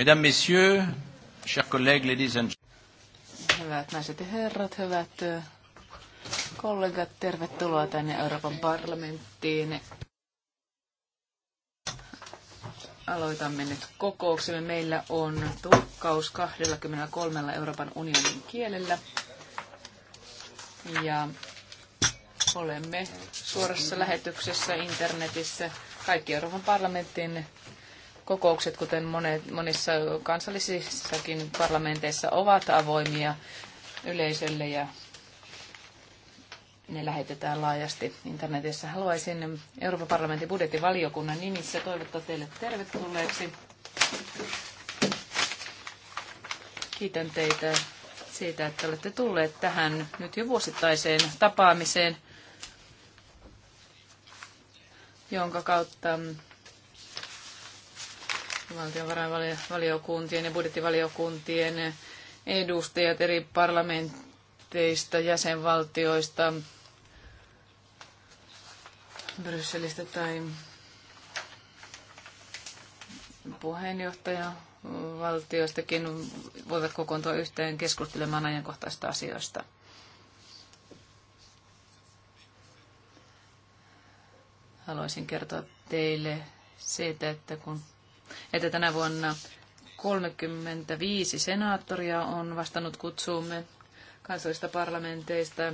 Mesdames, Messieurs, chers collègues, ladies and Hyvät naiset ja herrat, hyvät kollegat, tervetuloa tänne Euroopan parlamenttiin. Aloitamme nyt kokouksemme. Meillä on tulkkaus 23 Euroopan unionin kielellä. Ja olemme suorassa lähetyksessä internetissä kaikki Euroopan parlamentin kokoukset, kuten monet, monissa kansallisissakin parlamenteissa, ovat avoimia yleisölle ja ne lähetetään laajasti internetissä. Haluaisin Euroopan parlamentin budjettivaliokunnan nimissä toivottaa teille tervetulleeksi. Kiitän teitä siitä, että olette tulleet tähän nyt jo vuosittaiseen tapaamiseen, jonka kautta valtiovarainvaliokuntien ja budjettivaliokuntien edustajat eri parlamenteista, jäsenvaltioista, Brysselistä tai puheenjohtaja valtioistakin voivat kokoontua yhteen keskustelemaan ajankohtaisista asioista. Haluaisin kertoa teille siitä, että kun että tänä vuonna 35 senaattoria on vastannut kutsuumme kansallisista parlamenteista.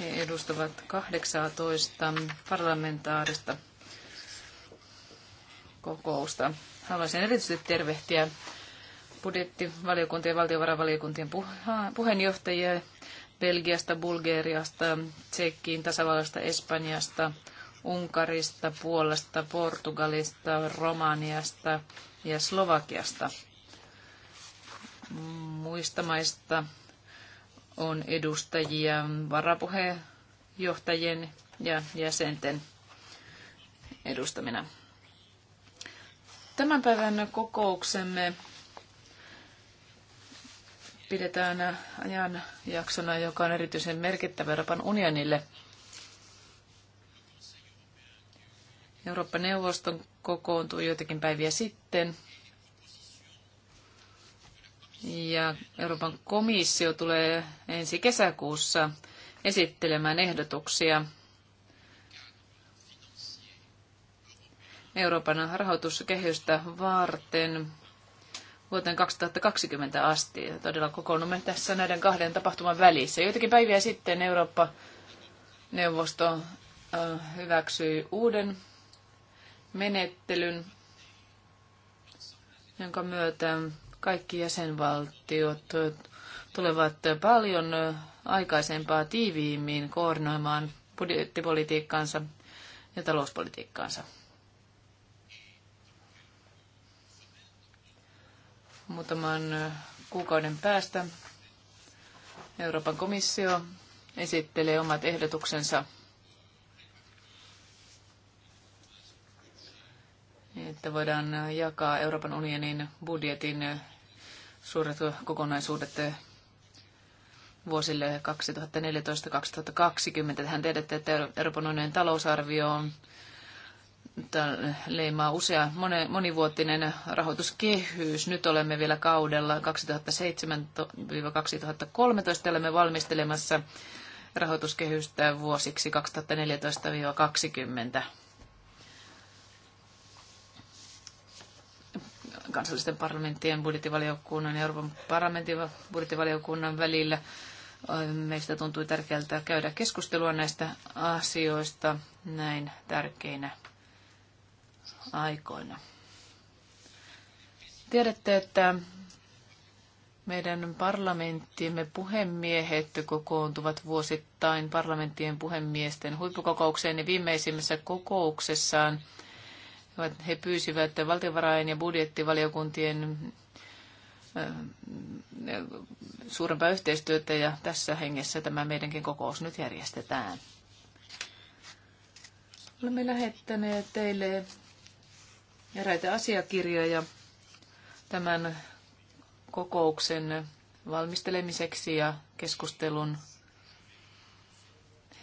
He edustavat 18 parlamentaarista kokousta. Haluaisin erityisesti tervehtiä budjettivaliokuntien ja valtiovarainvaliokuntien puheenjohtajia Belgiasta, Bulgeriasta, Tsekkiin, tasavallasta, Espanjasta, Unkarista, Puolasta, Portugalista, Romaniasta ja Slovakiasta. Muista maista on edustajia varapuheenjohtajien ja jäsenten edustamina. Tämän päivän kokouksemme pidetään ajanjaksona, joka on erityisen merkittävä Euroopan unionille – Eurooppa-neuvoston kokoontui joitakin päiviä sitten. Ja Euroopan komissio tulee ensi kesäkuussa esittelemään ehdotuksia Euroopan rahoituskehystä varten vuoteen 2020 asti. Ja todella kokoonnumme tässä näiden kahden tapahtuman välissä. Joitakin päiviä sitten Eurooppa-neuvosto hyväksyi uuden menettelyn, jonka myötä kaikki jäsenvaltiot tulevat paljon aikaisempaa tiiviimmin koordinoimaan budjettipolitiikkaansa ja talouspolitiikkaansa. Muutaman kuukauden päästä Euroopan komissio esittelee omat ehdotuksensa – että voidaan jakaa Euroopan unionin budjetin suuret kokonaisuudet vuosille 2014-2020. Tähän tiedätte, että Euroopan unionin talousarvio on leimaa usea monivuotinen rahoituskehys. Nyt olemme vielä kaudella 2007-2013 olemme valmistelemassa rahoituskehystä vuosiksi 2014-2020. kansallisten parlamenttien budjettivaliokunnan ja Euroopan parlamentin budjettivaliokunnan välillä. Meistä tuntui tärkeältä käydä keskustelua näistä asioista näin tärkeinä aikoina. Tiedätte, että meidän parlamenttimme puhemiehet kokoontuvat vuosittain parlamenttien puhemiesten huippukokoukseen ja viimeisimmässä kokouksessaan he pyysivät valtiovarain- ja budjettivaliokuntien suurempaa yhteistyötä ja tässä hengessä tämä meidänkin kokous nyt järjestetään. Olemme lähettäneet teille eräitä asiakirjoja tämän kokouksen valmistelemiseksi ja keskustelun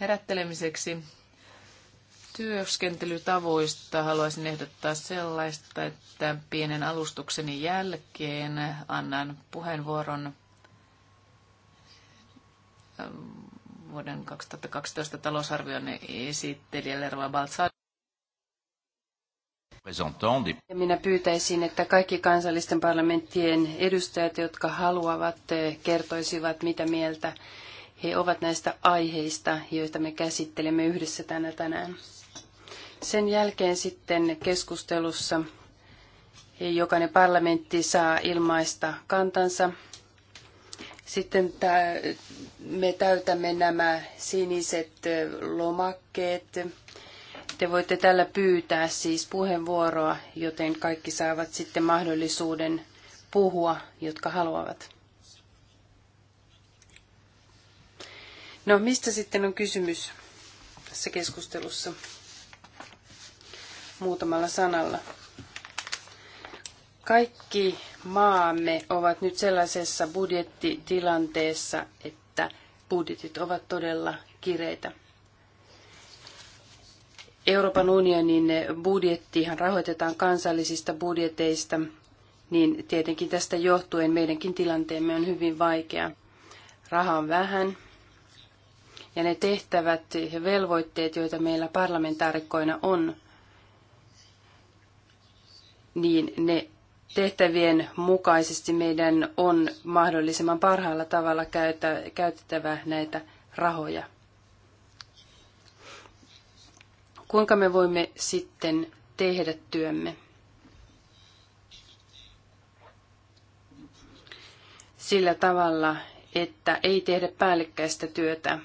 herättelemiseksi työskentelytavoista haluaisin ehdottaa sellaista, että pienen alustukseni jälkeen annan puheenvuoron ähm, vuoden 2012 talousarvion esittelijälle Rova Baltzar. Minä pyytäisin, että kaikki kansallisten parlamenttien edustajat, jotka haluavat, eh, kertoisivat, mitä mieltä he ovat näistä aiheista, joita me käsittelemme yhdessä tänä tänään. Sen jälkeen sitten keskustelussa jokainen parlamentti saa ilmaista kantansa. Sitten me täytämme nämä siniset lomakkeet. Te voitte tällä pyytää siis puheenvuoroa, joten kaikki saavat sitten mahdollisuuden puhua, jotka haluavat. No, mistä sitten on kysymys tässä keskustelussa? muutamalla sanalla. Kaikki maamme ovat nyt sellaisessa budjettitilanteessa, että budjetit ovat todella kireitä. Euroopan unionin budjettihan rahoitetaan kansallisista budjeteista, niin tietenkin tästä johtuen meidänkin tilanteemme on hyvin vaikea. Raha on vähän ja ne tehtävät ja velvoitteet, joita meillä parlamentaarikkoina on, niin ne tehtävien mukaisesti meidän on mahdollisimman parhaalla tavalla käytä, käytettävä näitä rahoja. Kuinka me voimme sitten tehdä työmme? Sillä tavalla, että ei tehdä päällekkäistä työtä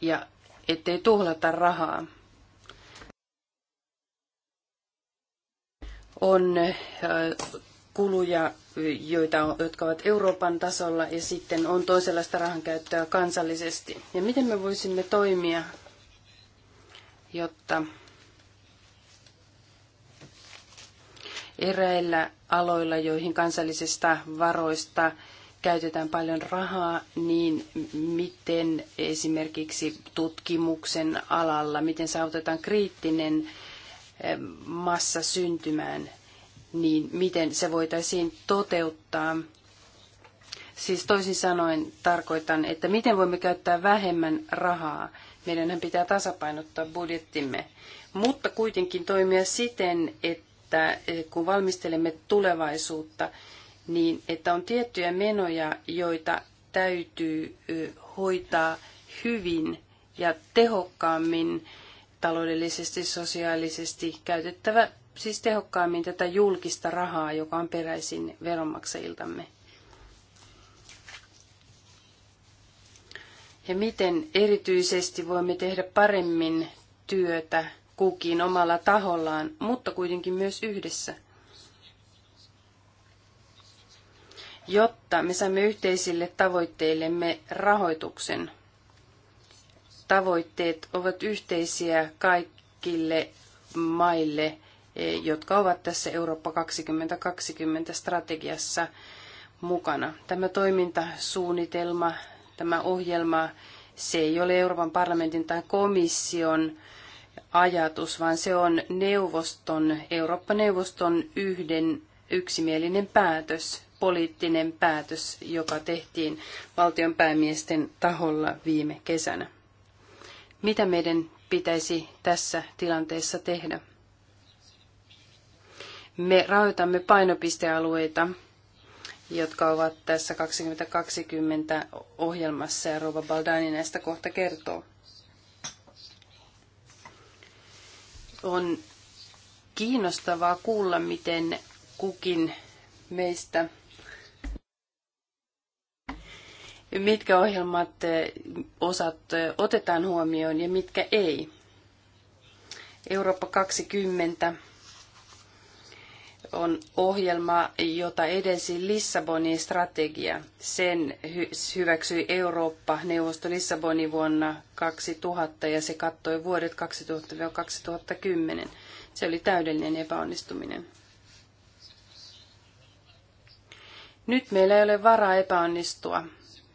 ja ettei tuhlata rahaa. on äh, kuluja, joita on, jotka ovat Euroopan tasolla ja sitten on toisenlaista rahankäyttöä kansallisesti. Ja miten me voisimme toimia, jotta eräillä aloilla, joihin kansallisista varoista käytetään paljon rahaa, niin miten esimerkiksi tutkimuksen alalla, miten saavutetaan kriittinen Eh, massa syntymään, niin miten se voitaisiin toteuttaa. Siis toisin sanoen tarkoitan, että miten voimme käyttää vähemmän rahaa. Meidän pitää tasapainottaa budjettimme, mutta kuitenkin toimia siten, että eh, kun valmistelemme tulevaisuutta, niin että on tiettyjä menoja, joita täytyy eh, hoitaa hyvin ja tehokkaammin taloudellisesti, sosiaalisesti käytettävä siis tehokkaammin tätä julkista rahaa, joka on peräisin veronmaksajiltamme. Ja miten erityisesti voimme tehdä paremmin työtä kukin omalla tahollaan, mutta kuitenkin myös yhdessä. Jotta me saamme yhteisille tavoitteillemme rahoituksen – tavoitteet ovat yhteisiä kaikille maille, e, jotka ovat tässä Eurooppa 2020 strategiassa mukana. Tämä toimintasuunnitelma, tämä ohjelma, se ei ole Euroopan parlamentin tai komission ajatus, vaan se on neuvoston, Eurooppa-neuvoston yhden yksimielinen päätös, poliittinen päätös, joka tehtiin valtionpäämiesten taholla viime kesänä. Mitä meidän pitäisi tässä tilanteessa tehdä? Me rahoitamme painopistealueita, jotka ovat tässä 2020 ohjelmassa ja Rova Baldani näistä kohta kertoo. On kiinnostavaa kuulla, miten kukin meistä mitkä ohjelmat, eh, osat eh, otetaan huomioon ja mitkä ei. Eurooppa 20 on ohjelma, jota edesi Lissabonin strategia. Sen hyväksyi Eurooppa-neuvosto Lissabonin vuonna 2000 ja se kattoi vuodet 2000-2010. Se oli täydellinen epäonnistuminen. Nyt meillä ei ole varaa epäonnistua.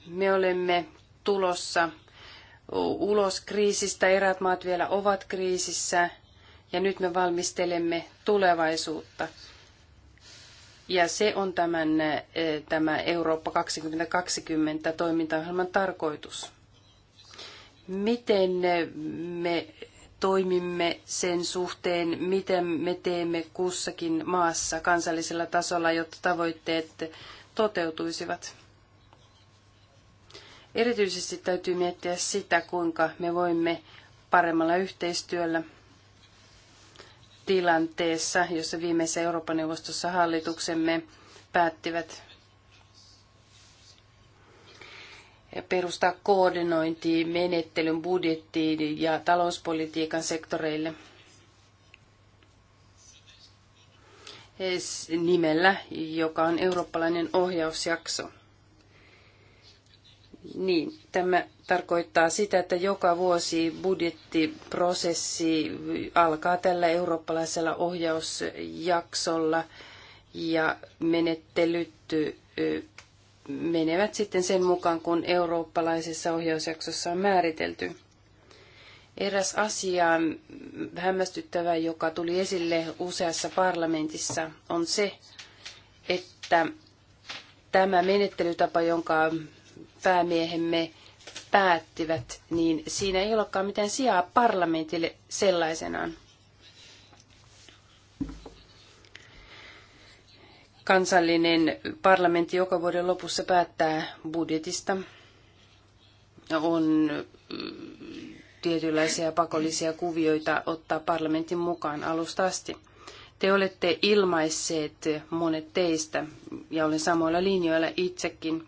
Me olemme tulossa ulos kriisistä, eräät maat vielä ovat kriisissä ja nyt me valmistelemme tulevaisuutta. Ja se on tämän, eh, tämä Eurooppa 2020 toimintaohjelman tarkoitus. Miten eh, me toimimme sen suhteen, miten me teemme kussakin maassa kansallisella tasolla, jotta tavoitteet toteutuisivat. Erityisesti täytyy miettiä sitä, kuinka me voimme paremmalla yhteistyöllä tilanteessa, jossa viimeisessä Euroopan neuvostossa hallituksemme päättivät perustaa koordinointiin, menettelyn, budjettiin ja talouspolitiikan sektoreille nimellä, joka on eurooppalainen ohjausjakso. Niin, tämä tarkoittaa sitä, että joka vuosi budjettiprosessi alkaa tällä eurooppalaisella ohjausjaksolla ja menettelyt menevät sitten sen mukaan, kun eurooppalaisessa ohjausjaksossa on määritelty. Eräs asia hämmästyttävä, joka tuli esille useassa parlamentissa, on se, että tämä menettelytapa, jonka päämiehemme päättivät, niin siinä ei olekaan mitään sijaa parlamentille sellaisenaan. Kansallinen parlamentti joka vuoden lopussa päättää budjetista. On mm, tietynlaisia pakollisia kuvioita ottaa parlamentin mukaan alusta asti. Te olette ilmaisseet monet teistä, ja olen samoilla linjoilla itsekin,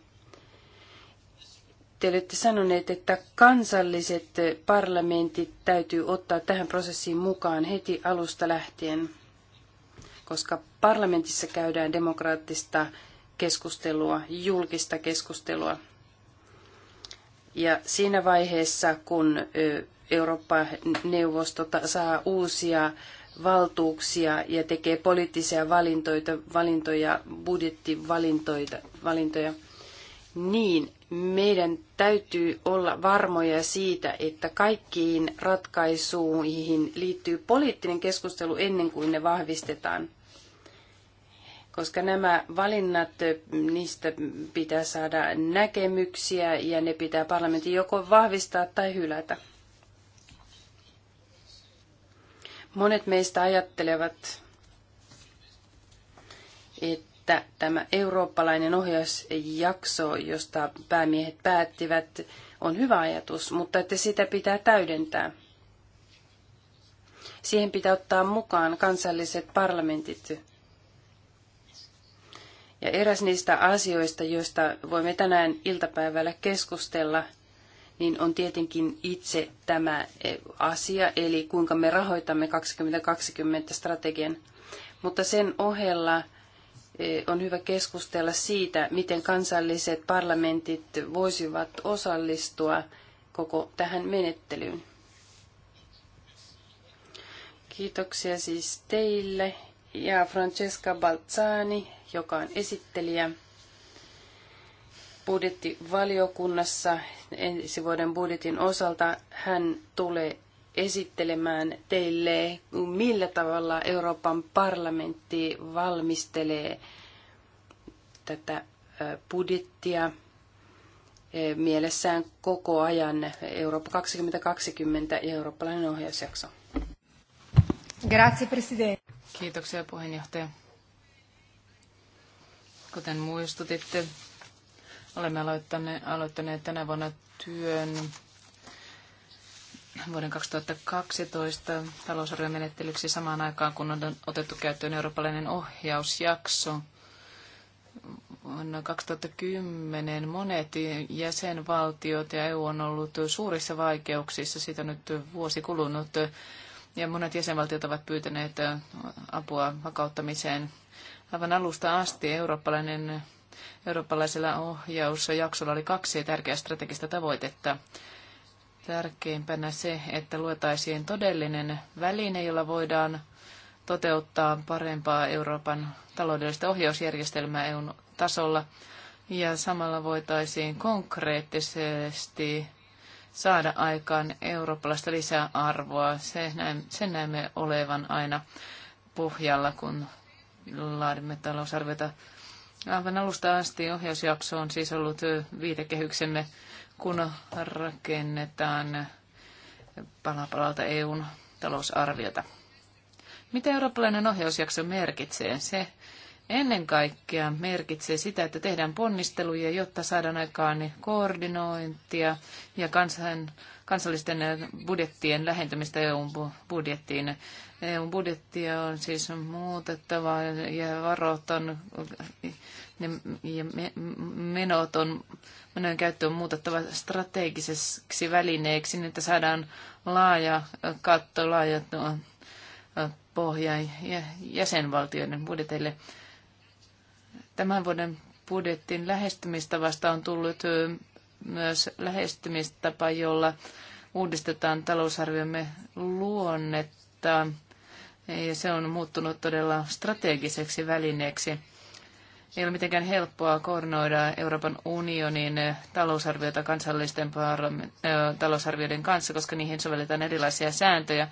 te olette sanoneet, että kansalliset parlamentit täytyy ottaa tähän prosessiin mukaan heti alusta lähtien, koska parlamentissa käydään demokraattista keskustelua, julkista keskustelua. Ja siinä vaiheessa, kun Eurooppa-neuvosto saa uusia valtuuksia ja tekee poliittisia valintoja, valintoja budjettivalintoja, valintoja, niin meidän täytyy olla varmoja siitä, että kaikkiin ratkaisuihin liittyy poliittinen keskustelu ennen kuin ne vahvistetaan. Koska nämä valinnat, niistä pitää saada näkemyksiä ja ne pitää parlamentti joko vahvistaa tai hylätä. Monet meistä ajattelevat, että että tämä eurooppalainen ohjausjakso, josta päämiehet päättivät, on hyvä ajatus, mutta että sitä pitää täydentää. Siihen pitää ottaa mukaan kansalliset parlamentit. Ja eräs niistä asioista, joista voimme tänään iltapäivällä keskustella, niin on tietenkin itse tämä e, asia, eli kuinka me rahoitamme 2020 strategian. Mutta sen ohella Eh, on hyvä keskustella siitä, miten kansalliset parlamentit voisivat osallistua koko tähän menettelyyn. Kiitoksia siis teille ja Francesca Balzani, joka on esittelijä budjettivaliokunnassa ensi vuoden budjetin osalta. Hän tulee esittelemään teille, millä tavalla Euroopan parlamentti valmistelee tätä budjettia e, mielessään koko ajan Eurooppa 2020 ja eurooppalainen ohjausjakso. Grazie, Presidente. Kiitoksia puheenjohtaja. Kuten muistutitte, olemme aloittaneet, aloittaneet tänä vuonna työn vuoden 2012 talousarviomenettelyksi samaan aikaan, kun on otettu käyttöön eurooppalainen ohjausjakso. Vuonna 2010 monet jäsenvaltiot ja EU on ollut suurissa vaikeuksissa. Siitä on nyt vuosi kulunut ja monet jäsenvaltiot ovat pyytäneet apua vakauttamiseen. Aivan alusta asti eurooppalainen, eurooppalaisella ohjausjaksolla oli kaksi tärkeää strategista tavoitetta tärkeimpänä se, että luotaisiin todellinen väline, jolla voidaan toteuttaa parempaa Euroopan taloudellista ohjausjärjestelmää EUn tasolla. Ja samalla voitaisiin konkreettisesti saada aikaan eurooppalaista lisäarvoa. Se näin, sen näemme olevan aina pohjalla, kun laadimme talousarviota. Aivan alusta asti ohjausjakso on siis ollut viitekehyksemme kun rakennetaan palalta EUn talousarviota. Mitä eurooppalainen ohjausjakso merkitsee? Se ennen kaikkea merkitsee sitä, että tehdään ponnisteluja, jotta saadaan aikaan koordinointia ja kansan, kansallisten budjettien lähentämistä EUn budjettiin. EUn budjettia on siis muutettava ja varot ne, ja me, menot on, menojen käyttö on muutettava strategiseksi välineeksi, niin että saadaan laaja katto, laaja no, pohja jäsenvaltioiden budjeteille. Tämän vuoden budjettin lähestymistavasta on tullut myös lähestymistapa, jolla uudistetaan talousarviomme luonnetta ja se on muuttunut todella strategiseksi välineeksi ei ole mitenkään helppoa koordinoida Euroopan unionin eh, talousarviota kansallisten eh, talousarvioiden kanssa, koska niihin sovelletaan erilaisia sääntöjä.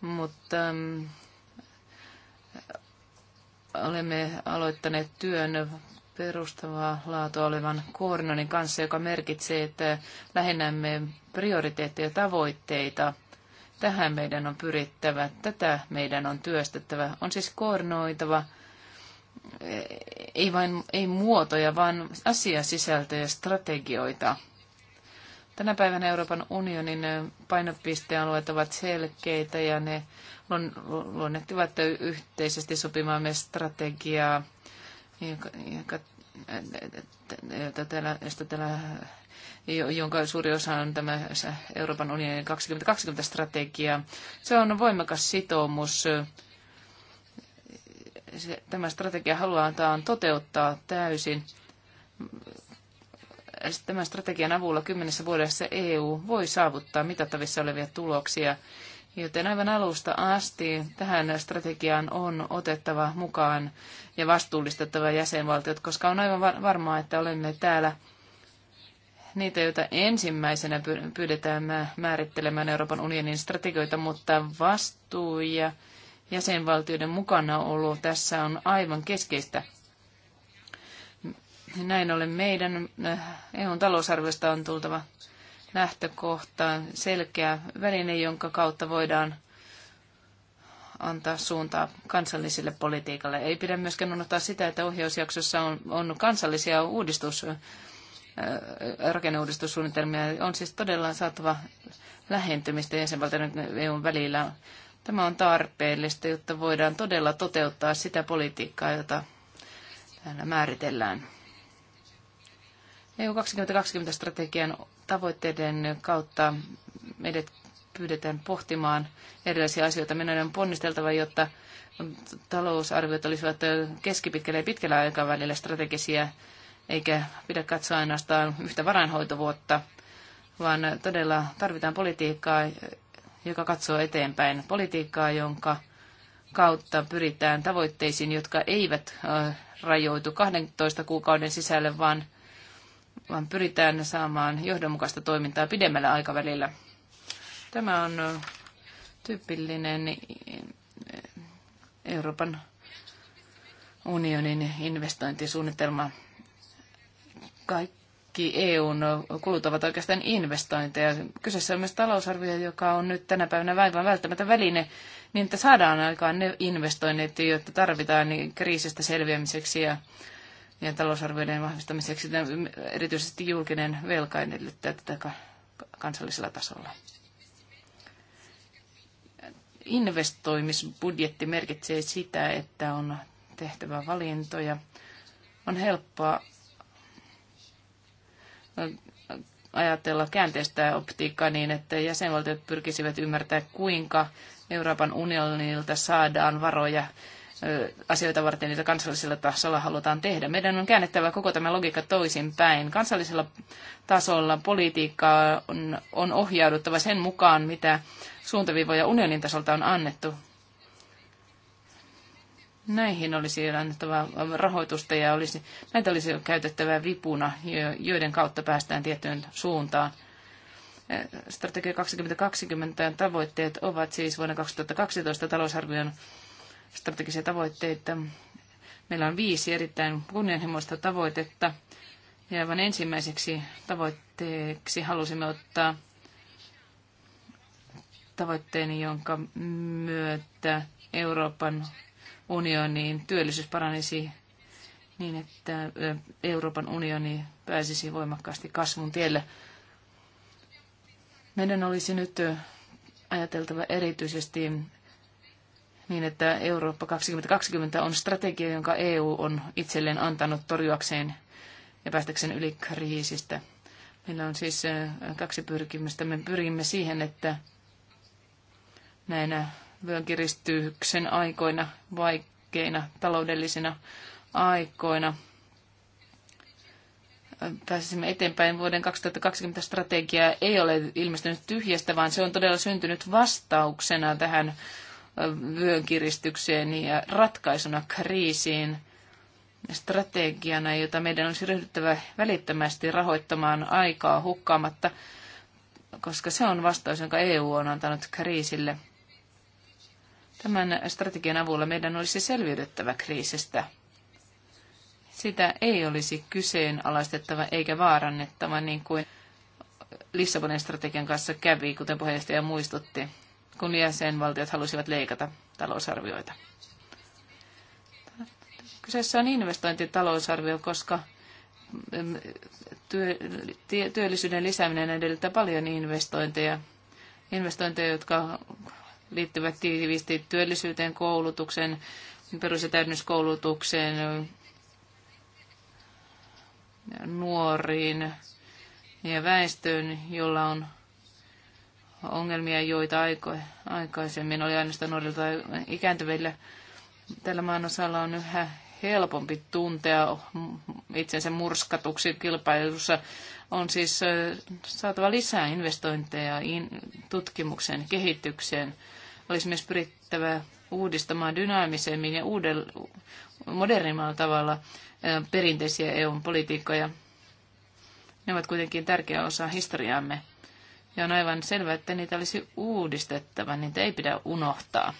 Mutta mm, olemme aloittaneet työn perustavaa laatua olevan koordinoinnin kanssa, joka merkitsee, että lähennämme prioriteetteja ja tavoitteita. Tähän meidän on pyrittävä, tätä meidän on työstettävä. On siis koordinoitava – ei vain ei muotoja, vaan asiasisältöjä ja strategioita. Tänä päivänä Euroopan unionin painopistealueet ovat selkeitä ja ne luonnehtivat yhteisesti sopimaamme strategiaa, täällä, jonka suuri osa on tämä Euroopan unionin 2020-strategia. Se on voimakas sitoumus se, tämä strategia halutaan toteuttaa täysin. Tämän strategian avulla kymmenessä vuodessa EU voi saavuttaa mitattavissa olevia tuloksia, joten aivan alusta asti tähän strategiaan on otettava mukaan ja vastuullistettava jäsenvaltiot, koska on aivan varmaa, että olemme täällä niitä, joita ensimmäisenä pyydetään määrittelemään Euroopan unionin strategioita, mutta vastuu ja jäsenvaltioiden mukanaolo tässä on aivan keskeistä. Näin ollen meidän äh, EUn talousarviosta on tultava lähtökohta, selkeä väline, jonka kautta voidaan antaa suuntaa kansalliselle politiikalle. Ei pidä myöskään unohtaa sitä, että ohjausjaksossa on, on kansallisia uudistus, äh, rakenneuudistussuunnitelmia. On siis todella saatava lähentymistä jäsenvaltioiden EUn välillä Tämä on tarpeellista, jotta voidaan todella toteuttaa sitä politiikkaa, jota täällä määritellään. EU 2020-strategian tavoitteiden kautta meidät pyydetään pohtimaan erilaisia asioita. Meidän on ponnisteltava, jotta talousarviot olisivat keskipitkällä ja pitkällä aikavälillä strategisia, eikä pidä katsoa ainoastaan yhtä varainhoitovuotta, vaan todella tarvitaan politiikkaa, joka katsoo eteenpäin politiikkaa, jonka kautta pyritään tavoitteisiin, jotka eivät rajoitu 12 kuukauden sisälle, vaan, vaan pyritään saamaan johdonmukaista toimintaa pidemmällä aikavälillä. Tämä on tyypillinen Euroopan unionin investointisuunnitelma. Kaik- kaikki EUn kulut ovat oikeastaan investointeja. Kyseessä on myös talousarvio, joka on nyt tänä päivänä vaivan välttämättä väline, niin että saadaan aikaan ne investoinnit, joita tarvitaan niin kriisistä selviämiseksi ja, ja talousarvioiden vahvistamiseksi. Erityisesti julkinen velka edellyttää tätä kansallisella tasolla. Investoimisbudjetti merkitsee sitä, että on tehtävä valintoja. On helppoa ajatella käänteistä optiikkaa niin, että jäsenvaltiot pyrkisivät ymmärtää, kuinka Euroopan unionilta saadaan varoja asioita varten, niitä kansallisella tasolla halutaan tehdä. Meidän on käännettävä koko tämä logiikka toisinpäin. Kansallisella tasolla politiikkaa on, on ohjauduttava sen mukaan, mitä suuntaviivoja unionin tasolta on annettu näihin olisi annettava rahoitusta ja olisi, näitä olisi käytettävä vipuna, joiden kautta päästään tiettyyn suuntaan. Strategia 2020 tavoitteet ovat siis vuonna 2012 talousarvion strategisia tavoitteita. Meillä on viisi erittäin kunnianhimoista tavoitetta. Ja aivan ensimmäiseksi tavoitteeksi halusimme ottaa tavoitteen, jonka myötä Euroopan unioniin työllisyys paranisi niin, että Euroopan unioni pääsisi voimakkaasti kasvun tielle. Meidän olisi nyt ajateltava erityisesti niin, että Eurooppa 2020 on strategia, jonka EU on itselleen antanut torjuakseen ja päästäkseen yli kriisistä. Meillä on siis kaksi pyrkimystä. Me pyrimme siihen, että näinä vyönkiristyksen aikoina, vaikeina taloudellisina aikoina. Pääsisimme eteenpäin. Vuoden 2020 strategia ei ole ilmestynyt tyhjästä, vaan se on todella syntynyt vastauksena tähän vyönkiristykseen ja ratkaisuna kriisiin strategiana, jota meidän olisi ryhdyttävä välittömästi rahoittamaan aikaa hukkaamatta, koska se on vastaus, jonka EU on antanut kriisille – Tämän strategian avulla meidän olisi selviydyttävä kriisistä. Sitä ei olisi kyseenalaistettava eikä vaarannettava, niin kuin Lissabonin strategian kanssa kävi, kuten puheenjohtaja muistutti, kun jäsenvaltiot halusivat leikata talousarvioita. Kyseessä on investointitalousarvio, koska mm, työllisyyden lisääminen edellyttää paljon investointeja investointeja, jotka liittyvät tiiviisti työllisyyteen, koulutukseen, perus- ja täydennyskoulutukseen, nuoriin ja väestöön, jolla on ongelmia, joita aikaisemmin oli ainoastaan nuorilta ikääntyville. Tällä maanosalla on yhä helpompi tuntea itsensä murskatuksi kilpailussa. On siis saatava lisää investointeja tutkimukseen, kehitykseen, olisi myös pyrittävä uudistamaan dynaamisemmin ja uudella, modernimmalla tavalla perinteisiä EUn politiikkoja. Ne ovat kuitenkin tärkeä osa historiaamme. Ja on aivan selvää, että niitä olisi uudistettava, niitä ei pidä unohtaa.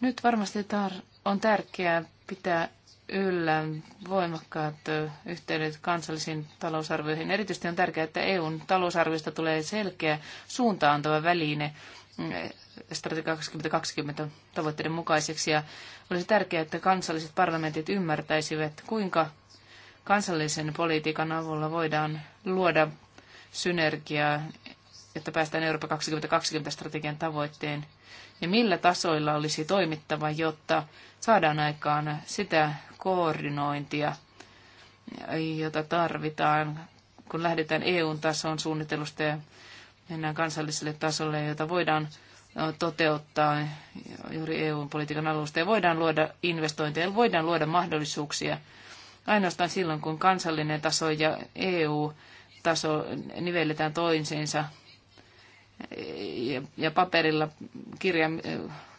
Nyt varmasti tar- on tärkeää pitää yllä voimakkaat yhteydet kansallisiin talousarvioihin. Erityisesti on tärkeää, että EUn talousarviosta tulee selkeä suuntaantava väline mm, strategia 2020 tavoitteiden mukaiseksi. Ja olisi tärkeää, että kansalliset parlamentit ymmärtäisivät, kuinka kansallisen politiikan avulla voidaan luoda synergiaa, että päästään Eurooppa 2020 strategian tavoitteen ja millä tasoilla olisi toimittava, jotta saadaan aikaan sitä koordinointia, jota tarvitaan, kun lähdetään EU-tason suunnittelusta ja mennään kansalliselle tasolle, jota voidaan toteuttaa juuri EU-politiikan alusta ja voidaan luoda investointeja, voidaan luoda mahdollisuuksia ainoastaan silloin, kun kansallinen taso ja EU-taso nivelletään toisiinsa – ja paperilla kirja,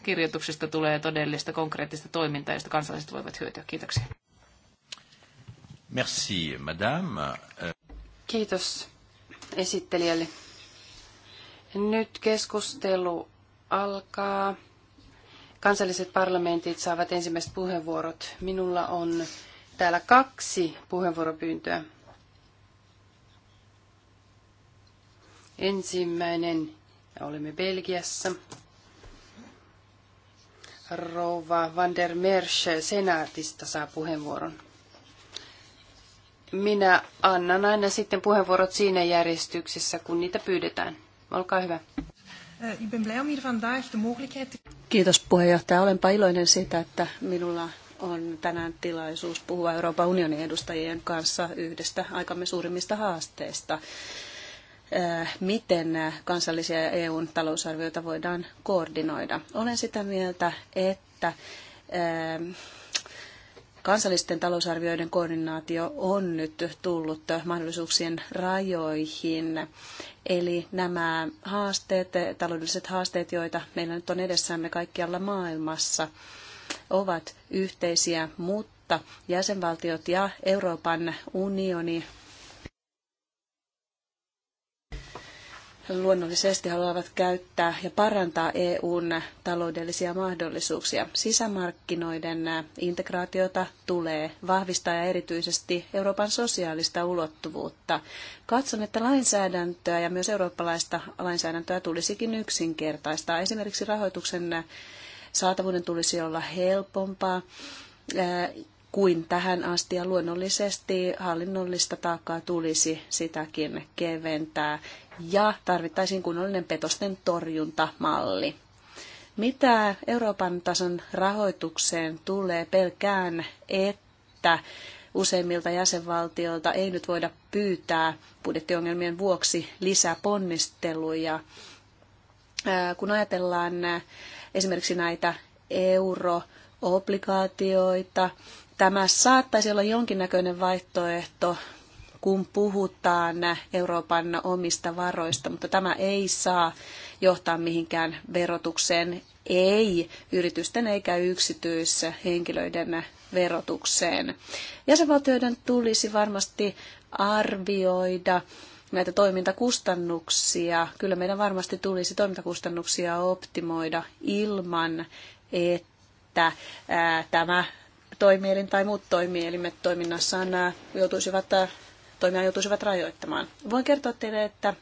kirjoituksesta tulee todellista konkreettista toimintaa, josta kansalaiset voivat hyötyä. Kiitoksia. Merci, madame. Kiitos esittelijälle. Nyt keskustelu alkaa. Kansalliset parlamentit saavat ensimmäiset puheenvuorot. Minulla on täällä kaksi puheenvuoropyyntöä. Ensimmäinen, olimme Belgiassa. Rouva van der Merche senaatista saa puheenvuoron. Minä annan aina sitten puheenvuorot siinä järjestyksessä, kun niitä pyydetään. Olkaa hyvä. Eh, Kiitos puheenjohtaja. Olenpa iloinen siitä, että minulla on tänään tilaisuus puhua Euroopan unionin edustajien kanssa yhdestä aikamme suurimmista haasteista. Äh, miten kansallisia ja EUn talousarvioita voidaan koordinoida. Olen sitä mieltä, että ähm, kansallisten talousarvioiden koordinaatio on nyt tullut mahdollisuuksien rajoihin. Eli nämä haasteet, taloudelliset haasteet, joita meillä nyt on edessämme kaikkialla maailmassa, ovat yhteisiä, mutta jäsenvaltiot ja Euroopan unioni luonnollisesti haluavat käyttää ja parantaa EUn taloudellisia mahdollisuuksia. Sisämarkkinoiden integraatiota tulee vahvistaa ja erityisesti Euroopan sosiaalista ulottuvuutta. Katson, että lainsäädäntöä ja myös eurooppalaista lainsäädäntöä tulisikin yksinkertaistaa. Esimerkiksi rahoituksen saatavuuden tulisi olla helpompaa kuin tähän asti. Ja luonnollisesti hallinnollista taakkaa tulisi sitäkin keventää ja tarvittaisiin kunnollinen petosten torjuntamalli. Mitä Euroopan tason rahoitukseen tulee, pelkään, että useimmilta jäsenvaltioilta ei nyt voida pyytää budjettiongelmien vuoksi lisäponnisteluja. Kun ajatellaan esimerkiksi näitä euro obligaatioita, Tämä saattaisi olla jonkinnäköinen vaihtoehto, kun puhutaan Euroopan omista varoista, mutta tämä ei saa johtaa mihinkään verotukseen, ei yritysten eikä yksityishenkilöiden verotukseen. Jäsenvaltioiden tulisi varmasti arvioida näitä toimintakustannuksia. Kyllä meidän varmasti tulisi toimintakustannuksia optimoida ilman, että tämä toimielin tai muut toimielimet toiminnassaan joutuisivat, toimia joutuisivat rajoittamaan. Voin kertoa teille, että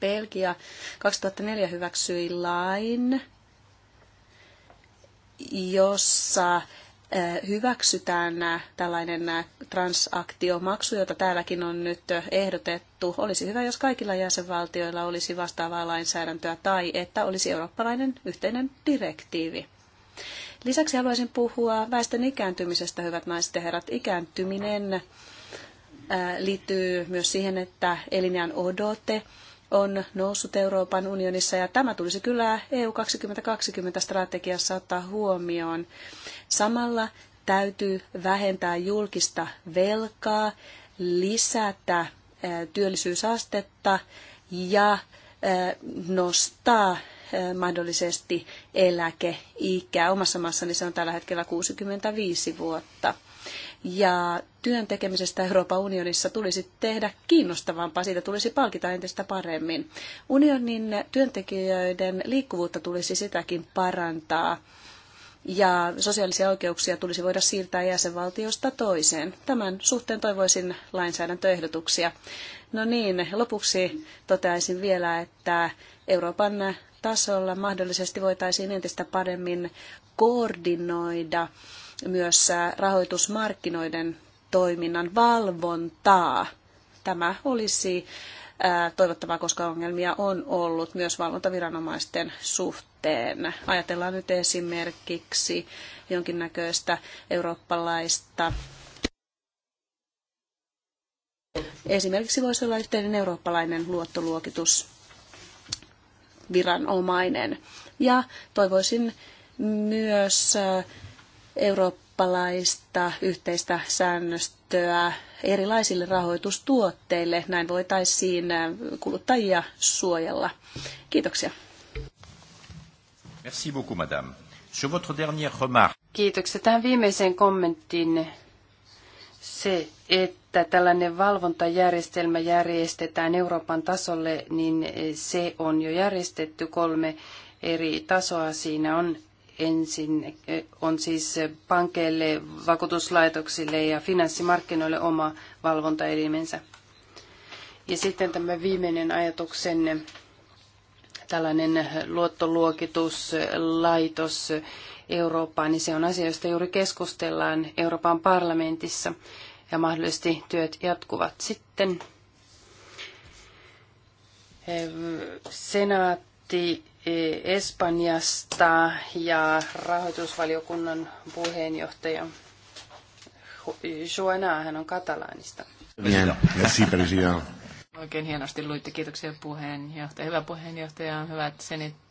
Belgia 2004 hyväksyi lain, jossa hyväksytään tällainen transaktiomaksu, jota täälläkin on nyt ehdotettu. Olisi hyvä, jos kaikilla jäsenvaltioilla olisi vastaavaa lainsäädäntöä tai että olisi eurooppalainen yhteinen direktiivi. Lisäksi haluaisin puhua väestön ikääntymisestä, hyvät naiset ja herrat. Ikääntyminen äh, liittyy myös siihen, että elinjään odote on noussut Euroopan unionissa ja tämä tulisi kyllä EU 2020 strategiassa ottaa huomioon. Samalla täytyy vähentää julkista velkaa, lisätä äh, työllisyysastetta ja äh, nostaa mahdollisesti eläkeikää. Omassa maassani se on tällä hetkellä 65 vuotta. Ja työn tekemisestä Euroopan unionissa tulisi tehdä kiinnostavampaa, siitä tulisi palkita entistä paremmin. Unionin työntekijöiden liikkuvuutta tulisi sitäkin parantaa ja sosiaalisia oikeuksia tulisi voida siirtää jäsenvaltiosta toiseen. Tämän suhteen toivoisin lainsäädäntöehdotuksia. No niin, lopuksi toteaisin vielä, että Euroopan tasolla mahdollisesti voitaisiin entistä paremmin koordinoida myös rahoitusmarkkinoiden toiminnan valvontaa. Tämä olisi toivottavaa, koska ongelmia on ollut myös valvontaviranomaisten suhteen. Ajatellaan nyt esimerkiksi jonkinnäköistä eurooppalaista Esimerkiksi voisi olla yhteinen eurooppalainen luottoluokitus viranomainen. Ja toivoisin myös eurooppalaista yhteistä säännöstöä erilaisille rahoitustuotteille. Näin voitaisiin kuluttajia suojella. Kiitoksia. Merci beaucoup, madame. Sur votre dernière remarque. Kiitoksia. Tähän viimeiseen kommenttiin se, että tällainen valvontajärjestelmä järjestetään Euroopan tasolle, niin se on jo järjestetty kolme eri tasoa. Siinä on ensin on siis pankeille, vakuutuslaitoksille ja finanssimarkkinoille oma valvontaelimensä. Ja sitten tämä viimeinen ajatuksenne, tällainen luottoluokituslaitos, Eurooppaan, niin se on asia, josta juuri keskustellaan Euroopan parlamentissa ja mahdollisesti työt jatkuvat sitten. Eh, senaatti eh, Espanjasta ja rahoitusvaliokunnan puheenjohtaja Joana, hän on katalaanista. Oikein hienosti luitte. Kiitoksia puheenjohtaja. Hyvä puheenjohtaja, hyvät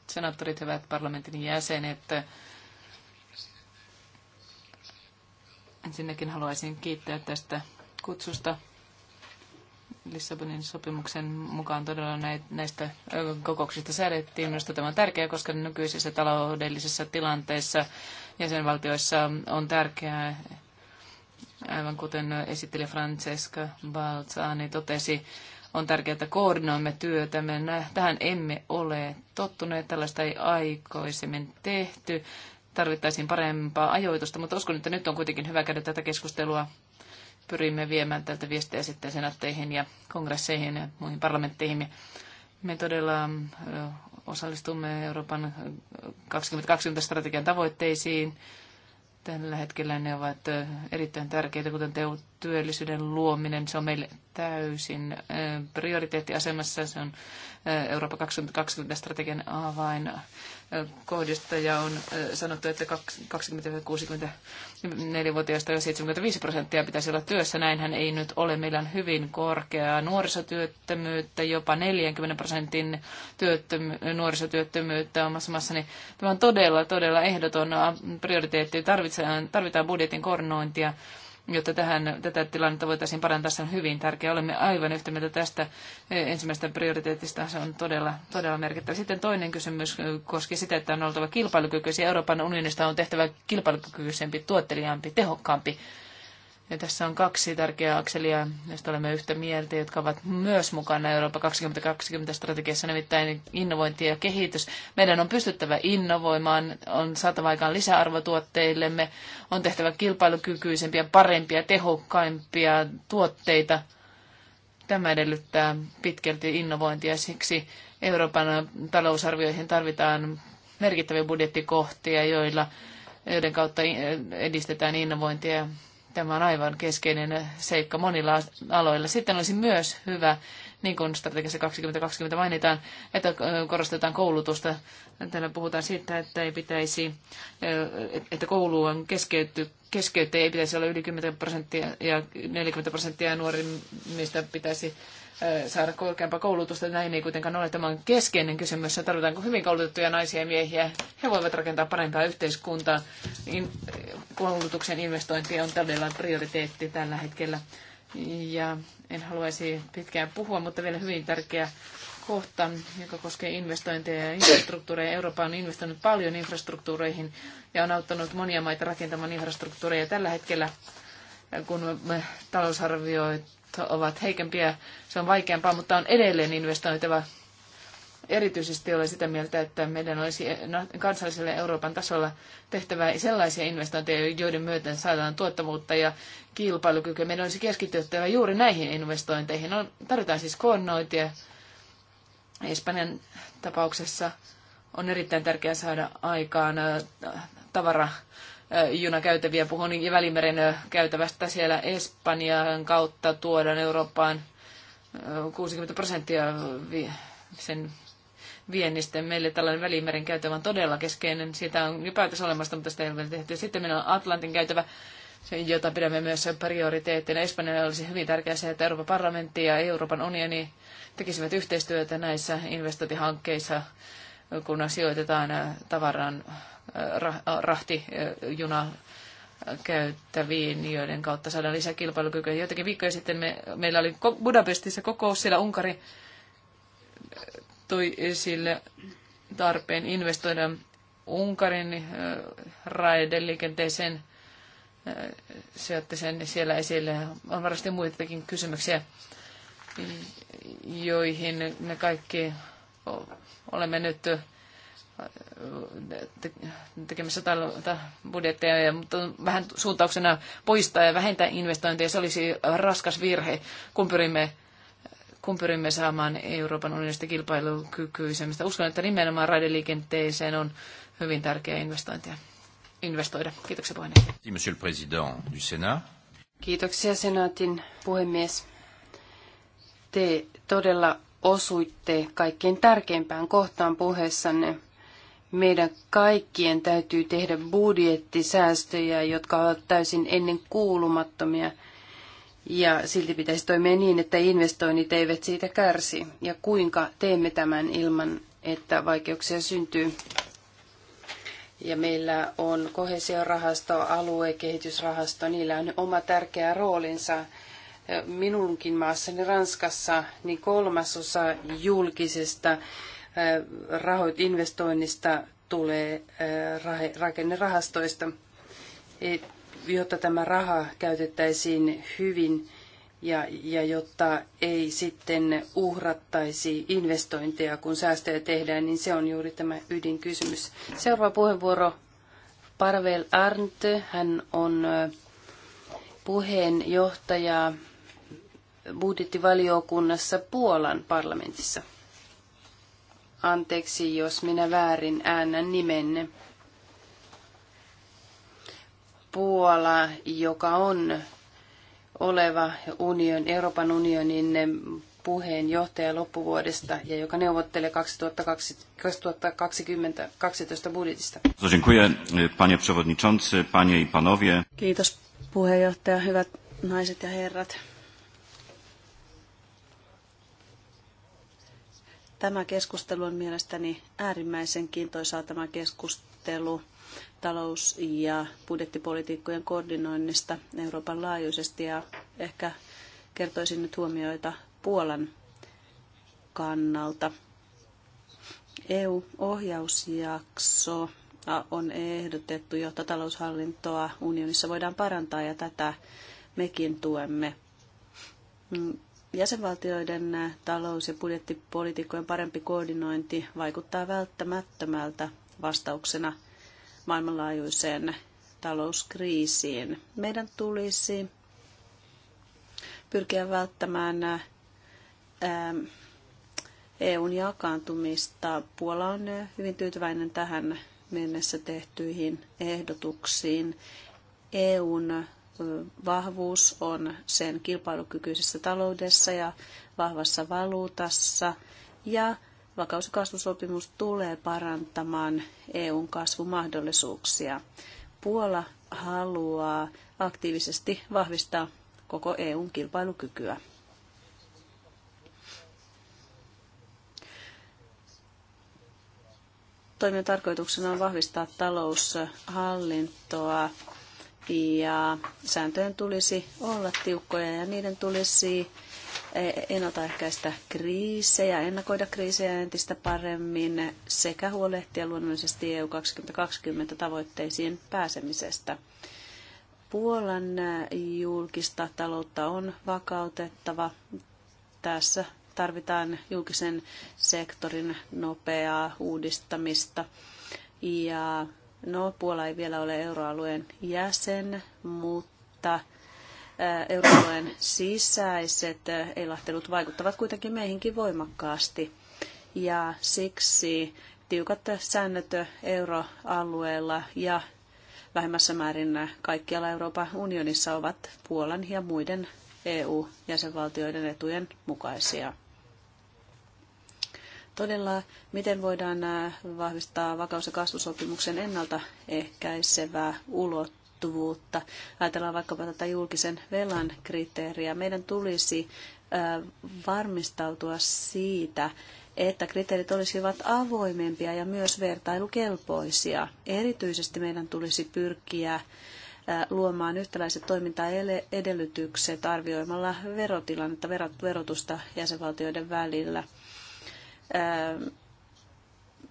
senaattorit, hyvät parlamentin jäsenet. Ensinnäkin haluaisin kiittää tästä kutsusta. Lissabonin sopimuksen mukaan todella näistä kokouksista säädettiin. Minusta tämä on tärkeää, koska nykyisessä taloudellisessa tilanteessa jäsenvaltioissa on tärkeää, aivan kuten esitteli Francesca Balzani totesi, on tärkeää, että koordinoimme työtämme. Tähän emme ole tottuneet, tällaista ei aikoisemmin tehty tarvittaisiin parempaa ajoitusta, mutta uskon, että nyt on kuitenkin hyvä käydä tätä keskustelua. Pyrimme viemään tältä viestejä sitten senatteihin ja kongresseihin ja muihin parlamentteihin. Me todella osallistumme Euroopan 2020-strategian tavoitteisiin. Tällä hetkellä ne ovat erittäin tärkeitä, kuten työllisyyden luominen, se on meille täysin prioriteettiasemassa. Se on Euroopan 2020 strategian avain kohdista ja on sanottu, että 20-64-vuotiaista jo 75 prosenttia pitäisi olla työssä. Näinhän ei nyt ole. Meillä on hyvin korkeaa nuorisotyöttömyyttä, jopa 40 prosentin työttömy- nuorisotyöttömyyttä omassa maassani. Tämä on todella, todella ehdoton prioriteetti. Tarvitaan, tarvitaan budjetin koordinointia jotta tähän, tätä tilannetta voitaisiin parantaa. Se on hyvin tärkeää. Olemme aivan yhtä mieltä tästä e, ensimmäisestä prioriteetista. Se on todella, todella merkittävä. Sitten toinen kysymys koski sitä, että on oltava kilpailukykyisiä. Euroopan unionista on tehtävä kilpailukykyisempi, tuottelijampi, tehokkaampi. Ja tässä on kaksi tärkeää akselia, joista olemme yhtä mieltä, jotka ovat myös mukana Eurooppa 2020-strategiassa, nimittäin innovointi ja kehitys. Meidän on pystyttävä innovoimaan, on saatava aikaan lisäarvotuotteillemme, on tehtävä kilpailukykyisempiä, parempia, tehokkaimpia tuotteita. Tämä edellyttää pitkälti innovointia, siksi Euroopan talousarvioihin tarvitaan merkittäviä budjettikohtia, joilla, joiden kautta edistetään innovointia Tämä on aivan keskeinen seikka monilla aloilla. Sitten olisi myös hyvä niin kuin strategiassa 2020 mainitaan, että korostetaan koulutusta. Täällä puhutaan siitä, että ei pitäisi, että koulu on keskeytty, keskeytty ei pitäisi olla yli 10 prosenttia ja 40 prosenttia nuorimmista pitäisi saada korkeampaa koulutusta. Näin ei kuitenkaan ole. Tämä on keskeinen kysymys. Tarvitaanko hyvin koulutettuja naisia ja miehiä? He voivat rakentaa parempaa yhteiskuntaa. Koulutuksen investointi on todella prioriteetti tällä hetkellä. Ja en haluaisi pitkään puhua, mutta vielä hyvin tärkeä kohta, joka koskee investointeja ja infrastruktuureja. Eurooppa on investoinut paljon infrastruktuureihin ja on auttanut monia maita rakentamaan infrastruktuureja. Tällä hetkellä, kun talousarvioit ovat heikempiä, se on vaikeampaa, mutta on edelleen investoitava erityisesti olen sitä mieltä, että meidän olisi no, kansallisella Euroopan tasolla tehtävä sellaisia investointeja, joiden myötä saadaan tuottavuutta ja kilpailukykyä. Meidän olisi keskityttävä juuri näihin investointeihin. No, tarvitaan siis koordinointia. Espanjan tapauksessa on erittäin tärkeää saada aikaan tavara junakäytäviä. Puhun Välimeren käytävästä siellä Espanjan kautta tuodaan Eurooppaan 60 prosenttia sen viennistä. Meille tällainen välimeren käytävä on todella keskeinen. Siitä on jo päätös olemassa, mutta sitä ei ole vielä tehty. Sitten meillä on Atlantin käytävä, jota pidämme myös prioriteettina. Espanjalle olisi hyvin tärkeää se, että Euroopan parlamentti ja Euroopan unioni tekisivät yhteistyötä näissä investointihankkeissa, kun sijoitetaan äh, tavaran äh, rahtijuna äh, käyttäviin, joiden kautta saadaan lisää kilpailukykyä. Joitakin viikkoja sitten me, meillä oli Budapestissa kokous, siellä Unkari toi esille tarpeen investoida Unkarin äh, raideliikenteeseen. Äh, Syötte sen siellä esille. On varmasti muitakin kysymyksiä, joihin me kaikki olemme nyt äh, tekemässä budjetteja mutta vähän suuntauksena poistaa ja vähentää investointeja. Se olisi raskas virhe, kun pyrimme kun pyrimme saamaan Euroopan unionista kilpailukykyisemmistä. Uskon, että nimenomaan raideliikenteeseen on hyvin tärkeä investointia. investoida. Kiitoksia puheenjohtaja. Monsieur le Président du Sénat. Kiitoksia senaatin puhemies. Te todella osuitte kaikkein tärkeimpään kohtaan puheessanne. Meidän kaikkien täytyy tehdä budjettisäästöjä, jotka ovat täysin ennen kuulumattomia – ja silti pitäisi toimia niin, että investoinnit eivät siitä kärsi. Ja kuinka teemme tämän ilman, että vaikeuksia syntyy? Ja meillä on kohesiorahasto, aluekehitysrahasto, niillä on oma tärkeä roolinsa. Minunkin maassani Ranskassa niin kolmasosa julkisesta eh, rahoit investoinnista tulee eh, rakennerahastoista jotta tämä raha käytettäisiin hyvin ja, ja jotta ei sitten uhrattaisi investointeja, kun säästöjä tehdään, niin se on juuri tämä ydinkysymys. Seuraava puheenvuoro Parvel Arndt, hän on puheenjohtaja budjettivaliokunnassa Puolan parlamentissa. Anteeksi, jos minä väärin äänän nimenne. Puola, joka on oleva union, Euroopan unionin puheenjohtaja loppuvuodesta ja joka neuvottelee 2020, 2012 budjetista. Dziękuję, panie przewodniczący, panie i panowie. Kiitos puheenjohtaja, hyvät naiset ja herrat. Tämä keskustelu on mielestäni äärimmäisen kiintoisaa tämä keskustelu talous- ja budjettipolitiikkojen koordinoinnista Euroopan laajuisesti ja ehkä kertoisin nyt huomioita Puolan kannalta. EU-ohjausjakso on ehdotettu, jotta taloushallintoa unionissa voidaan parantaa ja tätä mekin tuemme. Mm, jäsenvaltioiden talous- ja budjettipolitiikkojen parempi koordinointi vaikuttaa välttämättömältä vastauksena maailmanlaajuiseen talouskriisiin. Meidän tulisi pyrkiä välttämään ähm, EUn jakaantumista. Puola on äh, hyvin tyytyväinen tähän mennessä tehtyihin ehdotuksiin. EUn äh, vahvuus on sen kilpailukykyisessä taloudessa ja vahvassa valuutassa ja vakaus- ja kasvusopimus tulee parantamaan EUn kasvumahdollisuuksia. Puola haluaa aktiivisesti vahvistaa koko EUn kilpailukykyä. Toimen tarkoituksena on vahvistaa taloushallintoa ja sääntöjen tulisi olla tiukkoja ja niiden tulisi E, ennaltaehkäistä kriisejä, ennakoida kriisejä entistä paremmin sekä huolehtia luonnollisesti EU 2020 tavoitteisiin pääsemisestä. Puolan julkista taloutta on vakautettava. Tässä tarvitaan julkisen sektorin nopeaa uudistamista. Ja no, Puola ei vielä ole euroalueen jäsen, mutta euroalueen sisäiset eilahtelut vaikuttavat kuitenkin meihinkin voimakkaasti. Ja siksi tiukat säännöt euroalueella ja vähemmässä määrin kaikkialla Euroopan unionissa ovat Puolan ja muiden EU-jäsenvaltioiden etujen mukaisia. Todella, miten voidaan vahvistaa vakaus- ja kasvusopimuksen ennaltaehkäisevää ulottuvuutta? ulottuvuutta. Ajatellaan vaikkapa tätä julkisen velan kriteeriä. Meidän tulisi varmistautua siitä, että kriteerit olisivat avoimempia ja myös vertailukelpoisia. Erityisesti meidän tulisi pyrkiä luomaan yhtäläiset toimintaedellytykset arvioimalla verotilannetta, verotusta jäsenvaltioiden välillä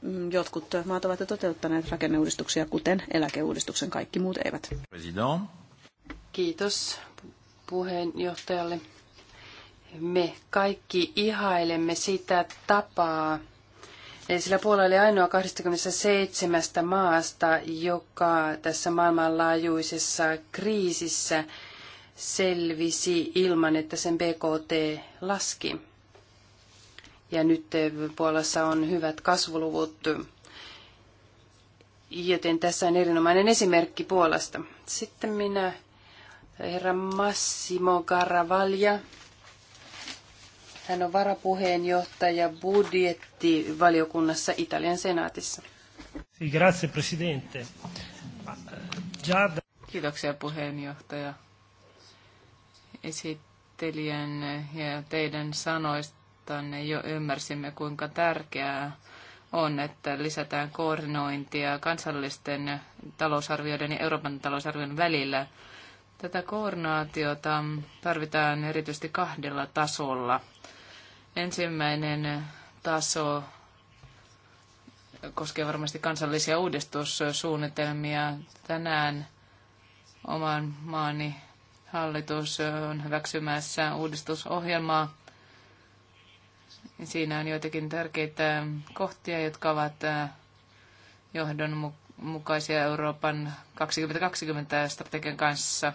Mm, jotkut maat ovat jo toteuttaneet rakenneuudistuksia, kuten eläkeuudistuksen, kaikki muut eivät. President. Kiitos puheenjohtajalle. Me kaikki ihailemme sitä tapaa, sillä Puola oli ainoa 27 maasta, joka tässä maailmanlaajuisessa kriisissä selvisi ilman, että sen BKT laski ja nyt eh, Puolassa on hyvät kasvuluvut, joten tässä on erinomainen esimerkki Puolasta. Sitten minä, herra Massimo Caravaglia, hän on varapuheenjohtaja budjettivaliokunnassa Italian senaatissa. Grazie, presidente. Kiitoksia puheenjohtaja. Esittelijän ja teidän sanoista tänne jo ymmärsimme, kuinka tärkeää on, että lisätään koordinointia kansallisten talousarvioiden ja Euroopan talousarvion välillä. Tätä koordinaatiota tarvitaan erityisesti kahdella tasolla. Ensimmäinen taso koskee varmasti kansallisia uudistussuunnitelmia. Tänään oman maani hallitus on hyväksymässä uudistusohjelmaa, niin siinä on joitakin tärkeitä kohtia, jotka ovat johdonmukaisia Euroopan 2020-strategian kanssa.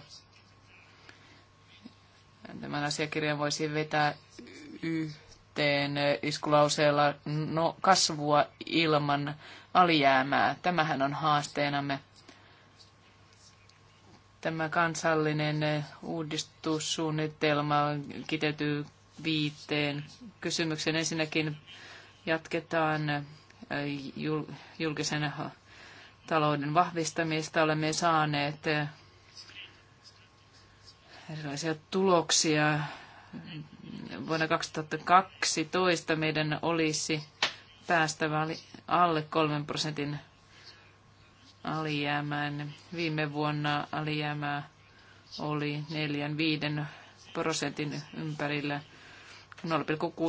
Tämän asiakirjan voisi vetää yhteen iskulauseella no, kasvua ilman alijäämää. Tämähän on haasteenamme tämä kansallinen uudistussuunnitelma kiteytyy viiteen kysymykseen. Ensinnäkin jatketaan äh, julkisen talouden vahvistamista. Olemme saaneet äh, erilaisia tuloksia. Vuonna 2012 meidän olisi päästävä alle 3 prosentin alijäämään. Viime vuonna alijäämää oli 4-5 prosentin ympärillä.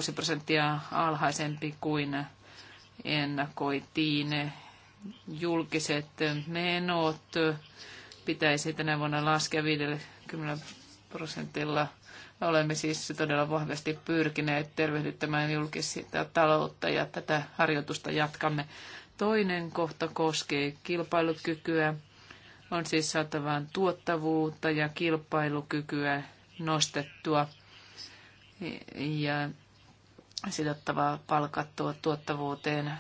0,6 prosenttia alhaisempi kuin ennakoitiin. Julkiset menot pitäisi tänä vuonna laskea 50 prosentilla. Olemme siis todella vahvasti pyrkineet tervehdyttämään julkista taloutta ja tätä harjoitusta jatkamme. Toinen kohta koskee kilpailukykyä. On siis saatavaan tuottavuutta ja kilpailukykyä nostettua ja sidottavaa palkattua tuottavuuteen.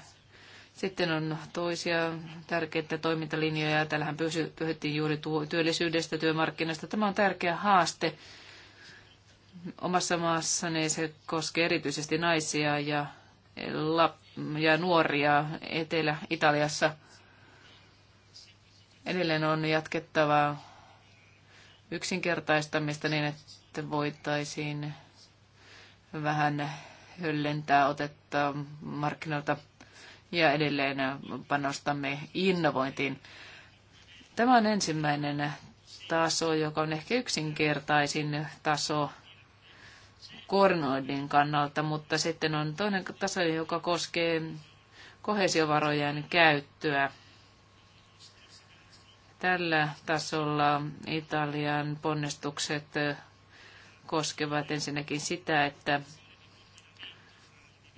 Sitten on toisia tärkeitä toimintalinjoja. Täällähän pyhittiin juuri työllisyydestä, työmarkkinoista. Tämä on tärkeä haaste omassa maassani. Se koskee erityisesti naisia ja, ja nuoria Etelä-Italiassa. Edelleen on jatkettava yksinkertaistamista niin, että voitaisiin vähän höllentää otetta markkinoilta ja edelleen panostamme innovointiin. Tämä on ensimmäinen taso, joka on ehkä yksinkertaisin taso koordinoinnin kannalta, mutta sitten on toinen taso, joka koskee kohesiovarojen käyttöä. Tällä tasolla Italian ponnistukset koskevat ensinnäkin sitä, että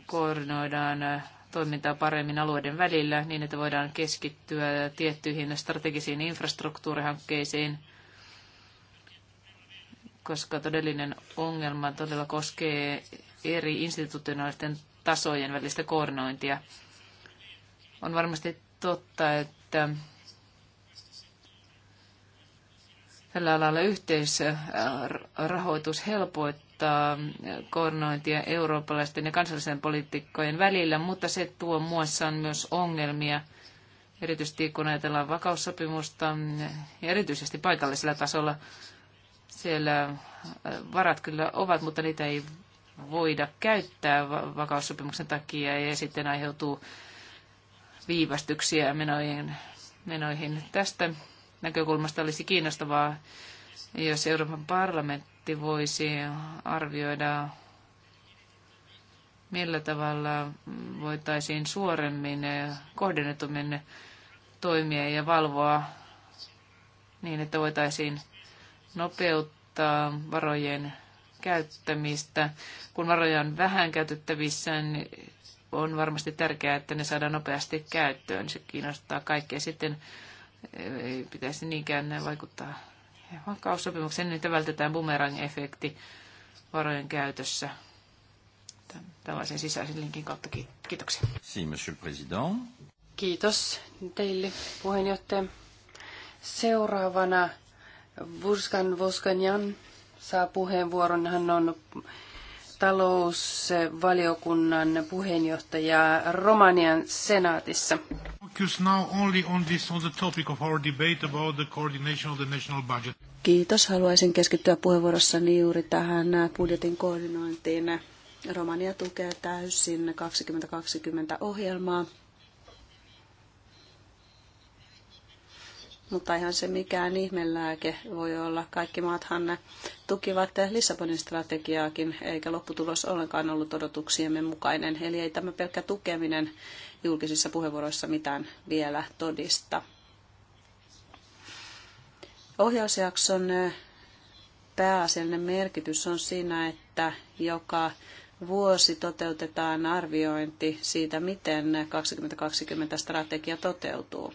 koordinoidaan toimintaa paremmin alueiden välillä niin, että voidaan keskittyä tiettyihin strategisiin infrastruktuurihankkeisiin, koska todellinen ongelma todella koskee eri institutionaalisten tasojen välistä koordinointia. On varmasti totta, että tällä alalla yhteisrahoitus helpoittaa koordinointia eurooppalaisten ja kansallisen poliitikkojen välillä, mutta se tuo muassaan myös ongelmia, erityisesti kun ajatellaan vakaussopimusta ja erityisesti paikallisella tasolla. Siellä äh, varat kyllä ovat, mutta niitä ei voida käyttää vakaussopimuksen takia ja sitten aiheutuu viivästyksiä menoihin. menoihin. Tästä näkökulmasta olisi kiinnostavaa, jos Euroopan parlamentti voisi arvioida, millä tavalla voitaisiin suoremmin kohdennetummin toimia ja valvoa niin, että voitaisiin nopeuttaa varojen käyttämistä. Kun varoja on vähän käytettävissä, niin on varmasti tärkeää, että ne saadaan nopeasti käyttöön. Se kiinnostaa kaikkea sitten ei pitäisi niinkään vaikuttaa vakaussopimukseen, niin että vältetään boomerang-efekti varojen käytössä tällaisen sisäisen linkin kautta. Kiitoksia. Si, monsieur président. Kiitos teille, puheenjohtaja. Seuraavana Vurskan Voskanjan saa puheenvuoron. Hän on talousvaliokunnan puheenjohtaja Romanian senaatissa focus now only on this, on the topic of our debate about the coordination of the national budget. Kiitos. Haluaisin keskittyä puheenvuorossani juuri tähän budjetin koordinointiin. Romania tukee täysin 2020 ohjelmaa. Mutta ihan se mikään ihmelääke voi olla. Kaikki maathan tukivat Lissabonin strategiaakin, eikä lopputulos ollenkaan ollut odotuksiemme mukainen. Eli ei tämä pelkkä tukeminen julkisissa puheenvuoroissa mitään vielä todista. Ohjausjakson pääasiallinen merkitys on siinä, että joka vuosi toteutetaan arviointi siitä, miten 2020 strategia toteutuu.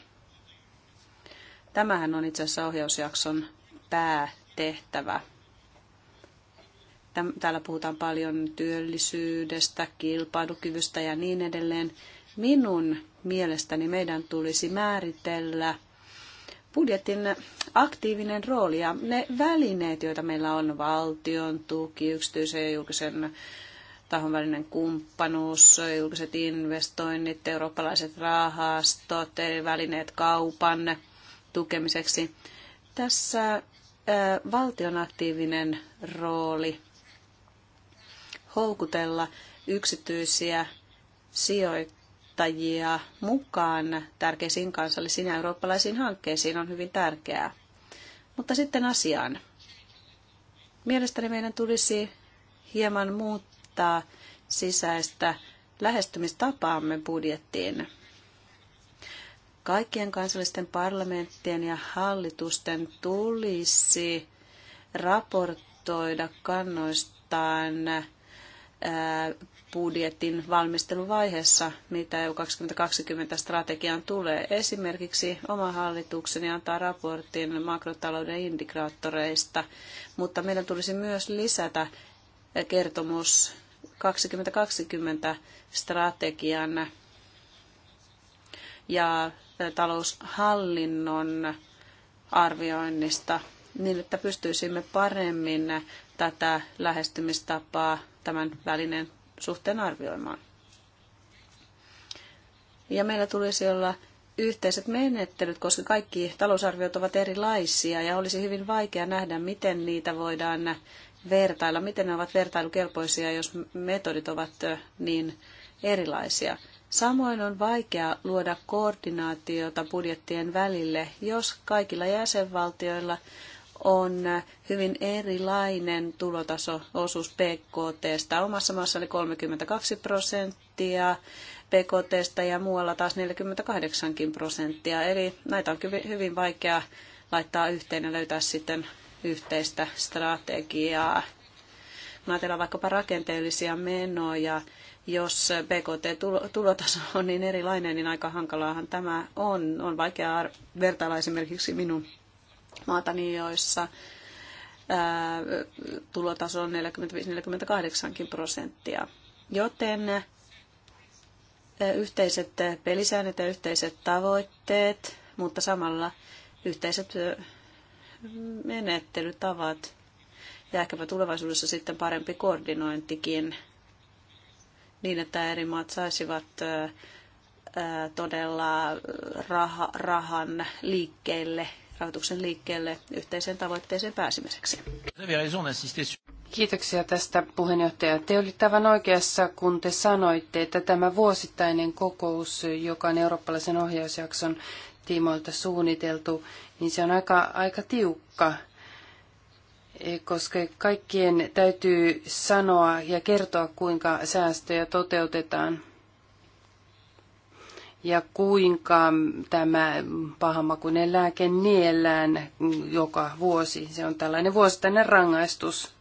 Tämähän on itse asiassa ohjausjakson päätehtävä. Täällä puhutaan paljon työllisyydestä, kilpailukyvystä ja niin edelleen. Minun mielestäni meidän tulisi määritellä budjetin aktiivinen rooli ja ne välineet, joita meillä on, valtion tuki, yksityisen ja julkisen tahon välinen kumppanuus, julkiset investoinnit, eurooppalaiset rahastot, eri välineet kaupan tukemiseksi. Tässä valtion aktiivinen rooli houkutella yksityisiä sijoittajia kuluttajia mukaan tärkeisiin kansallisiin ja eurooppalaisiin hankkeisiin on hyvin tärkeää. Mutta sitten asiaan. Mielestäni meidän tulisi hieman muuttaa sisäistä lähestymistapaamme budjettiin. Kaikkien kansallisten parlamenttien ja hallitusten tulisi raportoida kannoistaan budjetin valmisteluvaiheessa, mitä EU 2020 strategiaan tulee. Esimerkiksi oma hallitukseni antaa raportin makrotalouden indikaattoreista, mutta meidän tulisi myös lisätä kertomus 2020 strategian ja taloushallinnon arvioinnista niin, että pystyisimme paremmin tätä lähestymistapaa tämän välinen suhteen arvioimaan. Ja meillä tulisi olla yhteiset menettelyt, koska kaikki talousarviot ovat erilaisia ja olisi hyvin vaikea nähdä, miten niitä voidaan vertailla, miten ne ovat vertailukelpoisia, jos metodit ovat niin erilaisia. Samoin on vaikea luoda koordinaatiota budjettien välille, jos kaikilla jäsenvaltioilla on hyvin erilainen tulotaso osuus PKT. Omassa maassa oli 32 prosenttia PKT ja muualla taas 48 prosenttia. Eli näitä on hyvin vaikea laittaa yhteen ja löytää sitten yhteistä strategiaa. Kun ajatellaan vaikkapa rakenteellisia menoja, jos BKT-tulotaso on niin erilainen, niin aika hankalaahan tämä on. On vaikea vertailla esimerkiksi minun maatani, joissa tulotaso on 45-48 prosenttia. Joten yhteiset pelisäännöt ja yhteiset tavoitteet, mutta samalla yhteiset menettelytavat ja ehkäpä tulevaisuudessa sitten parempi koordinointikin niin, että eri maat saisivat todella rahan liikkeelle rahoituksen liikkeelle yhteiseen tavoitteeseen pääsemiseksi. Kiitoksia tästä puheenjohtaja. Te olitte aivan oikeassa, kun te sanoitte, että tämä vuosittainen kokous, joka on eurooppalaisen ohjausjakson tiimoilta suunniteltu, niin se on aika, aika tiukka, e, koska kaikkien täytyy sanoa ja kertoa, kuinka säästöjä toteutetaan – ja kuinka tämä pahamakuinen lääke niellään joka vuosi. Se on tällainen vuosittainen rangaistus.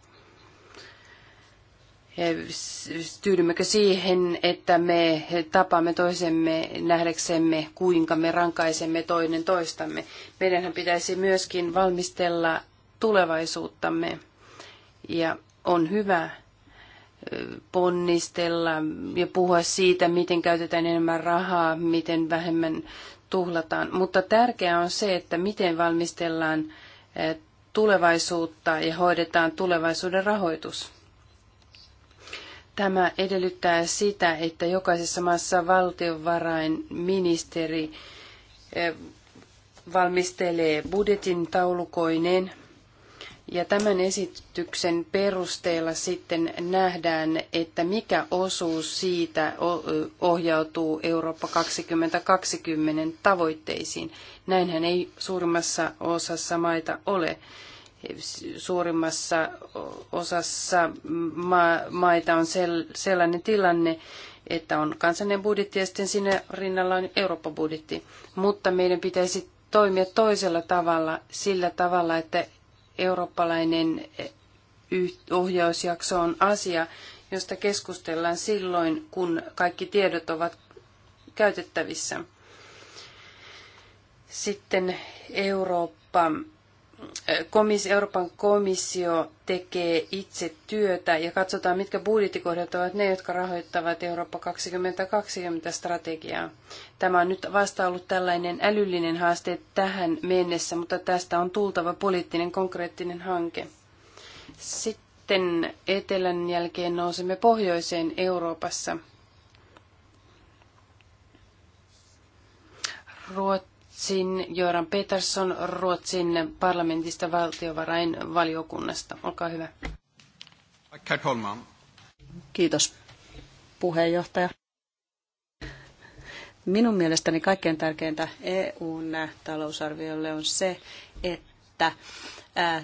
Tyydymmekö siihen, että me tapaamme toisemme nähdäksemme, kuinka me rankaisemme toinen toistamme? Meidänhän pitäisi myöskin valmistella tulevaisuuttamme. Ja on hyvä, ponnistella ja puhua siitä, miten käytetään enemmän rahaa, miten vähemmän tuhlataan. Mutta tärkeää on se, että miten valmistellaan eh, tulevaisuutta ja hoidetaan tulevaisuuden rahoitus. Tämä edellyttää sitä, että jokaisessa maassa valtiovarainministeri eh, valmistelee budjetin taulukoineen – ja tämän esityksen perusteella sitten nähdään, että mikä osuus siitä ohjautuu Eurooppa 2020 tavoitteisiin. Näinhän ei suurimmassa osassa maita ole. Suurimmassa osassa maita on sellainen tilanne, että on kansallinen budjetti ja sitten siinä rinnalla on Eurooppa-budjetti. Mutta meidän pitäisi toimia toisella tavalla, sillä tavalla, että eurooppalainen ohjausjakso on asia, josta keskustellaan silloin, kun kaikki tiedot ovat käytettävissä. Sitten Eurooppa komissio, Euroopan komissio tekee itse työtä ja katsotaan, mitkä budjettikohdat ovat ne, jotka rahoittavat Eurooppa 2020 strategiaa. Tämä on nyt vasta ollut tällainen älyllinen haaste tähän mennessä, mutta tästä on tultava poliittinen konkreettinen hanke. Sitten etelän jälkeen nousemme pohjoiseen Euroopassa. Ruotsi Sin Petersson Ruotsin parlamentista valtiovarainvaliokunnasta. Olkaa hyvä. Herr talman. Kiitos puheenjohtaja. Minun mielestäni kaikkein tärkeintä EUn talousarviolle on se, että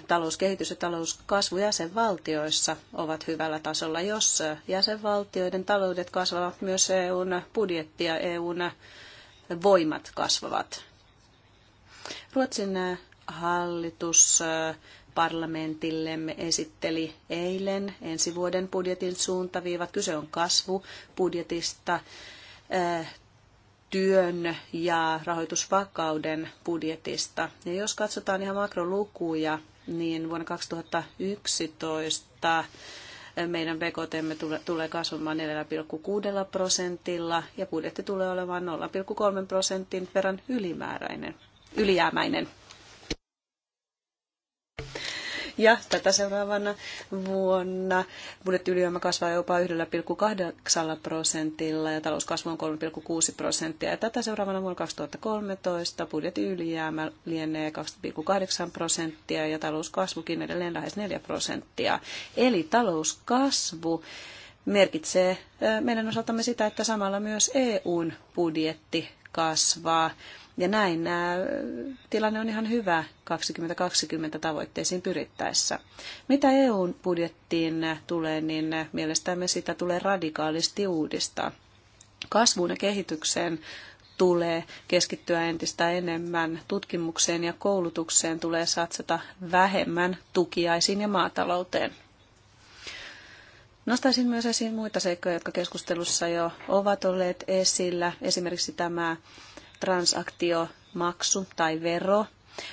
talouskehitys ja talouskasvu jäsenvaltioissa ovat hyvällä tasolla. Jos jäsenvaltioiden taloudet kasvavat, myös EUn budjetti ja EUn voimat kasvavat. Ruotsin äh, hallitus äh, parlamentillemme esitteli eilen ensi vuoden budjetin suuntaviivat. Kyse on kasvubudjetista, äh, työn ja rahoitusvakauden budjetista. Ja jos katsotaan ihan makrolukuja, niin vuonna 2011 meidän BKT tulee kasvamaan 4,6 prosentilla ja budjetti tulee olemaan 0,3 prosentin verran ylimääräinen ylijäämäinen. Ja tätä seuraavana vuonna budjettiylijäämä kasvaa jopa 1,8 prosentilla ja talouskasvu on 3,6 prosenttia. Ja tätä seuraavana vuonna 2013 budjettiylijäämä lienee 2,8 prosenttia ja talouskasvukin edelleen lähes 4 prosenttia. Eli talouskasvu merkitsee meidän osaltamme sitä, että samalla myös EUn budjetti kasvaa ja näin tilanne on ihan hyvä 2020 tavoitteisiin pyrittäessä. Mitä EUn budjettiin tulee, niin mielestämme sitä tulee radikaalisti uudistaa. Kasvuun ja kehitykseen tulee keskittyä entistä enemmän tutkimukseen ja koulutukseen, tulee satsata vähemmän tukiaisiin ja maatalouteen. Nostaisin myös esiin muita seikkoja, jotka keskustelussa jo ovat olleet esillä. Esimerkiksi tämä transaktiomaksu tai vero.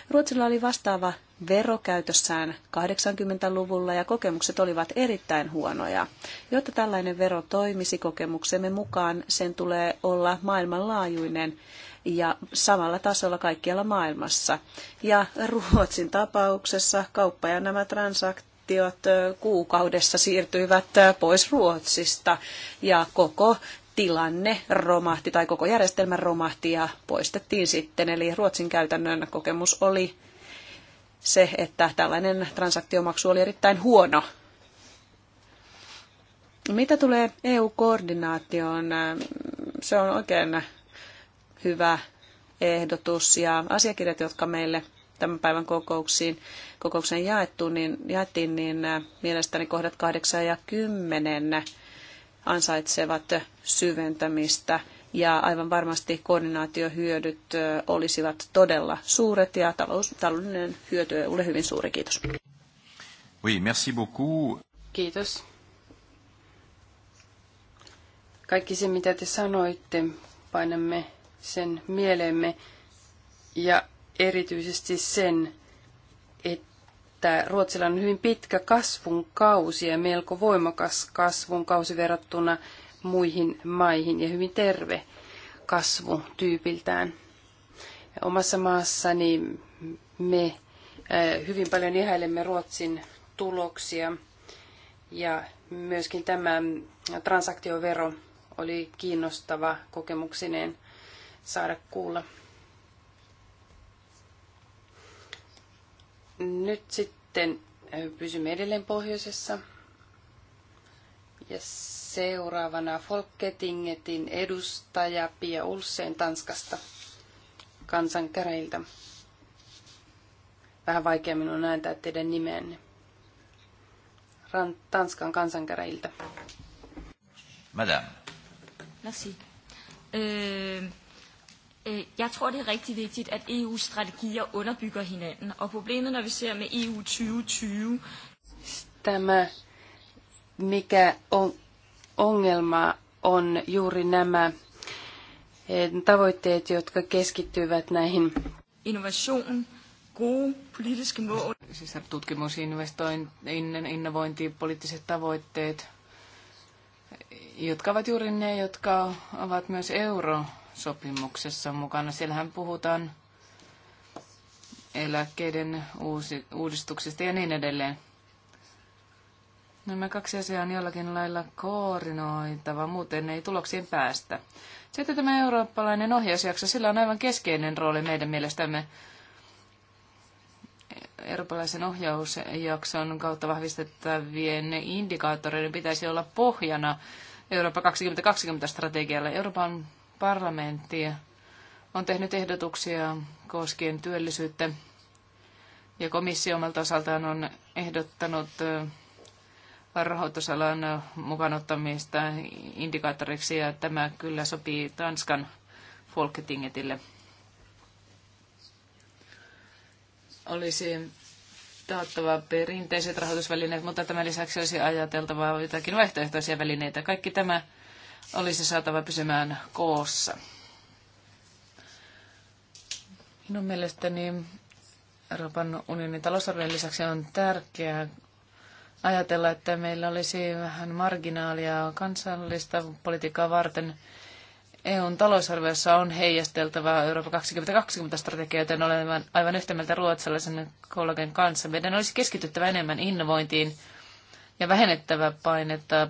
Ruotsilla oli vastaava vero käytössään 80-luvulla ja kokemukset olivat erittäin huonoja. Jotta tällainen vero toimisi kokemuksemme mukaan, sen tulee olla maailmanlaajuinen ja samalla tasolla kaikkialla maailmassa. Ja Ruotsin tapauksessa kauppa ja nämä transaktiot kuukaudessa siirtyivät pois Ruotsista ja koko tilanne romahti tai koko järjestelmä romahti ja poistettiin sitten. Eli Ruotsin käytännön kokemus oli se, että tällainen transaktiomaksu oli erittäin huono. Mitä tulee EU-koordinaatioon, se on oikein hyvä ehdotus ja asiakirjat, jotka meille tämän päivän kokouksiin, kokoukseen jaettu, niin, jaettiin, niin mielestäni kohdat 8 ja 10 ansaitsevat syventämistä ja aivan varmasti koordinaatiohyödyt olisivat todella suuret ja talous, taloudellinen hyöty EUlle hyvin suuri. Kiitos. Oui, merci beaucoup. Kiitos. Kaikki se, mitä te sanoitte, painamme sen mieleemme ja erityisesti sen, että Ruotsilla on hyvin pitkä kasvun kausi ja melko voimakas kasvun kausi verrattuna muihin maihin ja hyvin terve kasvu tyypiltään. Omassa maassani me eh, hyvin paljon ihailemme Ruotsin tuloksia ja myöskin tämä transaktiovero oli kiinnostava kokemuksineen saada kuulla. Nyt sitten pysymme edelleen pohjoisessa. Ja seuraavana Folketingetin edustaja Pia Ulseen Tanskasta kansankäreiltä. Vähän vaikea minun ääntää teidän nimeänne. Tanskan kansankäreiltä. Madame. Merci. Euh, Øh, jeg tror, det er rigtig vigtigt, at EU's strategier underbygger hinanden. Og problemet, når vi ser med EU 2020... Tämä, mikä on ongelma, on juuri nämä eh, tavoitteet, jotka keskittyvät näihin innovation, gode politiske mål. Siis tutkimus, innovointi, poliittiset tavoitteet, jotka ovat juuri ne, jotka ovat myös euro sopimuksessa mukana. Siellähän puhutaan eläkkeiden uusi, uudistuksista ja niin edelleen. Nämä kaksi asiaa on jollakin lailla koordinoitava, muuten ei tuloksiin päästä. Sitten tämä eurooppalainen ohjausjakso, sillä on aivan keskeinen rooli meidän mielestämme. Eurooppalaisen ohjausjakson kautta vahvistettavien indikaattoreiden pitäisi olla pohjana Eurooppa 2020-strategialle. Euroopan parlamentti on tehnyt ehdotuksia koskien työllisyyttä ja komissio omalta osaltaan on ehdottanut rahoitusalan mukanottamista indikaattoriksi ja tämä kyllä sopii Tanskan Folketingetille. Olisi taattava perinteiset rahoitusvälineet, mutta tämän lisäksi olisi ajateltava jotakin vaihtoehtoisia välineitä. Kaikki tämä olisi saatava pysymään koossa. Minun mielestäni Euroopan unionin talousarvion lisäksi on tärkeää ajatella, että meillä olisi vähän marginaalia kansallista politiikkaa varten. EUn talousarviossa on heijasteltava Euroopan 2020 strategia, joten olen aivan yhtä mieltä ruotsalaisen kollegan kanssa. Meidän olisi keskityttävä enemmän innovointiin ja vähennettävä painetta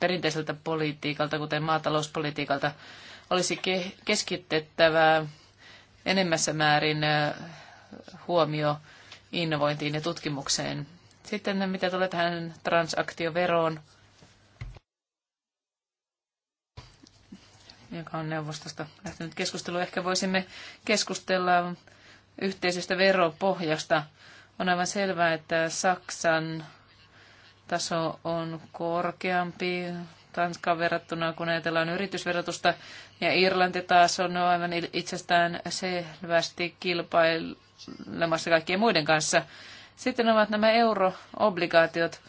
perinteiseltä politiikalta, kuten maatalouspolitiikalta, olisi keskitettävä enemmässä määrin huomio innovointiin ja tutkimukseen. Sitten mitä tulee tähän transaktioveroon, joka on neuvostosta lähtenyt keskusteluun. Ehkä voisimme keskustella yhteisestä veropohjasta. On aivan selvää, että Saksan taso on korkeampi Tanskaan verrattuna, kun ajatellaan yritysverotusta, ja Irlanti taas on aivan itsestään selvästi kilpailemassa kaikkien muiden kanssa. Sitten ovat nämä euroobligaatiot.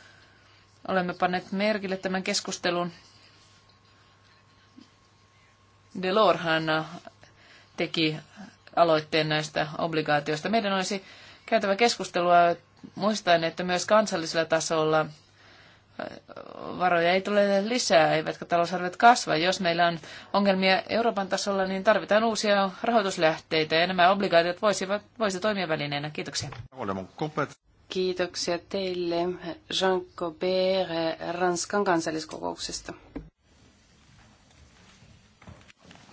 Olemme panneet merkille tämän keskustelun. Delorhan teki aloitteen näistä obligaatioista. Meidän olisi käytävä keskustelua muistaen, että myös kansallisella tasolla – varoja ei tule lisää, eivätkä talousarviot kasva. Jos meillä on ongelmia Euroopan tasolla, niin tarvitaan uusia rahoituslähteitä, ja nämä obligaatiot voisivat, voisi toimia välineenä. Kiitoksia. Kiitoksia teille, Jean Cobert, Ranskan kansalliskokouksesta.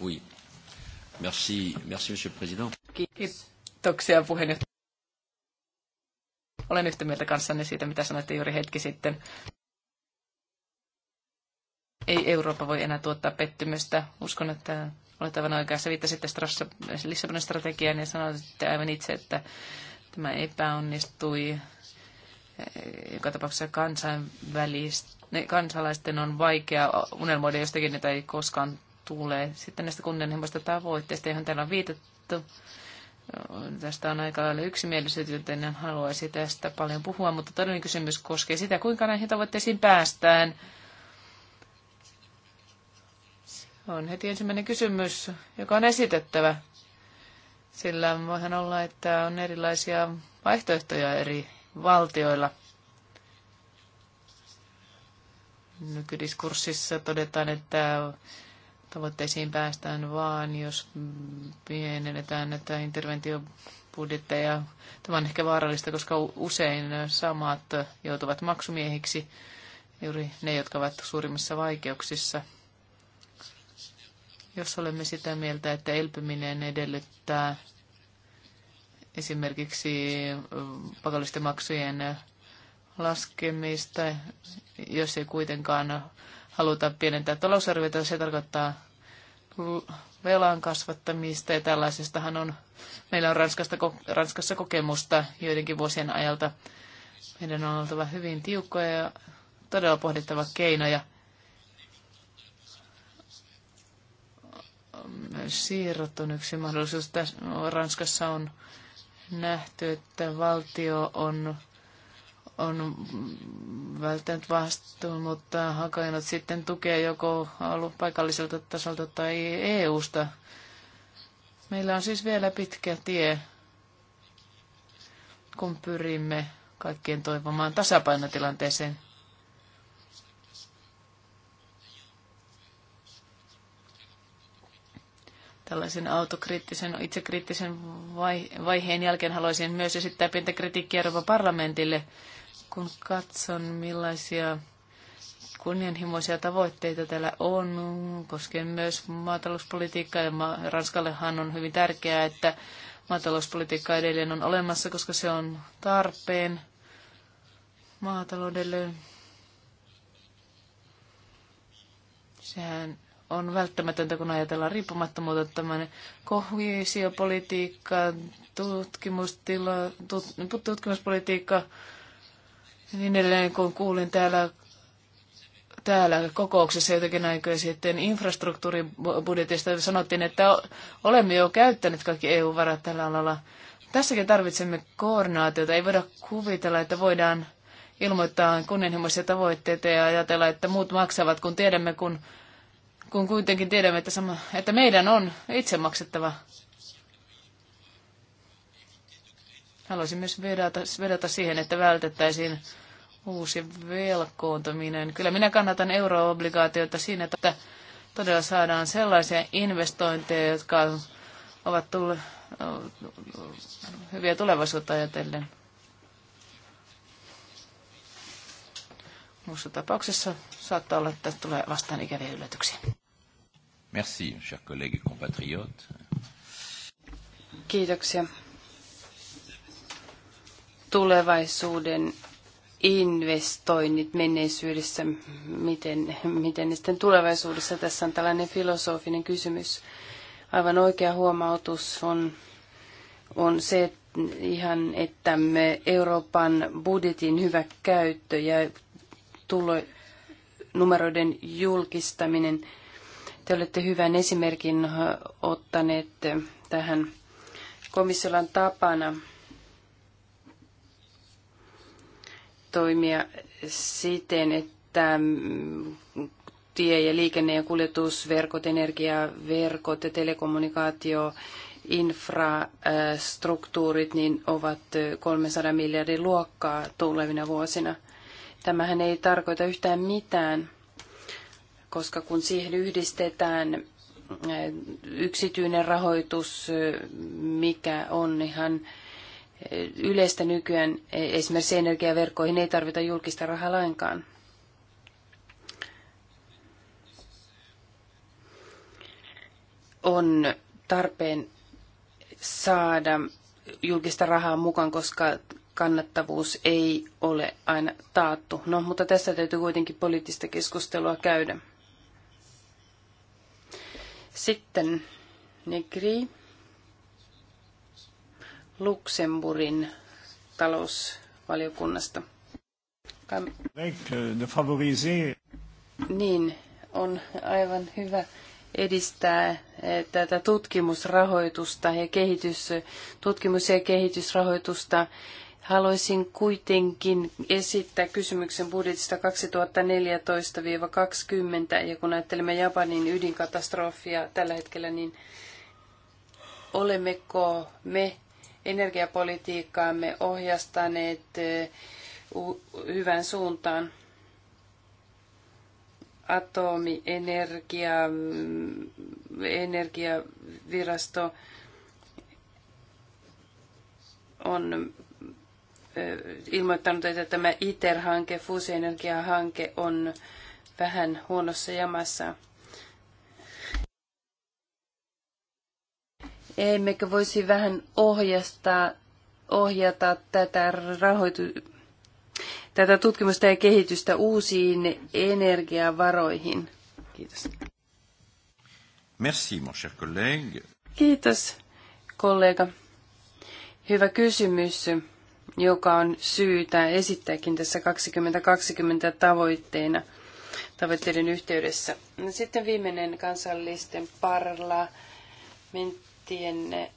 Oui. Merci, merci, monsieur le président. Kiitoksia puheenjohtaja. Olen yhtä mieltä kanssanne siitä, mitä sanoitte juuri hetki sitten ei Eurooppa voi enää tuottaa pettymystä. Uskon, että olet aivan oikeassa. Viittasitte Lissabonin strategiaan ja sanoitte aivan itse, että tämä epäonnistui. Joka tapauksessa kansainvälistä kansalaisten on vaikea unelmoida jostakin, että ei koskaan tule. Sitten näistä kunnianhimoista tavoitteista, johon täällä on viitattu, tästä on aika lailla yksimielisyyttä, joten en haluaisi tästä paljon puhua, mutta todellinen kysymys koskee sitä, kuinka näihin tavoitteisiin päästään. On heti ensimmäinen kysymys, joka on esitettävä. Sillä voihan olla, että on erilaisia vaihtoehtoja eri valtioilla. Nykydiskurssissa todetaan, että tavoitteisiin päästään vaan, jos pienennetään näitä interventiobudjetteja. Tämä on ehkä vaarallista, koska usein samat joutuvat maksumiehiksi, juuri ne, jotka ovat suurimmissa vaikeuksissa – jos olemme sitä mieltä, että elpyminen edellyttää esimerkiksi pakollisten maksujen laskemista, jos ei kuitenkaan haluta pienentää talousarviota, se tarkoittaa velan kasvattamista ja tällaisestahan on, meillä on Ranskasta, Ranskassa kokemusta joidenkin vuosien ajalta. Meidän on oltava hyvin tiukkoja ja todella pohdittava keinoja – siirrot on yksi mahdollisuus. Tässä Ranskassa on nähty, että valtio on, on välttänyt vastuun, mutta hakenut sitten tukea joko ollut paikalliselta tasolta tai EU-sta. Meillä on siis vielä pitkä tie, kun pyrimme kaikkien toivomaan tasapainotilanteeseen. tällaisen autokriittisen, itsekriittisen vaiheen jälkeen haluaisin myös esittää pientä kritiikkiä Euroopan parlamentille, kun katson millaisia kunnianhimoisia tavoitteita täällä on, koskien myös maatalouspolitiikkaa, ja Ranskallehan on hyvin tärkeää, että maatalouspolitiikka edelleen on olemassa, koska se on tarpeen maataloudelle. Sehän on välttämätöntä, kun ajatellaan riippumattomuutta tämmöinen kohesiopolitiikka, tut, tutkimuspolitiikka niin edelleen, kun kuulin täällä, täällä kokouksessa jotenkin aikoja sitten infrastruktuuribudjetista sanottiin, että olemme jo käyttäneet kaikki EU-varat tällä alalla. Tässäkin tarvitsemme koordinaatiota. Ei voida kuvitella, että voidaan ilmoittaa kunnianhimoisia tavoitteita ja ajatella, että muut maksavat, kun tiedämme, kun kun kuitenkin tiedämme, että, sama, että meidän on itse maksettava. Haluaisin myös vedata, vedata siihen, että vältettäisiin uusi velkoontuminen. Kyllä minä kannatan euroobligaatioita siinä, että todella saadaan sellaisia investointeja, jotka ovat tulle, hyviä tulevaisuutta ajatellen. Muussa tapauksessa saattaa olla, että tulee vastaan ikäviä yllätyksiä. Merci, cher collègue compatriote. Kiitoksia. Tulevaisuuden investoinnit menneisyydessä, miten, miten ne sitten tulevaisuudessa. Tässä on tällainen filosofinen kysymys. Aivan oikea huomautus on, on se, että ihan, että me Euroopan budjetin hyvä käyttö ja tulo, numeroiden julkistaminen. Te olette hyvän esimerkin ottaneet tähän komissiolan tapana toimia siten, että tie- ja liikenne- ja kuljetusverkot, energiaverkot ja telekommunikaatio, infrastruktuurit niin ovat 300 miljardin luokkaa tulevina vuosina. Tämähän ei tarkoita yhtään mitään, koska kun siihen yhdistetään eh, yksityinen rahoitus, eh, mikä on ihan eh, yleistä nykyään, esimerkiksi energiaverkkoihin ei tarvita julkista rahaa lainkaan. On tarpeen saada julkista rahaa mukaan, koska kannattavuus ei ole aina taattu. No, mutta tässä täytyy kuitenkin poliittista keskustelua käydä. Sitten Negri, Luxemburgin talousvaliokunnasta. Euh, niin, on aivan hyvä edistää eh, tätä tutkimusrahoitusta ja kehitys, tutkimus- ja kehitysrahoitusta Haluaisin kuitenkin esittää kysymyksen budjetista 2014-2020, ja kun ajattelemme Japanin ydinkatastrofia tällä hetkellä, niin olemmeko me energiapolitiikkaamme ohjastaneet hyvään suuntaan? atomienergia, energiavirasto on Eh, ilmoittanut, että tämä ITER-hanke, fuusioenergia-hanke, on vähän huonossa jamassa. Emmekö voisi vähän ohjastaa, ohjata tätä rahoitu, tätä tutkimusta ja kehitystä uusiin energiavaroihin? Kiitos. Merci, mon cher collègue. Kiitos, kollega. Hyvä kysymys joka on syytä esittääkin tässä 2020 tavoitteena tavoitteiden yhteydessä. No sitten viimeinen kansallisten parlamenttien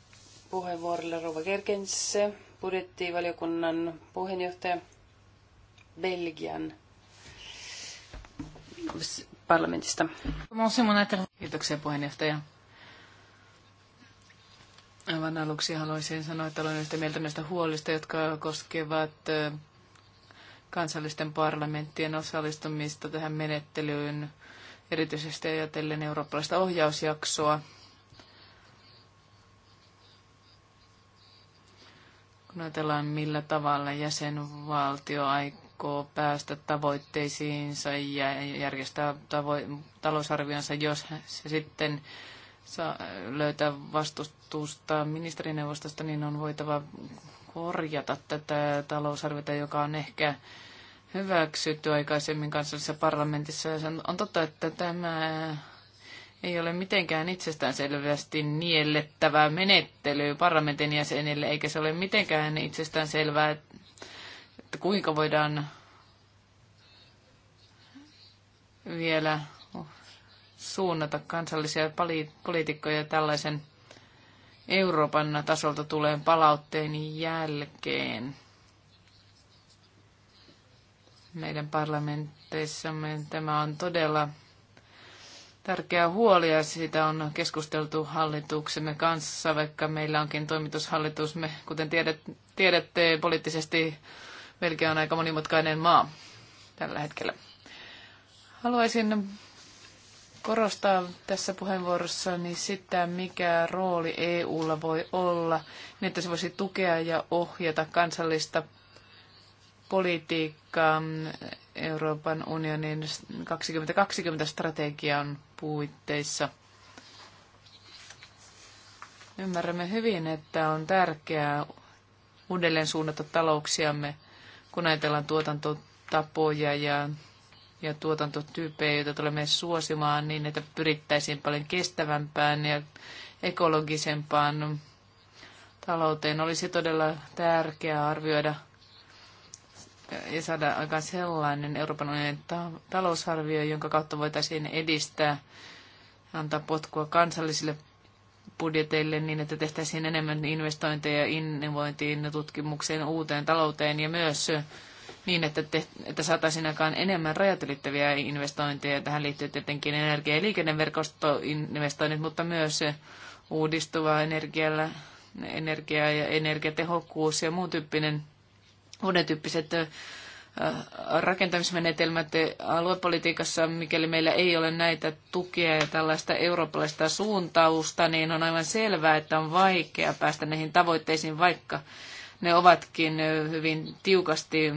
puheenvuorolle Rova Gergens, budjettivaliokunnan puheenjohtaja Belgian parlamentista. Kiitoksia puheenjohtaja. Aivan aluksi haluaisin sanoa, että olen yhtä mieltä näistä huolista, jotka koskevat kansallisten parlamenttien osallistumista tähän menettelyyn, erityisesti ajatellen eurooppalaista ohjausjaksoa. Kun ajatellaan, millä tavalla jäsenvaltio aikoo päästä tavoitteisiinsa ja järjestää tavo- talousarvionsa, jos se sitten saa löytää vastustusta ministerineuvostosta, niin on voitava korjata tätä talousarviota, joka on ehkä hyväksytty aikaisemmin kansallisessa parlamentissa. On totta, että tämä ei ole mitenkään itsestäänselvästi niellettävä menettely parlamentin jäsenille, eikä se ole mitenkään itsestäänselvää, että kuinka voidaan vielä suunnata kansallisia poliitikkoja tällaisen Euroopan tasolta tuleen palautteen jälkeen. Meidän parlamenteissamme tämä on todella tärkeä huoli ja siitä on keskusteltu hallituksemme kanssa, vaikka meillä onkin toimitushallitus. Me, kuten tiedät, tiedätte, poliittisesti Belgia on aika monimutkainen maa tällä hetkellä. Haluaisin korostaa tässä niin sitä, mikä rooli EUlla voi olla, niin että se voisi tukea ja ohjata kansallista politiikkaa Euroopan unionin 2020-strategian puitteissa. Ymmärrämme hyvin, että on tärkeää uudelleen suunnata talouksiamme, kun ajatellaan tuotantotapoja ja ja tuotantotyyppejä, joita tulemme suosimaan niin, että pyrittäisiin paljon kestävämpään ja ekologisempaan talouteen. Olisi todella tärkeää arvioida ja saada aikaan sellainen Euroopan unionin ta- talousarvio, jonka kautta voitaisiin edistää ja antaa potkua kansallisille budjeteille niin, että tehtäisiin enemmän investointeja innovointiin, tutkimukseen, uuteen talouteen ja myös niin, että, te, että saataisiin aikaan enemmän rajat ylittäviä investointeja. Tähän liittyy tietenkin energia- ja liikenneverkostoinvestoinnit, mutta myös uudistuva energialla, energia ja energiatehokkuus ja muun tyyppinen, uuden tyyppiset rakentamismenetelmät aluepolitiikassa, mikäli meillä ei ole näitä tukia ja tällaista eurooppalaista suuntausta, niin on aivan selvää, että on vaikea päästä näihin tavoitteisiin, vaikka ne ovatkin hyvin tiukasti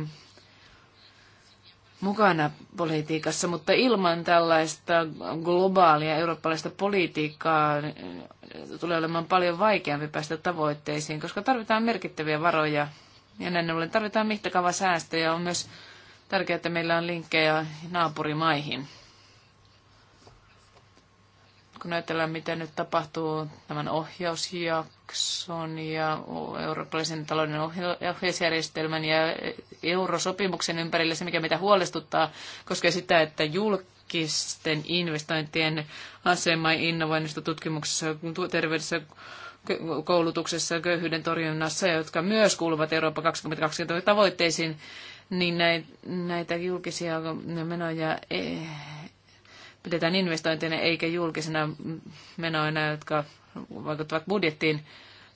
mukana politiikassa, mutta ilman tällaista globaalia eurooppalaista politiikkaa tulee olemaan paljon vaikeampi päästä tavoitteisiin, koska tarvitaan merkittäviä varoja ja näin ollen tarvitaan mittakaava säästöjä. On myös tärkeää, että meillä on linkkejä naapurimaihin kun ajatellaan, mitä nyt tapahtuu tämän ohjausjakson ja eurooppalaisen talouden ohjausjärjestelmän ja eurosopimuksen ympärillä, se mikä mitä huolestuttaa, koskee sitä, että julkisten investointien asema innovoinnista tutkimuksessa, terveydessä, koulutuksessa, köyhyyden torjunnassa, jotka myös kuuluvat Eurooppa 2020 tavoitteisiin, niin näitä julkisia menoja eh, pidetään investointina eikä julkisena menoina, jotka vaikuttavat budjettiin.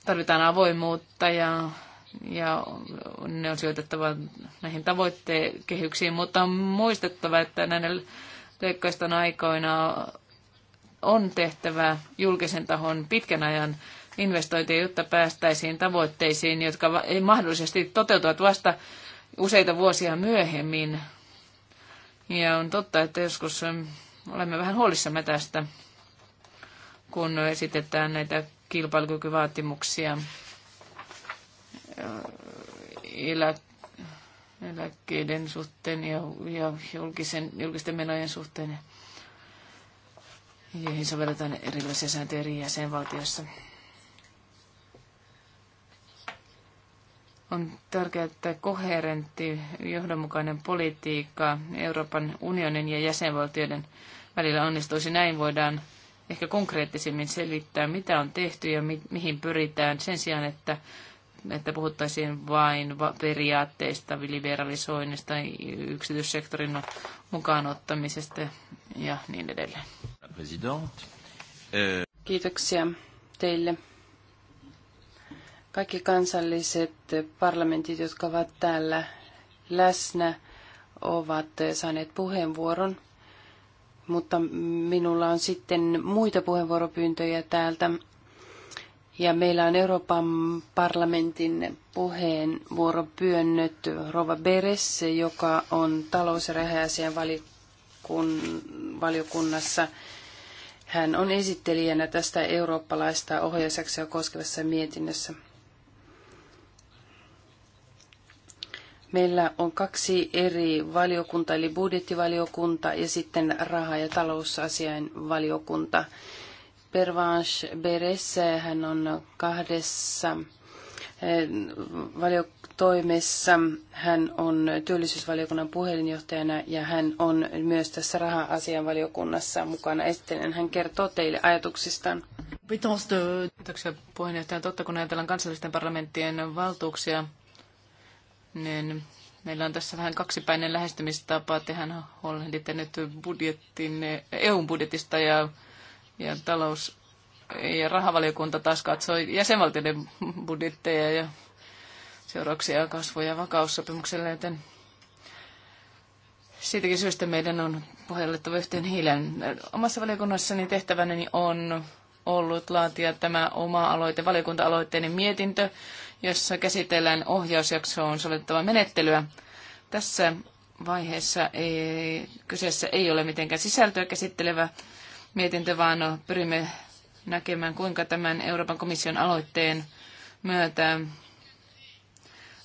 Tarvitaan avoimuutta ja, ja ne on sijoitettava näihin tavoittekehyksiin, mutta on muistettava, että näiden leikkausten aikoina on tehtävä julkisen tahon pitkän ajan investointeja, jotta päästäisiin tavoitteisiin, jotka mahdollisesti toteutuvat vasta useita vuosia myöhemmin. Ja on totta, että joskus olemme vähän huolissamme tästä, kun esitetään näitä kilpailukykyvaatimuksia elä, eläkkeiden suhteen ja, ja julkisen, julkisten menojen suhteen, joihin sovelletaan erilaisia sääntöjä eri jäsenvaltioissa. on tärkeää, että koherentti, johdonmukainen politiikka Euroopan unionin ja jäsenvaltioiden välillä onnistuisi. Näin voidaan ehkä konkreettisemmin selittää, mitä on tehty ja mi- mihin pyritään sen sijaan, että, että puhuttaisiin vain periaatteista, liberalisoinnista, yksityissektorin mukaanottamisesta ja niin edelleen. Kiitoksia teille. Kaikki kansalliset parlamentit, jotka ovat täällä läsnä, ovat saaneet puheenvuoron mutta minulla on sitten muita puheenvuoropyyntöjä täältä. Ja meillä on Euroopan parlamentin puheenvuoropyönnöt Rova Beres, joka on talous- ja valiokunnassa. Hän on esittelijänä tästä eurooppalaista ohjausjaksoa koskevassa mietinnössä. Meillä on kaksi eri valiokunta, eli budjettivaliokunta ja sitten raha- ja talousasiain valiokunta. Pervanche Beres, hän on kahdessa eh, valiotoimessa. Hän on työllisyysvaliokunnan puheenjohtajana ja hän on myös tässä raha-asian valiokunnassa mukana esittelen. Hän kertoo teille ajatuksistaan. Kiitoksia puheenjohtaja. Totta kun ajatellaan kansallisten parlamenttien valtuuksia, niin meillä on tässä vähän kaksipäinen lähestymistapa. Tehän huolehditte nyt budjettin, EUn budjetista ja, ja talous- ja rahavaliokunta taas katsoi jäsenvaltioiden budjetteja ja seurauksia kasvu- ja vakaussopimukselle, joten siitäkin syystä meidän on pohjallettava yhteen hiilen. Omassa valiokunnassani tehtäväni on ollut laatia tämä oma aloite, valiokunta-aloitteinen mietintö, jossa käsitellään ohjausjaksoon sovittavaa menettelyä. Tässä vaiheessa ei, kyseessä ei ole mitenkään sisältöä käsittelevä mietintö, vaan pyrimme näkemään, kuinka tämän Euroopan komission aloitteen myötä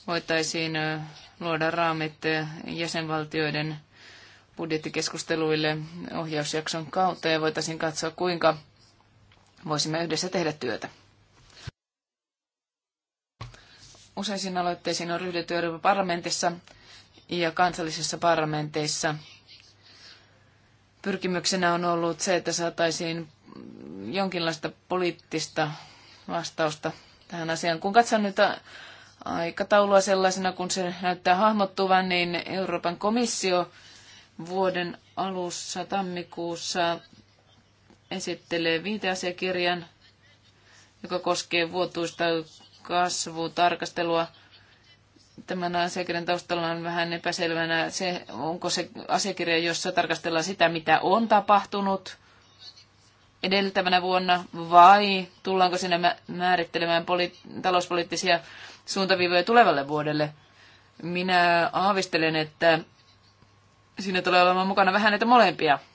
voitaisiin luoda raamit jäsenvaltioiden budjettikeskusteluille ohjausjakson kautta ja voitaisiin katsoa, kuinka voisimme yhdessä tehdä työtä. Useisiin aloitteisiin on ryhdytty Euroopan parlamentissa ja kansallisissa parlamenteissa. Pyrkimyksenä on ollut se, että saataisiin jonkinlaista poliittista vastausta tähän asiaan. Kun katson nyt aikataulua sellaisena, kun se näyttää hahmottuvan, niin Euroopan komissio vuoden alussa tammikuussa esittelee viiteasiakirjan, joka koskee vuotuista kasvutarkastelua. Tämän asiakirjan taustalla on vähän epäselvänä se, onko se asiakirja, jossa tarkastellaan sitä, mitä on tapahtunut edeltävänä vuonna, vai tullaanko sinne määrittelemään poli- talouspoliittisia suuntaviivoja tulevalle vuodelle. Minä aavistelen, että siinä tulee olemaan mukana vähän näitä molempia –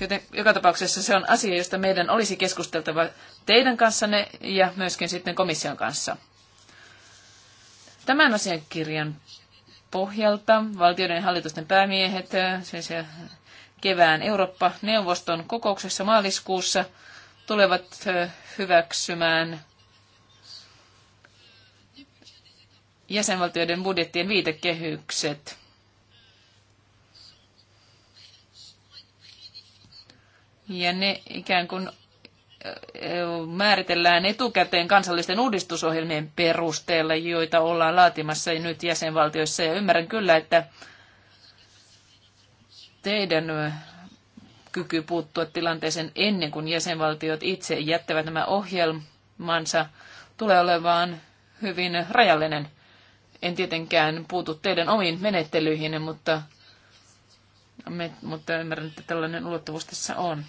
Joten joka tapauksessa se on asia, josta meidän olisi keskusteltava teidän kanssanne ja myöskin sitten komission kanssa. Tämän asiakirjan pohjalta valtioiden ja hallitusten päämiehet, äh, siis äh, kevään Eurooppa-neuvoston kokouksessa maaliskuussa tulevat äh, hyväksymään jäsenvaltioiden budjettien viitekehykset. Ja ne ikään kuin määritellään etukäteen kansallisten uudistusohjelmien perusteella, joita ollaan laatimassa nyt jäsenvaltioissa. Ja ymmärrän kyllä, että teidän kyky puuttua tilanteeseen ennen kuin jäsenvaltiot itse jättävät nämä ohjelmansa tulee olemaan hyvin rajallinen. En tietenkään puutu teidän omiin menettelyihin, mutta, mutta ymmärrän, että tällainen ulottuvuus tässä on.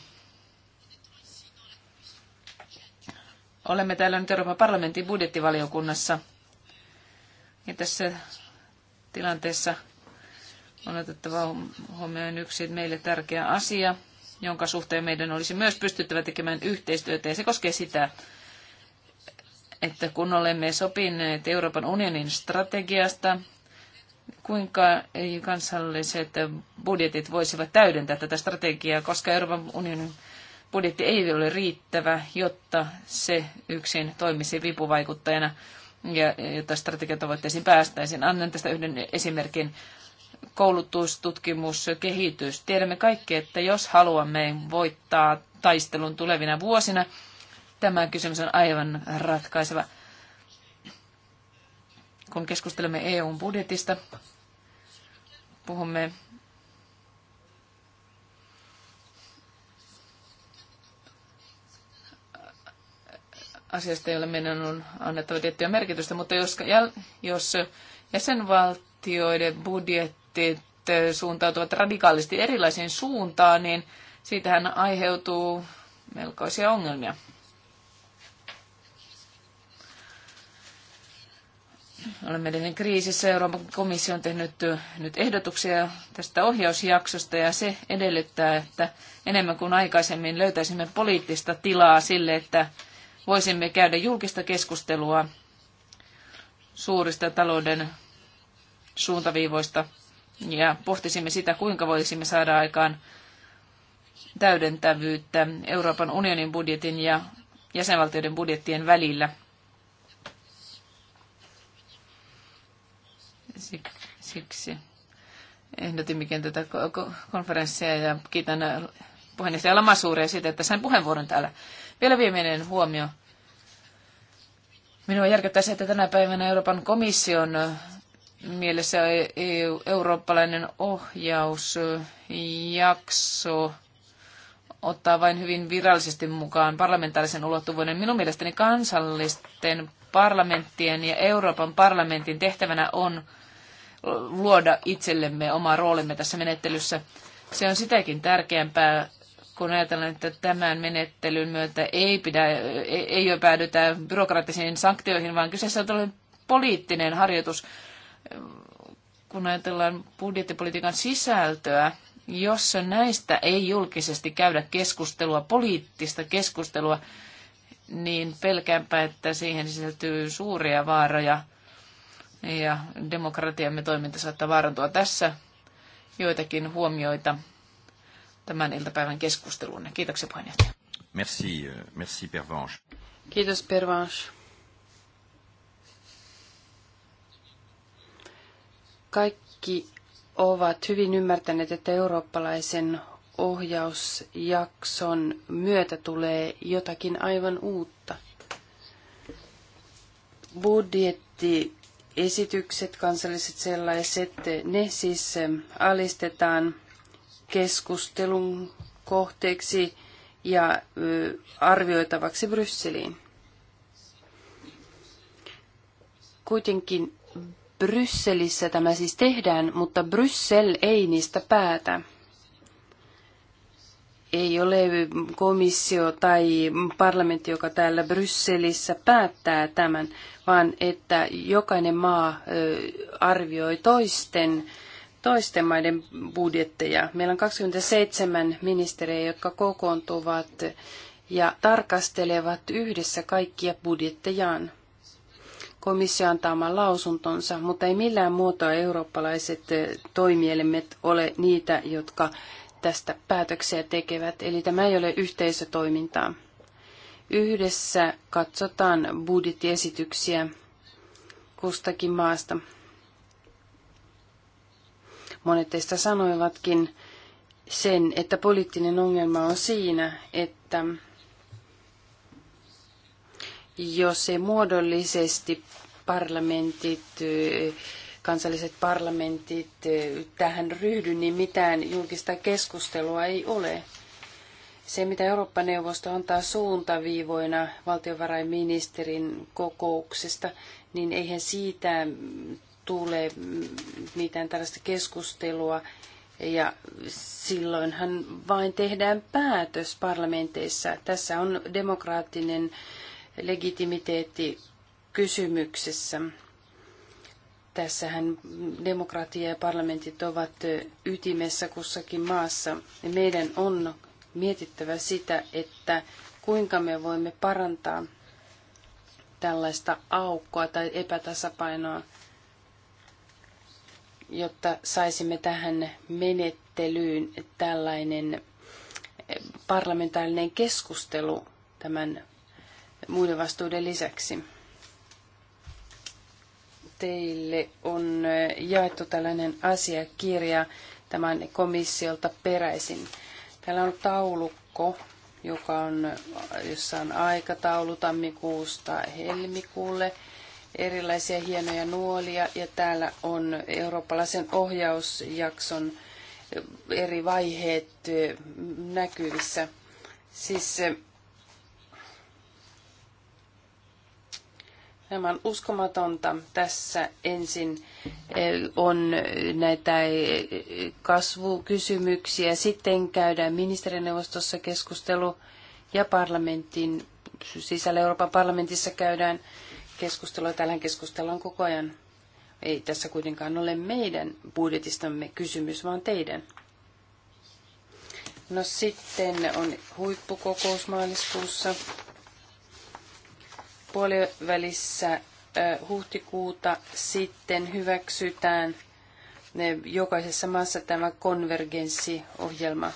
Olemme täällä nyt Euroopan parlamentin budjettivaliokunnassa. Ja tässä tilanteessa on otettava huomioon yksi meille tärkeä asia, jonka suhteen meidän olisi myös pystyttävä tekemään yhteistyötä, ja se koskee sitä, että kun olemme sopineet Euroopan unionin strategiasta, kuinka kansalliset budjetit voisivat täydentää tätä strategiaa, koska Euroopan unionin budjetti ei ole riittävä, jotta se yksin toimisi vipuvaikuttajana ja jotta strategiatavoitteisiin päästäisiin. Annan tästä yhden esimerkin. Koulutus, tutkimus, kehitys. Tiedämme kaikki, että jos haluamme voittaa taistelun tulevina vuosina, tämä kysymys on aivan ratkaiseva. Kun keskustelemme EUn budjetista, puhumme asiasta, jolle meidän on annettava tiettyä merkitystä, mutta jos, jos jäsenvaltioiden budjettit suuntautuvat radikaalisti erilaisiin suuntaan, niin siitähän aiheutuu melkoisia ongelmia. Olemme edelleen kriisissä. Euroopan komissio on tehnyt nyt ehdotuksia tästä ohjausjaksosta ja se edellyttää, että enemmän kuin aikaisemmin löytäisimme poliittista tilaa sille, että voisimme käydä julkista keskustelua suurista talouden suuntaviivoista ja pohtisimme sitä, kuinka voisimme saada aikaan täydentävyyttä Euroopan unionin budjetin ja jäsenvaltioiden budjettien välillä. Siksi ehdotimmekin tätä konferenssia ja kiitän puheenjohtaja Lamasuuria siitä, että sain puheenvuoron täällä. Vielä viimeinen huomio. Minua järkyttää se, että tänä päivänä Euroopan komission mielessä EU, eurooppalainen ohjausjakso ottaa vain hyvin virallisesti mukaan parlamentaarisen ulottuvuuden. Minun mielestäni kansallisten parlamenttien ja Euroopan parlamentin tehtävänä on luoda itsellemme oma roolimme tässä menettelyssä. Se on sitäkin tärkeämpää, kun ajatellaan, että tämän menettelyn myötä ei, pidä, e, ei, ole päädytä byrokraattisiin sanktioihin, vaan kyseessä on tällainen poliittinen harjoitus, kun ajatellaan budjettipolitiikan sisältöä, jossa näistä ei julkisesti käydä keskustelua, poliittista keskustelua, niin pelkäänpä, että siihen sisältyy suuria vaaroja ja demokratiamme toiminta saattaa vaarantua tässä joitakin huomioita tämän iltapäivän keskusteluun. Kiitoksia puheenjohtaja. Merci, euh, merci Pervanche. Kiitos Pervanche. Kaikki ovat hyvin ymmärtäneet, että eurooppalaisen ohjausjakson myötä tulee jotakin aivan uutta. Budjettiesitykset, kansalliset sellaiset, ne siis alistetaan keskustelun kohteeksi ja arvioitavaksi Brysseliin. Kuitenkin Brysselissä tämä siis tehdään, mutta Bryssel ei niistä päätä. Ei ole komissio tai parlamentti, joka täällä Brysselissä päättää tämän, vaan että jokainen maa arvioi toisten toisten maiden budjetteja. Meillä on 27 ministeriä, jotka kokoontuvat ja tarkastelevat yhdessä kaikkia budjettejaan. Komissio antaa oman lausuntonsa, mutta ei millään muotoa eurooppalaiset toimielimet ole niitä, jotka tästä päätöksiä tekevät. Eli tämä ei ole yhteisötoimintaa. Yhdessä katsotaan budjettiesityksiä kustakin maasta monet teistä sanoivatkin sen, että poliittinen ongelma on siinä, että jos ei muodollisesti parlamentit, kansalliset parlamentit tähän ryhdy, niin mitään julkista keskustelua ei ole. Se, mitä Eurooppa-neuvosto antaa suuntaviivoina valtiovarainministerin kokouksesta, niin eihän siitä tulee mitään tällaista keskustelua. Ja silloinhan vain tehdään päätös parlamenteissa. Tässä on demokraattinen legitimiteetti kysymyksessä. Tässähän demokratia ja parlamentit ovat ytimessä kussakin maassa. Meidän on mietittävä sitä, että kuinka me voimme parantaa tällaista aukkoa tai epätasapainoa jotta saisimme tähän menettelyyn tällainen eh, parlamentaarinen keskustelu tämän muiden vastuuden lisäksi. Teille on eh, jaettu tällainen asiakirja tämän komissiolta peräisin. Täällä on taulukko, joka on, jossa on aikataulu tammikuusta helmikuulle – erilaisia hienoja nuolia ja täällä on eurooppalaisen ohjausjakson eri vaiheet näkyvissä. Siis Tämä on uskomatonta. Tässä ensin on näitä kasvukysymyksiä. Sitten käydään ministerineuvostossa keskustelu ja parlamentin sisällä Euroopan parlamentissa käydään keskustelua. Tällä keskustellaan koko ajan. Ei tässä kuitenkaan ole meidän budjetistamme kysymys, vaan teidän. No sitten on huippukokous maaliskuussa. Puolivälissä huhtikuuta sitten hyväksytään jokaisessa maassa tämä konvergenssiohjelma.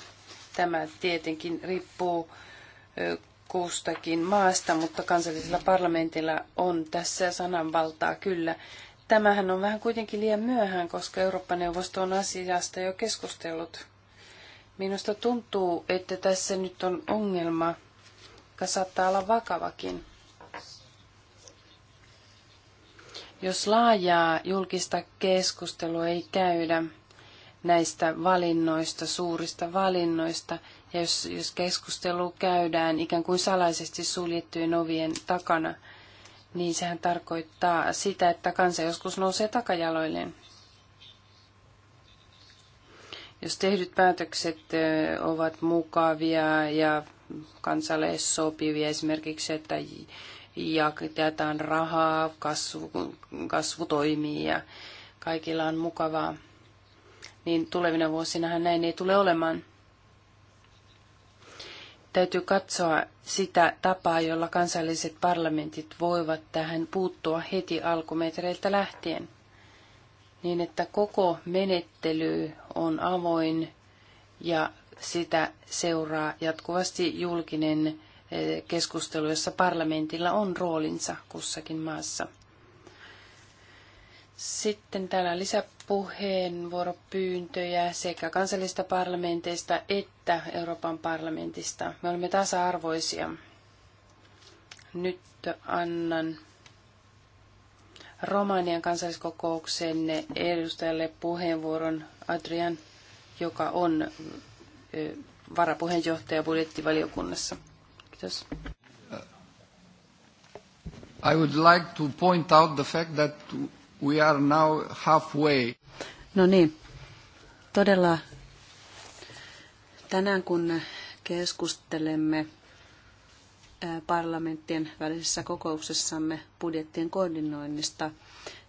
Tämä tietenkin riippuu kustakin maasta, mutta kansallisella parlamentilla on tässä sananvaltaa kyllä. Tämähän on vähän kuitenkin liian myöhään, koska Eurooppa-neuvosto on asiasta jo keskustellut. Minusta tuntuu, että tässä nyt on ongelma, joka saattaa olla vakavakin. Jos laajaa julkista keskustelua ei käydä näistä valinnoista, suurista valinnoista, ja jos, jos keskustelu käydään ikään kuin salaisesti suljettujen ovien takana, niin sehän tarkoittaa sitä, että kansa joskus nousee takajaloilleen. Jos tehdyt päätökset ovat mukavia ja kansalle sopivia, esimerkiksi että jaetaan rahaa, kasvu, kasvu toimii ja kaikilla on mukavaa, niin tulevina vuosina näin ei tule olemaan täytyy katsoa sitä tapaa, jolla kansalliset parlamentit voivat tähän puuttua heti alkumetreiltä lähtien, niin että koko menettely on avoin ja sitä seuraa jatkuvasti julkinen eh, keskustelu, jossa parlamentilla on roolinsa kussakin maassa. Sitten täällä on lisäpuheenvuoropyyntöjä sekä kansallisista parlamenteista että Euroopan parlamentista. Me olemme tasa-arvoisia. Nyt annan Romanian kansalliskokouksen edustajalle puheenvuoron Adrian, joka on varapuheenjohtaja budjettivaliokunnassa. Kiitos. I would like to point out the fact that We are now halfway. No niin, todella tänään kun keskustelemme parlamenttien välisessä kokouksessamme budjettien koordinoinnista,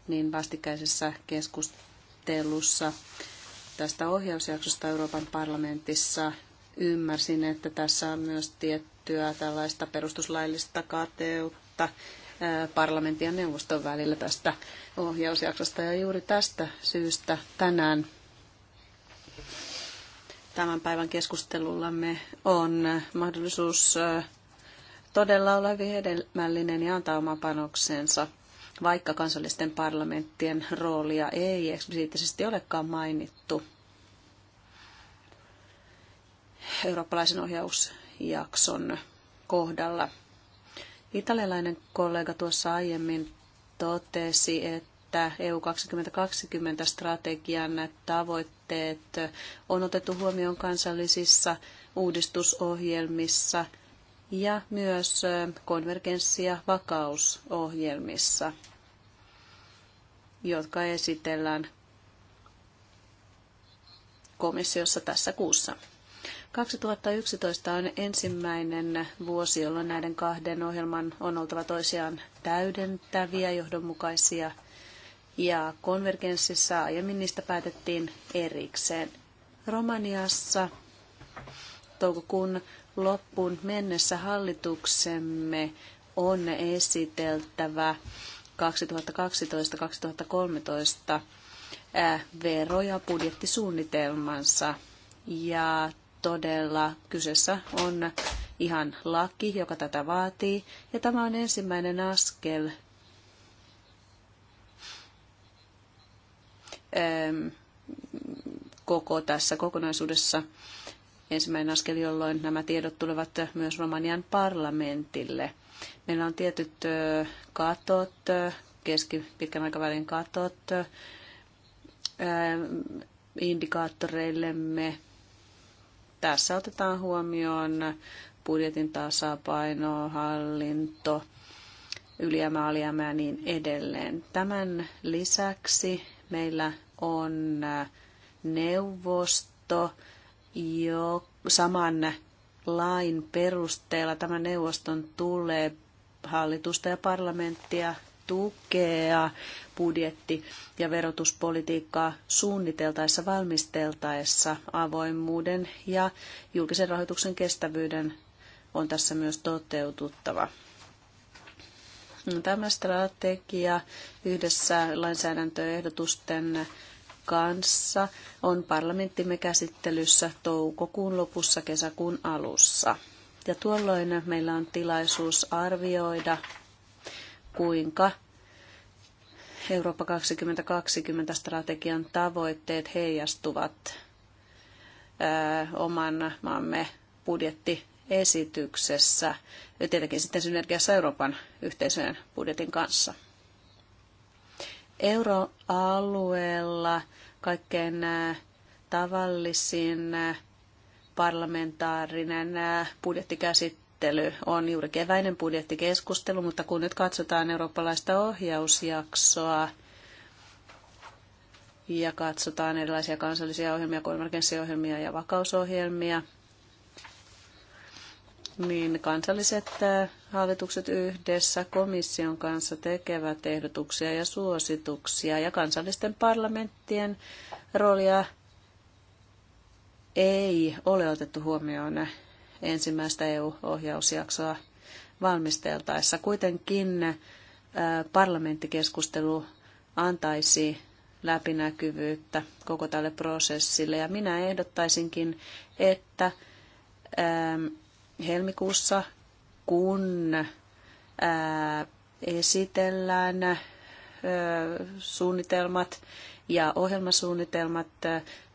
niin vastikäisessä keskustelussa tästä ohjausjaksosta Euroopan parlamentissa ymmärsin, että tässä on myös tiettyä tällaista perustuslaillista kateutta parlamentin ja neuvoston välillä tästä ohjausjaksosta. Ja juuri tästä syystä tänään tämän päivän keskustelullamme on mahdollisuus todella olla hyvin hedelmällinen ja antaa oma panoksensa, vaikka kansallisten parlamenttien roolia ei eksplisiittisesti olekaan mainittu eurooppalaisen ohjausjakson kohdalla. Italialainen kollega tuossa aiemmin totesi, että EU 2020-strategian tavoitteet on otettu huomioon kansallisissa uudistusohjelmissa ja myös konvergenssi- ja vakausohjelmissa, jotka esitellään komissiossa tässä kuussa. 2011 on ensimmäinen vuosi, jolloin näiden kahden ohjelman on oltava toisiaan täydentäviä, johdonmukaisia ja konvergenssissa aiemmin niistä päätettiin erikseen. Romaniassa toukokuun loppuun mennessä hallituksemme on esiteltävä 2012-2013 vero- ja budjettisuunnitelmansa. Ja todella kyseessä on ihan laki, joka tätä vaatii. Ja tämä on ensimmäinen askel ähm, koko tässä kokonaisuudessa ensimmäinen askel, jolloin nämä tiedot tulevat myös Romanian parlamentille. Meillä on tietyt katot, keskipitkän aikavälin katot indikaattoreillemme tässä otetaan huomioon budjetin tasapaino, hallinto, ylijäämä, alijäämä ja niin edelleen. Tämän lisäksi meillä on äh, neuvosto, jo saman lain perusteella tämä neuvoston tulee hallitusta ja parlamenttia tukea budjetti- ja verotuspolitiikkaa suunniteltaessa, valmisteltaessa avoimuuden ja julkisen rahoituksen kestävyyden on tässä myös toteututtava. Tämä strategia yhdessä lainsäädäntöehdotusten kanssa on parlamenttimme käsittelyssä toukokuun lopussa kesäkuun alussa. Ja tuolloin meillä on tilaisuus arvioida, kuinka Eurooppa 2020 strategian tavoitteet heijastuvat oman maamme budjettiesityksessä ja tietenkin sitten synergiassa Euroopan yhteisöjen budjetin kanssa. Euroalueella kaikkein tavallisin parlamentaarinen budjettikäsittely käsittely on juuri keväinen budjettikeskustelu, mutta kun nyt katsotaan eurooppalaista ohjausjaksoa ja katsotaan erilaisia kansallisia ohjelmia, konvergenssiohjelmia ja vakausohjelmia, niin kansalliset hallitukset yhdessä komission kanssa tekevät ehdotuksia ja suosituksia ja kansallisten parlamenttien roolia ei ole otettu huomioon ensimmäistä EU-ohjausjaksoa valmisteltaessa. Kuitenkin parlamenttikeskustelu antaisi läpinäkyvyyttä koko tälle prosessille. Ja minä ehdottaisinkin, että helmikuussa, kun esitellään suunnitelmat ja ohjelmasuunnitelmat,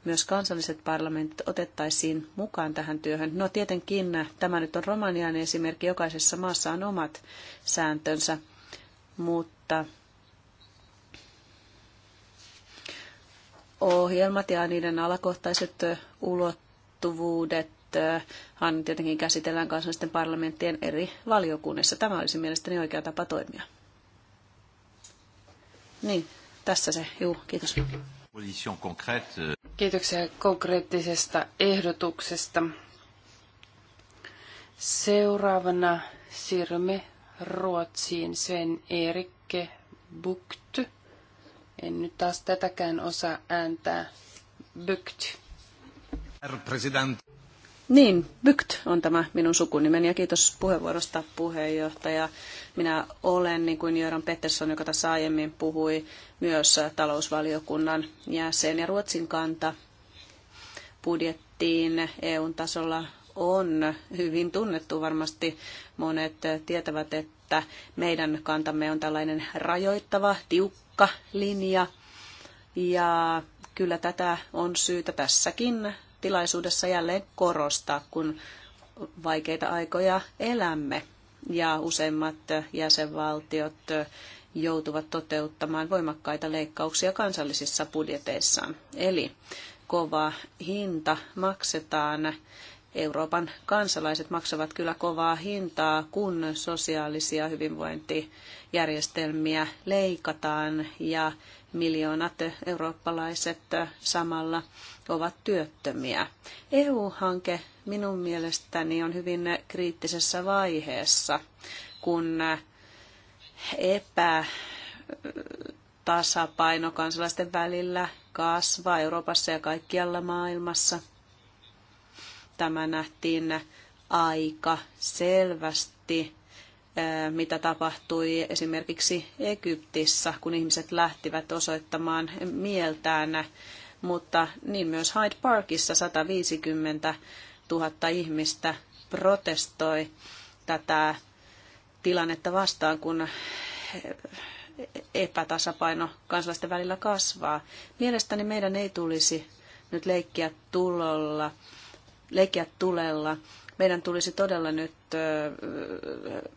myös kansalliset parlamentit otettaisiin mukaan tähän työhön. No tietenkin tämä nyt on Romanian esimerkki, jokaisessa maassa on omat sääntönsä, mutta ohjelmat ja niiden alakohtaiset ulottuvuudet hän tietenkin käsitellään kansallisten parlamenttien eri valiokunnissa. Tämä olisi mielestäni oikea tapa toimia. Niin, tässä se. Juu, kiitos. Euh, Kiitoksia konkreettisesta ehdotuksesta. Seuraavana siirrymme Ruotsiin Sven Erikke Bukt. En nyt taas tätäkään osaa ääntää. Bukt. Herr president. Niin, Bykt on tämä minun sukunimeni ja kiitos puheenvuorosta puheenjohtaja. Minä olen, niin kuin Jöran Pettersson, joka tässä aiemmin puhui, myös talousvaliokunnan jäsen ja Ruotsin kanta budjettiin EUn tasolla on hyvin tunnettu. Varmasti monet tietävät, että meidän kantamme on tällainen rajoittava, tiukka linja. Ja kyllä tätä on syytä tässäkin tilaisuudessa jälleen korostaa, kun vaikeita aikoja elämme ja useimmat jäsenvaltiot joutuvat toteuttamaan voimakkaita leikkauksia kansallisissa budjeteissaan. Eli kova hinta maksetaan. Euroopan kansalaiset maksavat kyllä kovaa hintaa, kun sosiaalisia hyvinvointijärjestelmiä leikataan ja miljoonat eurooppalaiset samalla ovat työttömiä. EU-hanke minun mielestäni on hyvin kriittisessä vaiheessa, kun epätasapaino kansalaisten välillä kasvaa Euroopassa ja kaikkialla maailmassa. Tämä nähtiin aika selvästi mitä tapahtui esimerkiksi Egyptissä, kun ihmiset lähtivät osoittamaan mieltään, mutta niin myös Hyde Parkissa 150 000 ihmistä protestoi tätä tilannetta vastaan, kun epätasapaino kansalaisten välillä kasvaa. Mielestäni meidän ei tulisi nyt leikkiä tulolla, leikkiä tulella meidän tulisi todella nyt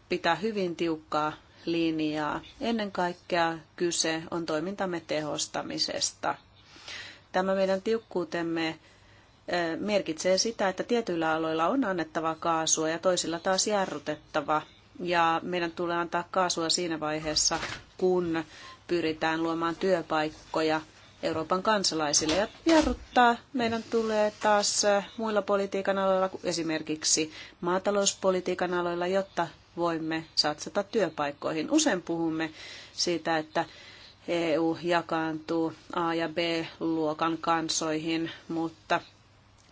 pitää hyvin tiukkaa linjaa. Ennen kaikkea kyse on toimintamme tehostamisesta. Tämä meidän tiukkuutemme merkitsee sitä, että tietyillä aloilla on annettava kaasua ja toisilla taas jarrutettava. Ja meidän tulee antaa kaasua siinä vaiheessa, kun pyritään luomaan työpaikkoja Euroopan kansalaisille. Ja jarruttaa meidän tulee taas eh, muilla politiikan aloilla, esimerkiksi maatalouspolitiikan aloilla, jotta voimme satsata työpaikkoihin. Usein puhumme siitä, että EU jakaantuu A- ja B-luokan kansoihin, mutta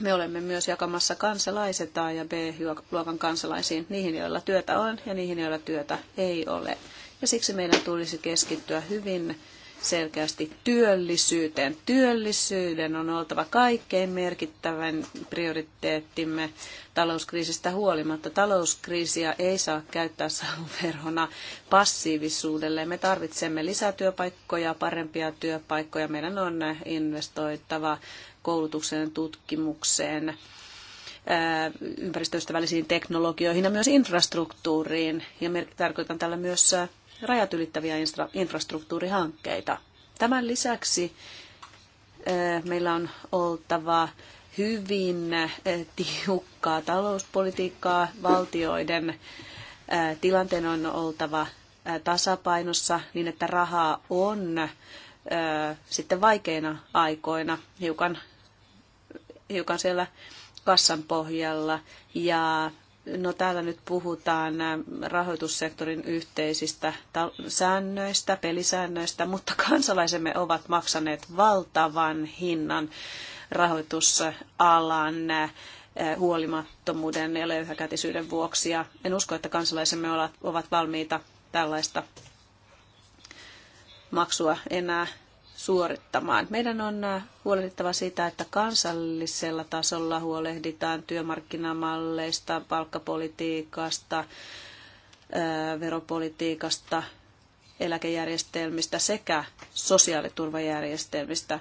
me olemme myös jakamassa kansalaiset A- ja B-luokan kansalaisiin, niihin, joilla työtä on ja niihin, joilla työtä ei ole. Ja siksi meidän tulisi keskittyä hyvin selkeästi työllisyyteen. Työllisyyden on oltava kaikkein merkittävän prioriteettimme talouskriisistä huolimatta. Talouskriisiä ei saa käyttää saavuverhona passiivisuudelle. Me tarvitsemme lisätyöpaikkoja, parempia työpaikkoja. Meidän on investoittava koulutukseen, tutkimukseen, ympäristöystävällisiin teknologioihin ja myös infrastruktuuriin. Ja tarkoitan tällä myös rajat ylittäviä infrastruktuurihankkeita. Tämän lisäksi meillä on oltava hyvin tiukkaa talouspolitiikkaa. Valtioiden tilanteen on oltava tasapainossa niin, että rahaa on sitten vaikeina aikoina hiukan, hiukan siellä kassan pohjalla ja No täällä nyt puhutaan rahoitussektorin yhteisistä säännöistä, pelisäännöistä, mutta kansalaisemme ovat maksaneet valtavan hinnan rahoitusalan huolimattomuuden ja löyhäkätisyyden vuoksi. Ja en usko, että kansalaisemme ovat valmiita tällaista maksua enää suorittamaan. Meidän on äh, huolehdittava siitä, että kansallisella tasolla huolehditaan työmarkkinamalleista, palkkapolitiikasta, äh, veropolitiikasta, eläkejärjestelmistä sekä sosiaaliturvajärjestelmistä.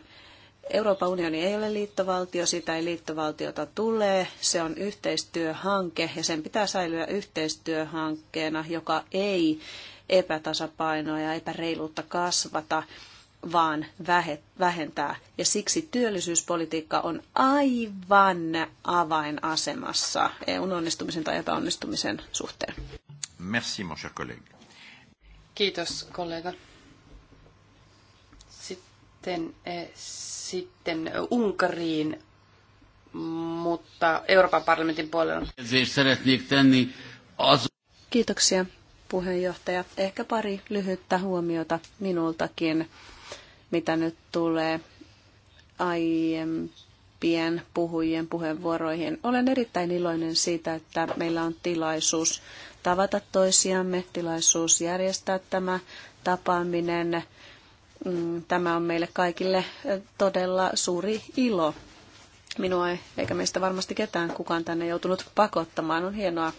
Euroopan unioni ei ole liittovaltio, sitä ei liittovaltiota tule. Se on yhteistyöhanke ja sen pitää säilyä yhteistyöhankkeena, joka ei epätasapainoa ja epäreiluutta kasvata vaan vähentää. Ja siksi työllisyyspolitiikka on aivan avainasemassa EUn onnistumisen tai epäonnistumisen suhteen. Merci, mon cher collègue. Kiitos, kollega. Sitten, eh, sitten Unkariin, mutta Euroopan parlamentin puolella. Kiitoksia, puheenjohtaja. Ehkä pari lyhyttä huomiota minultakin mitä nyt tulee aiempien puhujien puheenvuoroihin. Olen erittäin iloinen siitä, että meillä on tilaisuus tavata toisiamme, tilaisuus järjestää tämä tapaaminen. Mm, tämä on meille kaikille todella suuri ilo. Minua ei, eikä meistä varmasti ketään kukaan tänne joutunut pakottamaan. On hienoa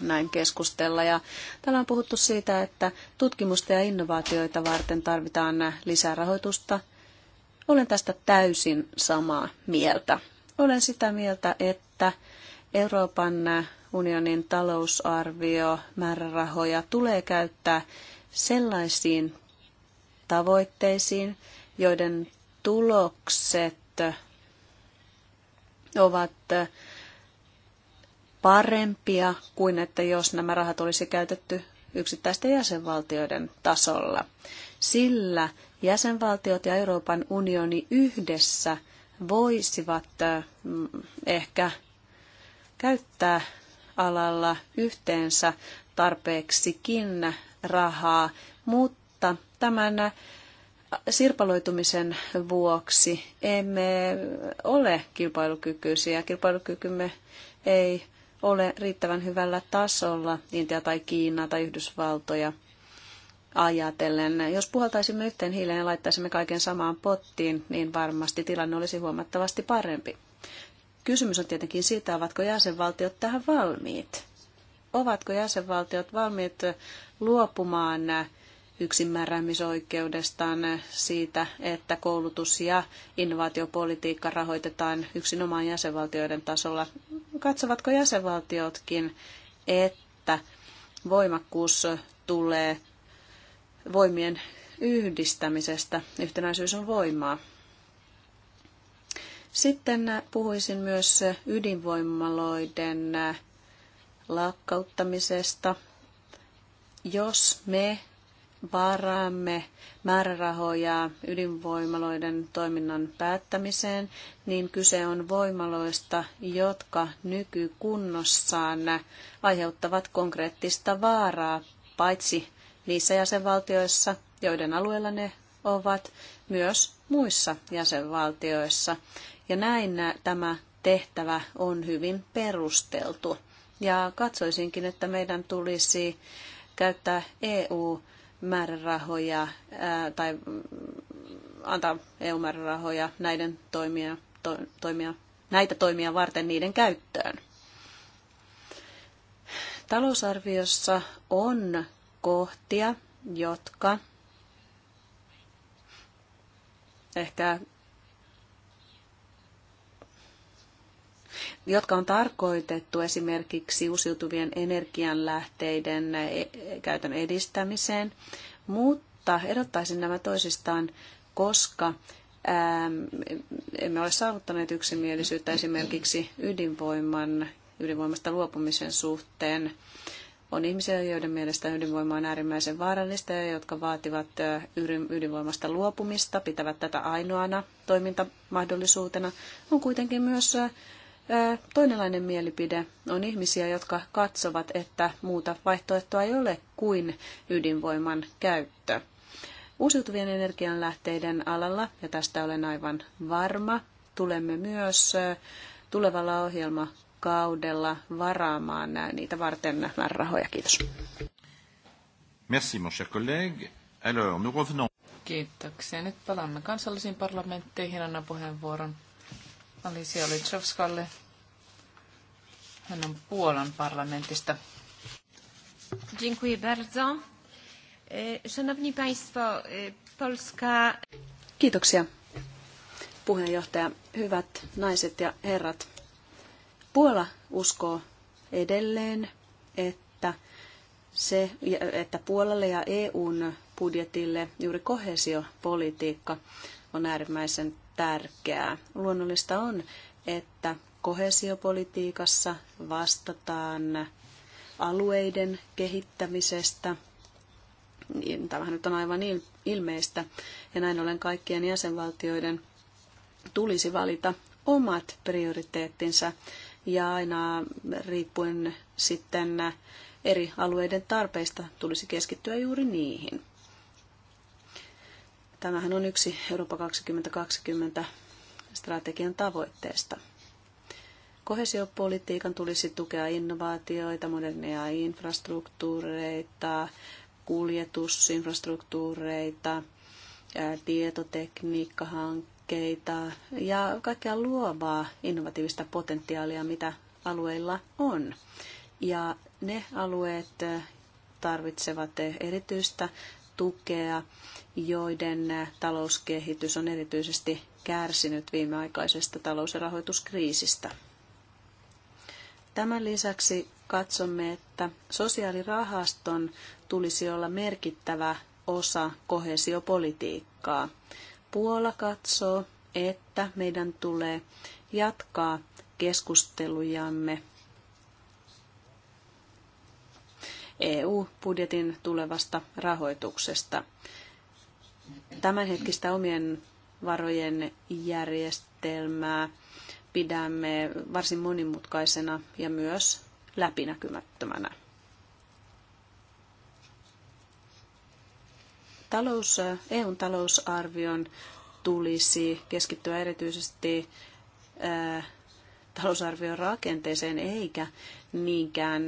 näin keskustella. Ja täällä on puhuttu siitä, että tutkimusta ja innovaatioita varten tarvitaan lisää rahoitusta. Olen tästä täysin samaa mieltä. Olen sitä mieltä, että Euroopan unionin talousarvio määrärahoja tulee käyttää sellaisiin tavoitteisiin, joiden tulokset ovat parempia kuin että jos nämä rahat olisi käytetty yksittäisten jäsenvaltioiden tasolla. Sillä jäsenvaltiot ja Euroopan unioni yhdessä voisivat mm, ehkä käyttää alalla yhteensä tarpeeksikin rahaa, mutta tämän sirpaloitumisen vuoksi emme ole kilpailukykyisiä. Kilpailukykymme ei ole riittävän hyvällä tasolla Intia tai Kiina tai Yhdysvaltoja ajatellen. Jos puhaltaisimme yhteen hiileen ja laittaisimme kaiken samaan pottiin, niin varmasti tilanne olisi huomattavasti parempi. Kysymys on tietenkin siitä, ovatko jäsenvaltiot tähän valmiit. Ovatko jäsenvaltiot valmiit luopumaan yksinmääräämisoikeudestaan siitä, että koulutus- ja innovaatiopolitiikka rahoitetaan yksinomaan jäsenvaltioiden tasolla katsovatko jäsenvaltiotkin, että voimakkuus tulee voimien yhdistämisestä. Yhtenäisyys on voimaa. Sitten puhuisin myös ydinvoimaloiden lakkauttamisesta. Jos me varaamme määrärahoja ydinvoimaloiden toiminnan päättämiseen, niin kyse on voimaloista, jotka nykykunnossaan aiheuttavat konkreettista vaaraa, paitsi niissä jäsenvaltioissa, joiden alueella ne ovat, myös muissa jäsenvaltioissa. Ja näin tämä tehtävä on hyvin perusteltu. Ja katsoisinkin, että meidän tulisi käyttää EU määrärahoja tai mm, antaa EU-määrärahoja näiden toimia, to, toimia, näitä toimia varten niiden käyttöön. Talousarviossa on kohtia, jotka ehkä jotka on tarkoitettu esimerkiksi uusiutuvien energianlähteiden e, e, käytön edistämiseen, mutta erottaisin nämä toisistaan, koska emme ole saavuttaneet yksimielisyyttä esimerkiksi ydinvoiman, ydinvoimasta luopumisen suhteen. On ihmisiä, joiden mielestä ydinvoima on äärimmäisen vaarallista ja jotka vaativat ydinvoimasta luopumista, pitävät tätä ainoana toimintamahdollisuutena. On kuitenkin myös Toinenlainen mielipide on ihmisiä, jotka katsovat, että muuta vaihtoehtoa ei ole kuin ydinvoiman käyttö. Uusiutuvien energianlähteiden alalla, ja tästä olen aivan varma, tulemme myös tulevalla ohjelmakaudella varaamaan niitä varten määrärahoja. Kiitos. Merci, mon cher collègue. Alors, nous revenons. Kiitoksia. Nyt palaamme kansallisiin parlamentteihin. Anna puheenvuoron Alicia Olitsovskalle. Hän on Puolan parlamentista. Dziękuję bardzo. E, szanowni Państwo, e, Polska... Kiitoksia, puheenjohtaja. Hyvät naiset ja herrat. Puola uskoo edelleen, että, se, että Puolalle ja EUn budjetille juuri kohesiopolitiikka on äärimmäisen tärkeää. Luonnollista on, että kohesiopolitiikassa vastataan alueiden kehittämisestä. Tämähän nyt on aivan ilmeistä. Ja näin ollen kaikkien jäsenvaltioiden tulisi valita omat prioriteettinsa ja aina riippuen sitten eri alueiden tarpeista tulisi keskittyä juuri niihin. Tämähän on yksi Eurooppa 2020 strategian tavoitteesta. Kohesiopolitiikan tulisi tukea innovaatioita, moderneja infrastruktuureita, kuljetusinfrastruktuureita, tietotekniikkahankkeita ja kaikkea luovaa innovatiivista potentiaalia, mitä alueilla on. Ja ne alueet tarvitsevat erityistä tukea, joiden talouskehitys on erityisesti kärsinyt viimeaikaisesta talous- ja rahoituskriisistä. Tämän lisäksi katsomme, että sosiaalirahaston tulisi olla merkittävä osa kohesiopolitiikkaa. Puola katsoo, että meidän tulee jatkaa keskustelujamme EU-budjetin tulevasta rahoituksesta. Tämänhetkistä omien varojen järjestelmää pidämme varsin monimutkaisena ja myös läpinäkymättömänä. Talous, EUn talousarvion tulisi keskittyä erityisesti talousarvion rakenteeseen eikä niinkään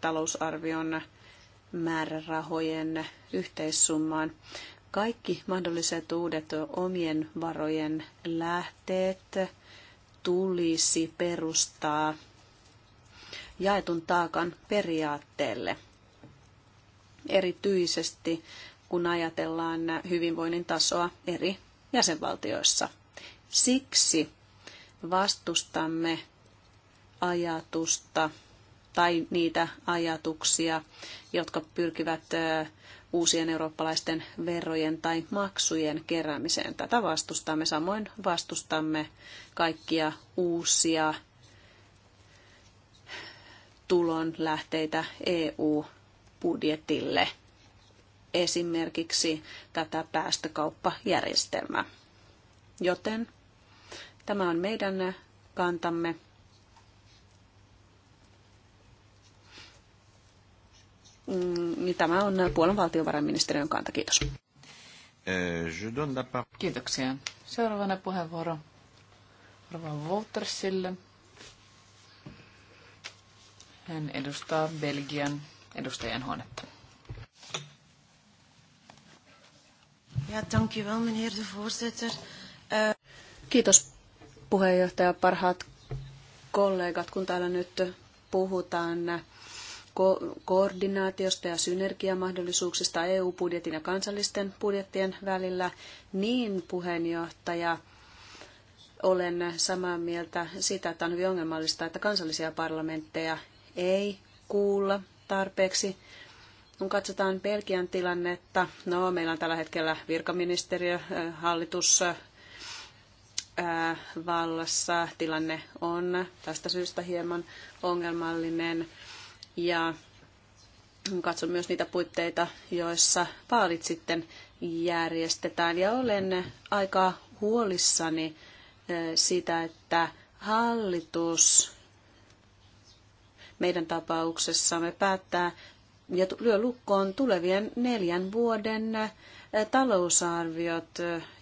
talousarvion määrärahojen yhteissummaan. Kaikki mahdolliset uudet omien varojen lähteet tulisi perustaa jaetun taakan periaatteelle. Erityisesti kun ajatellaan hyvinvoinnin tasoa eri jäsenvaltioissa. Siksi vastustamme ajatusta tai niitä ajatuksia, jotka pyrkivät uusien eurooppalaisten verojen tai maksujen keräämiseen. Tätä vastustamme. Samoin vastustamme kaikkia uusia tulonlähteitä EU-budjetille, esimerkiksi tätä päästökauppajärjestelmää. Joten Tämä on meidän kantamme. Mm, tämä on Puolan valtiovarainministeriön kanta. Kiitos. Eh, Kiitoksia. Seuraavana puheenvuoro Arvan Woltersille. Hän edustaa Belgian edustajien huonetta. Ja, dank u wel, meneer de voorzitter. Eh, Kiitos puheenjohtaja, parhaat kollegat, kun täällä nyt puhutaan ko- koordinaatiosta ja synergiamahdollisuuksista EU-budjetin ja kansallisten budjettien välillä, niin puheenjohtaja, olen samaa mieltä siitä, että on hyvin ongelmallista, että kansallisia parlamentteja ei kuulla tarpeeksi. Kun katsotaan Belgian tilannetta, no meillä on tällä hetkellä virkaministeriö, hallitus, vallassa. Tilanne on tästä syystä hieman ongelmallinen ja katson myös niitä puitteita, joissa vaalit sitten järjestetään. Ja olen aika huolissani sitä, että hallitus meidän tapauksessamme päättää ja lyö lukkoon tulevien neljän vuoden talousarviot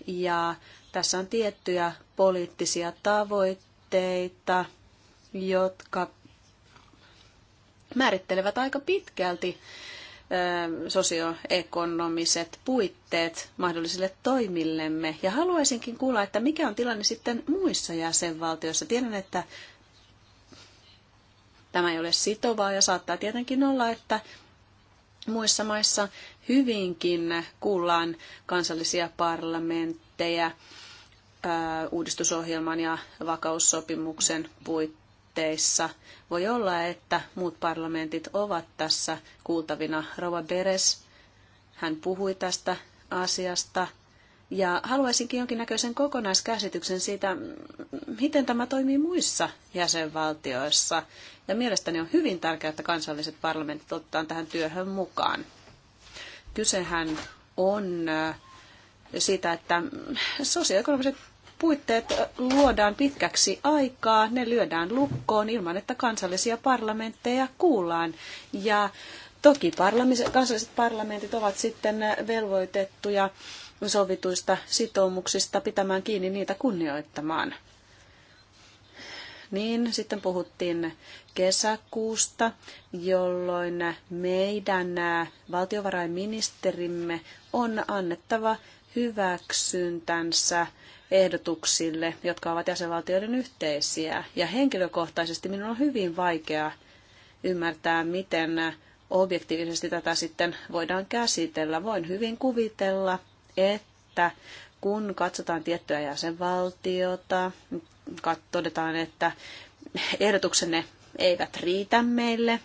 ja tässä on tiettyjä poliittisia tavoitteita, jotka määrittelevät aika pitkälti sosioekonomiset puitteet mahdollisille toimillemme. Ja haluaisinkin kuulla, että mikä on tilanne sitten muissa jäsenvaltioissa. Tiedän, että tämä ei ole sitovaa ja saattaa tietenkin olla, että muissa maissa hyvinkin kuullaan kansallisia parlamentteja uudistusohjelman ja vakaussopimuksen puitteissa. Voi olla, että muut parlamentit ovat tässä kuultavina. Rova Beres, hän puhui tästä asiasta. Ja haluaisinkin jonkinnäköisen kokonaiskäsityksen siitä, miten tämä toimii muissa jäsenvaltioissa. Ja mielestäni on hyvin tärkeää, että kansalliset parlamentit ottaa tähän työhön mukaan. Kysehän on siitä, että sosioekonomiset puitteet luodaan pitkäksi aikaa, ne lyödään lukkoon ilman, että kansallisia parlamentteja kuullaan. Ja toki kansalliset parlamentit ovat sitten velvoitettuja sovituista sitoumuksista pitämään kiinni niitä kunnioittamaan. Niin, sitten puhuttiin kesäkuusta, jolloin meidän valtiovarainministerimme on annettava hyväksyntänsä ehdotuksille, jotka ovat jäsenvaltioiden yhteisiä. Ja henkilökohtaisesti minun on hyvin vaikea ymmärtää, miten objektiivisesti tätä sitten voidaan käsitellä. Voin hyvin kuvitella, että kun katsotaan tiettyä jäsenvaltiota, todetaan, että ehdotuksenne eivät riitä meille,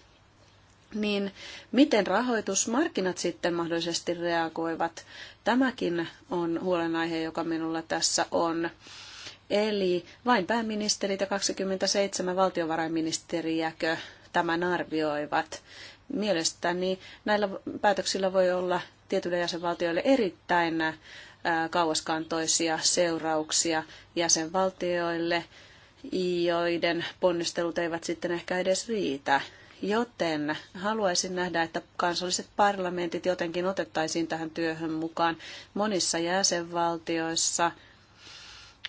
niin miten rahoitusmarkkinat sitten mahdollisesti reagoivat? Tämäkin on huolenaihe, joka minulla tässä on. Eli vain pääministerit ja 27 valtiovarainministeriäkö tämän arvioivat? Mielestäni näillä päätöksillä voi olla tietyille jäsenvaltioille erittäin äh, kauaskantoisia seurauksia jäsenvaltioille, joiden ponnistelut eivät sitten ehkä edes riitä joten haluaisin nähdä, että kansalliset parlamentit jotenkin otettaisiin tähän työhön mukaan monissa jäsenvaltioissa.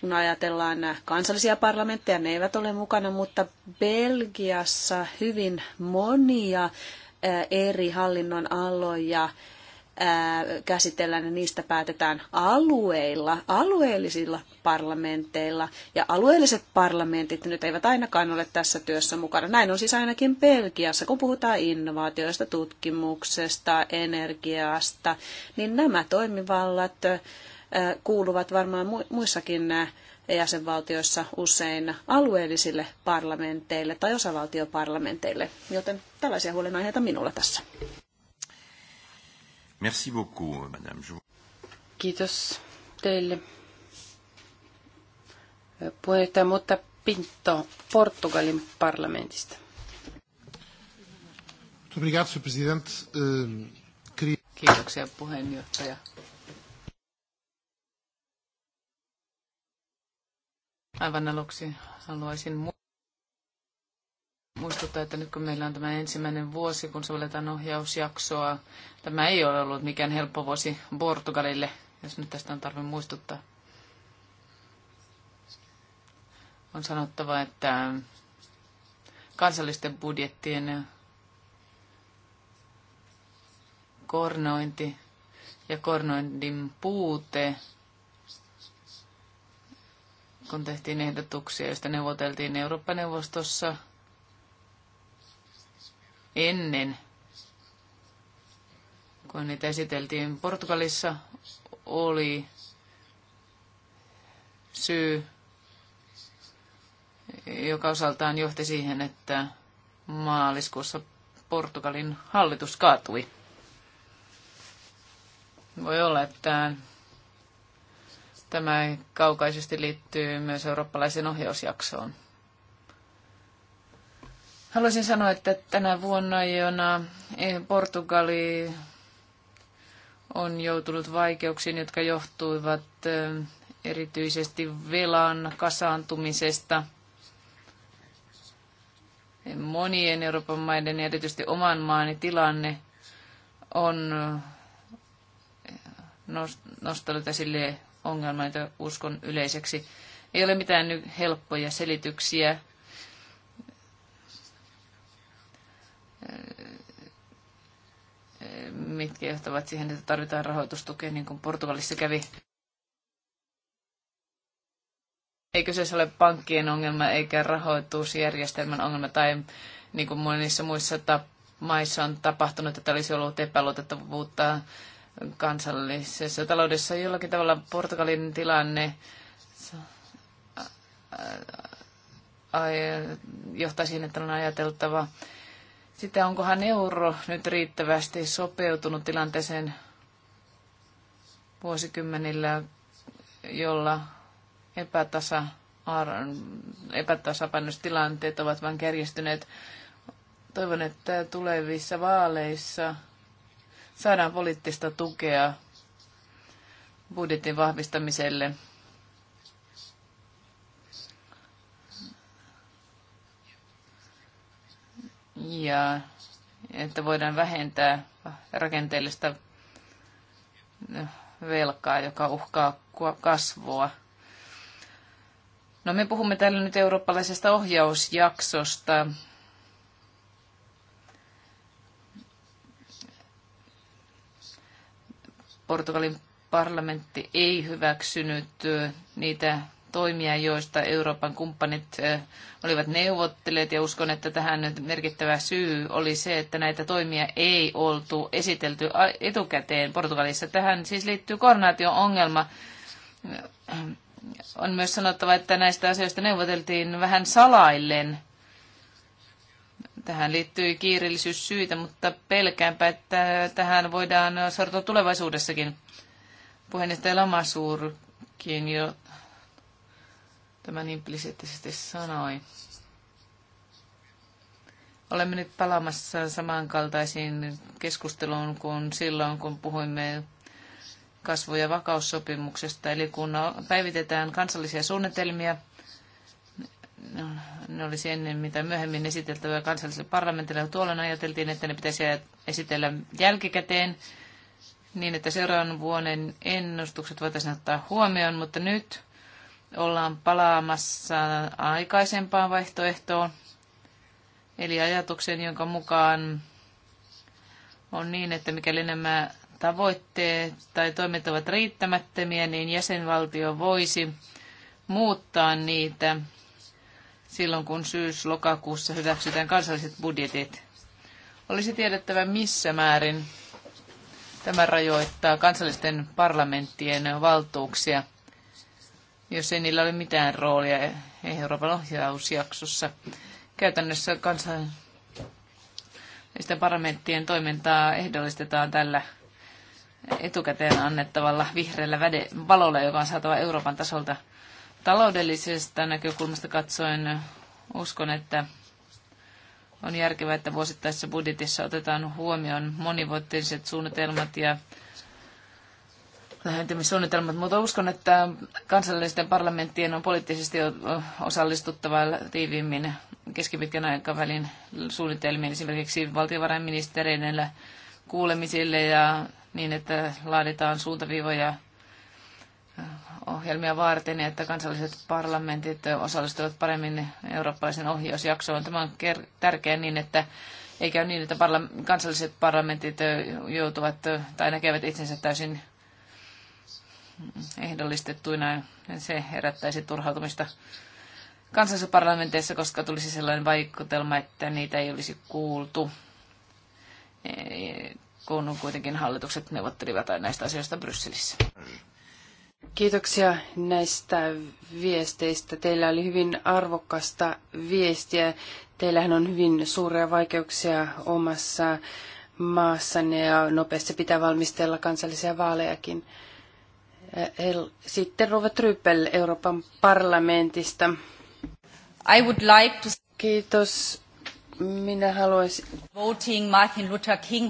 Kun ajatellaan kansallisia parlamentteja, ne eivät ole mukana, mutta Belgiassa hyvin monia eri hallinnon aloja käsitellään ja niistä päätetään alueilla, alueellisilla parlamenteilla. Ja alueelliset parlamentit nyt eivät ainakaan ole tässä työssä mukana. Näin on siis ainakin Belgiassa, kun puhutaan innovaatioista, tutkimuksesta, energiasta, niin nämä toimivallat kuuluvat varmaan muissakin jäsenvaltioissa usein alueellisille parlamenteille tai osavaltioparlamenteille, joten tällaisia huolenaiheita minulla tässä. Merci beaucoup, madame. Kiitos teille. Puheenjohtaja Mutta Pinto Portugalin parlamentista. Ehm, Kiitoksia puheenjohtaja. Aivan aluksi haluaisin muistuttaa, että nyt kun meillä on tämä ensimmäinen vuosi, kun sovelletaan ohjausjaksoa, tämä ei ole ollut mikään helppo vuosi Portugalille, jos nyt tästä on tarve muistuttaa. On sanottava, että kansallisten budjettien kornointi ja kornointin puute, kun tehtiin ehdotuksia, joista neuvoteltiin Eurooppa-neuvostossa – ennen, kun niitä esiteltiin Portugalissa, oli syy, joka osaltaan johti siihen, että maaliskuussa Portugalin hallitus kaatui. Voi olla, että tämä kaukaisesti liittyy myös eurooppalaisen ohjausjaksoon. Haluaisin sanoa, että tänä vuonna, jona e, Portugali on joutunut vaikeuksiin, jotka johtuivat e, erityisesti velan kasaantumisesta. Monien Euroopan maiden ja erityisesti oman maani tilanne on e, nostanut esille ongelman, uskon yleiseksi. Ei ole mitään helppoja selityksiä mitkä johtavat siihen, että tarvitaan rahoitustukea, niin kuin Portugalissa kävi. Ei kyseessä ole pankkien ongelma eikä rahoitusjärjestelmän ongelma tai niin kuin monissa muissa maissa on tapahtunut, että olisi ollut epäluotettavuutta kansallisessa taloudessa. Jollakin tavalla Portugalin tilanne johtaa siihen, että on ajateltava sitä, onkohan euro nyt riittävästi sopeutunut tilanteeseen vuosikymmenillä, jolla epätasa, epätasapainostilanteet ovat vain kärjistyneet. Toivon, että tulevissa vaaleissa saadaan poliittista tukea budjetin vahvistamiselle ja että voidaan vähentää rakenteellista velkaa, joka uhkaa kasvua. No me puhumme täällä nyt eurooppalaisesta ohjausjaksosta. Portugalin parlamentti ei hyväksynyt niitä toimia, joista Euroopan kumppanit olivat neuvotteleet, ja uskon, että tähän nyt merkittävä syy oli se, että näitä toimia ei oltu esitelty etukäteen Portugalissa. Tähän siis liittyy koordinaatio-ongelma. On myös sanottava, että näistä asioista neuvoteltiin vähän salaillen. Tähän liittyy kiireellisyyssyitä, mutta pelkäänpä, että tähän voidaan sortua tulevaisuudessakin. Puheenjohtaja Lamasuurkin jo tämän implisiittisesti sanoi. Olemme nyt palaamassa samankaltaisiin keskusteluun kuin silloin, kun puhuimme kasvu- ja vakaussopimuksesta. Eli kun päivitetään kansallisia suunnitelmia, ne olisi ennen mitä myöhemmin esiteltävä kansalliselle parlamentille. Tuolloin ajateltiin, että ne pitäisi esitellä jälkikäteen niin, että seuraavan vuoden ennustukset voitaisiin ottaa huomioon, mutta nyt ollaan palaamassa aikaisempaan vaihtoehtoon, eli ajatuksen, jonka mukaan on niin, että mikäli nämä tavoitteet tai toimet ovat riittämättömiä, niin jäsenvaltio voisi muuttaa niitä silloin, kun syys-lokakuussa hyväksytään kansalliset budjetit. Olisi tiedettävä, missä määrin tämä rajoittaa kansallisten parlamenttien valtuuksia – jos ei niillä ole mitään roolia Euroopan ohjausjaksossa. Käytännössä kansallisten parlamenttien toimintaa ehdollistetaan tällä etukäteen annettavalla vihreällä valolla, joka on saatava Euroopan tasolta taloudellisesta näkökulmasta katsoen. Uskon, että on järkevää, että vuosittaisessa budjetissa otetaan huomioon monivuotiset suunnitelmat ja lähentymissuunnitelmat, mutta uskon, että kansallisten parlamenttien on poliittisesti osallistuttava tiiviimmin keskipitkän aikavälin suunnitelmiin, esimerkiksi valtiovarainministereiden kuulemisille ja niin, että laaditaan suuntaviivoja ohjelmia varten ja että kansalliset parlamentit osallistuvat paremmin eurooppalaisen ohjausjaksoon. Tämä on tärkeää niin, että ei käy niin, että parla- kansalliset parlamentit joutuvat tai näkevät itsensä täysin ehdollistettuina. Se herättäisi turhautumista kansallisissa parlamenteissa, koska tulisi sellainen vaikutelma, että niitä ei olisi kuultu, e, kun kuitenkin hallitukset neuvottelivat näistä asioista Brysselissä. Kiitoksia näistä viesteistä. Teillä oli hyvin arvokasta viestiä. Teillähän on hyvin suuria vaikeuksia omassa maassanne ja nopeasti pitää valmistella kansallisia vaalejakin. Eh, sitten Rova Tryppel Euroopan parlamentista. I would like to... Kiitos. Minä haluaisin... Voting Martin Luther King.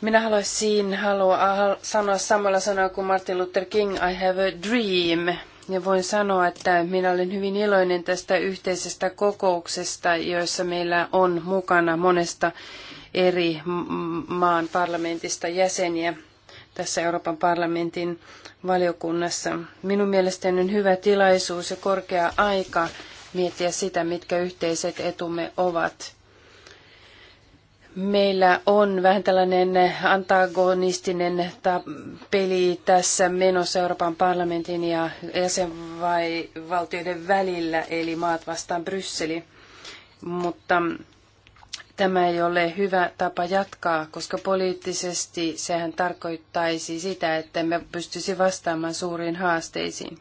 Minä haluaisin halua sanoa samalla sanaa kuin Martin Luther King, I have a dream. Ja voin sanoa, että minä olen hyvin iloinen tästä yhteisestä kokouksesta, joissa meillä on mukana monesta eri maan parlamentista jäseniä tässä Euroopan parlamentin valiokunnassa. Minun mielestäni on hyvä tilaisuus ja korkea aika miettiä sitä, mitkä yhteiset etumme ovat. Meillä on vähän tällainen antagonistinen peli tässä menossa Euroopan parlamentin ja jäsenvaltioiden välillä, eli maat vastaan Brysseli. Mutta Tämä ei ole hyvä tapa jatkaa, koska poliittisesti sehän tarkoittaisi sitä, että me pystyisi vastaamaan suuriin haasteisiin.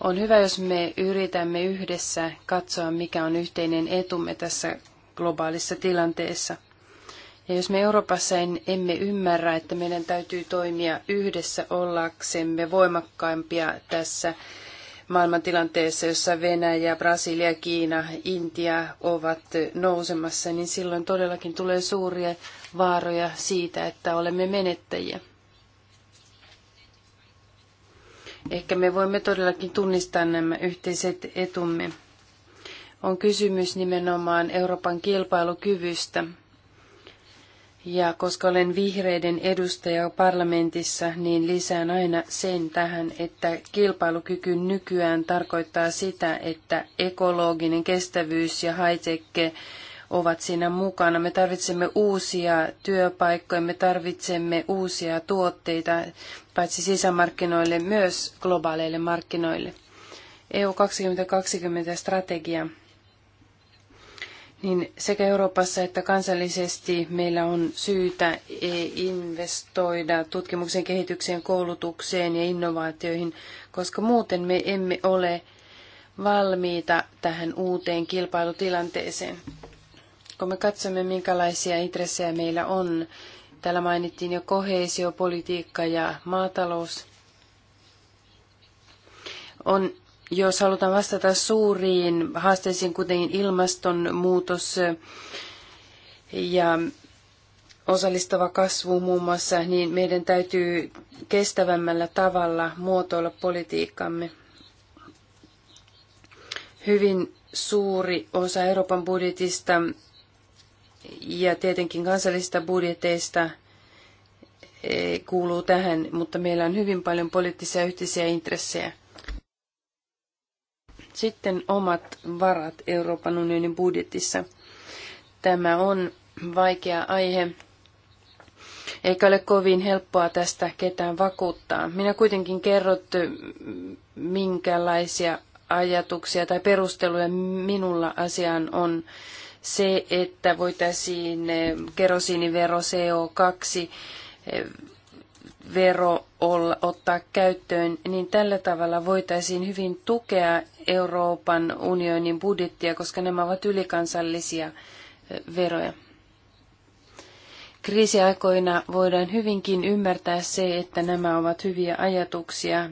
On hyvä, jos me yritämme yhdessä katsoa, mikä on yhteinen etumme tässä globaalissa tilanteessa. Ja jos me Euroopassa en, emme ymmärrä, että meidän täytyy toimia yhdessä ollaksemme voimakkaimpia tässä maailmantilanteessa, jossa Venäjä, Brasilia, Kiina, Intia ovat nousemassa, niin silloin todellakin tulee suuria vaaroja siitä, että olemme menettäjiä. Ehkä me voimme todellakin tunnistaa nämä yhteiset etumme. On kysymys nimenomaan Euroopan kilpailukyvystä – ja koska olen vihreiden edustaja parlamentissa, niin lisään aina sen tähän, että kilpailukyky nykyään tarkoittaa sitä, että ekologinen kestävyys ja high-tech ovat siinä mukana. Me tarvitsemme uusia työpaikkoja, me tarvitsemme uusia tuotteita paitsi sisämarkkinoille, myös globaaleille markkinoille. EU 2020 strategia niin sekä Euroopassa että kansallisesti meillä on syytä e- investoida tutkimuksen, kehitykseen, koulutukseen ja innovaatioihin, koska muuten me emme ole valmiita tähän uuteen kilpailutilanteeseen. Kun me katsomme, minkälaisia intressejä meillä on, täällä mainittiin jo koheesiopolitiikka ja maatalous, on jos halutaan vastata suuriin haasteisiin, kuten ilmastonmuutos ja osallistava kasvu muun muassa, niin meidän täytyy kestävämmällä tavalla muotoilla politiikkamme. Hyvin suuri osa Euroopan budjetista ja tietenkin kansallisista budjeteista eh, kuuluu tähän, mutta meillä on hyvin paljon poliittisia yhteisiä intressejä. Sitten omat varat Euroopan unionin budjetissa. Tämä on vaikea aihe, eikä ole kovin helppoa tästä ketään vakuuttaa. Minä kuitenkin kerrot, minkälaisia ajatuksia tai perusteluja minulla asiaan on se, että voitaisiin kerosiinivero CO2 vero ottaa käyttöön, niin tällä tavalla voitaisiin hyvin tukea Euroopan unionin budjettia, koska nämä ovat ylikansallisia veroja. Kriisiaikoina voidaan hyvinkin ymmärtää se, että nämä ovat hyviä ajatuksia.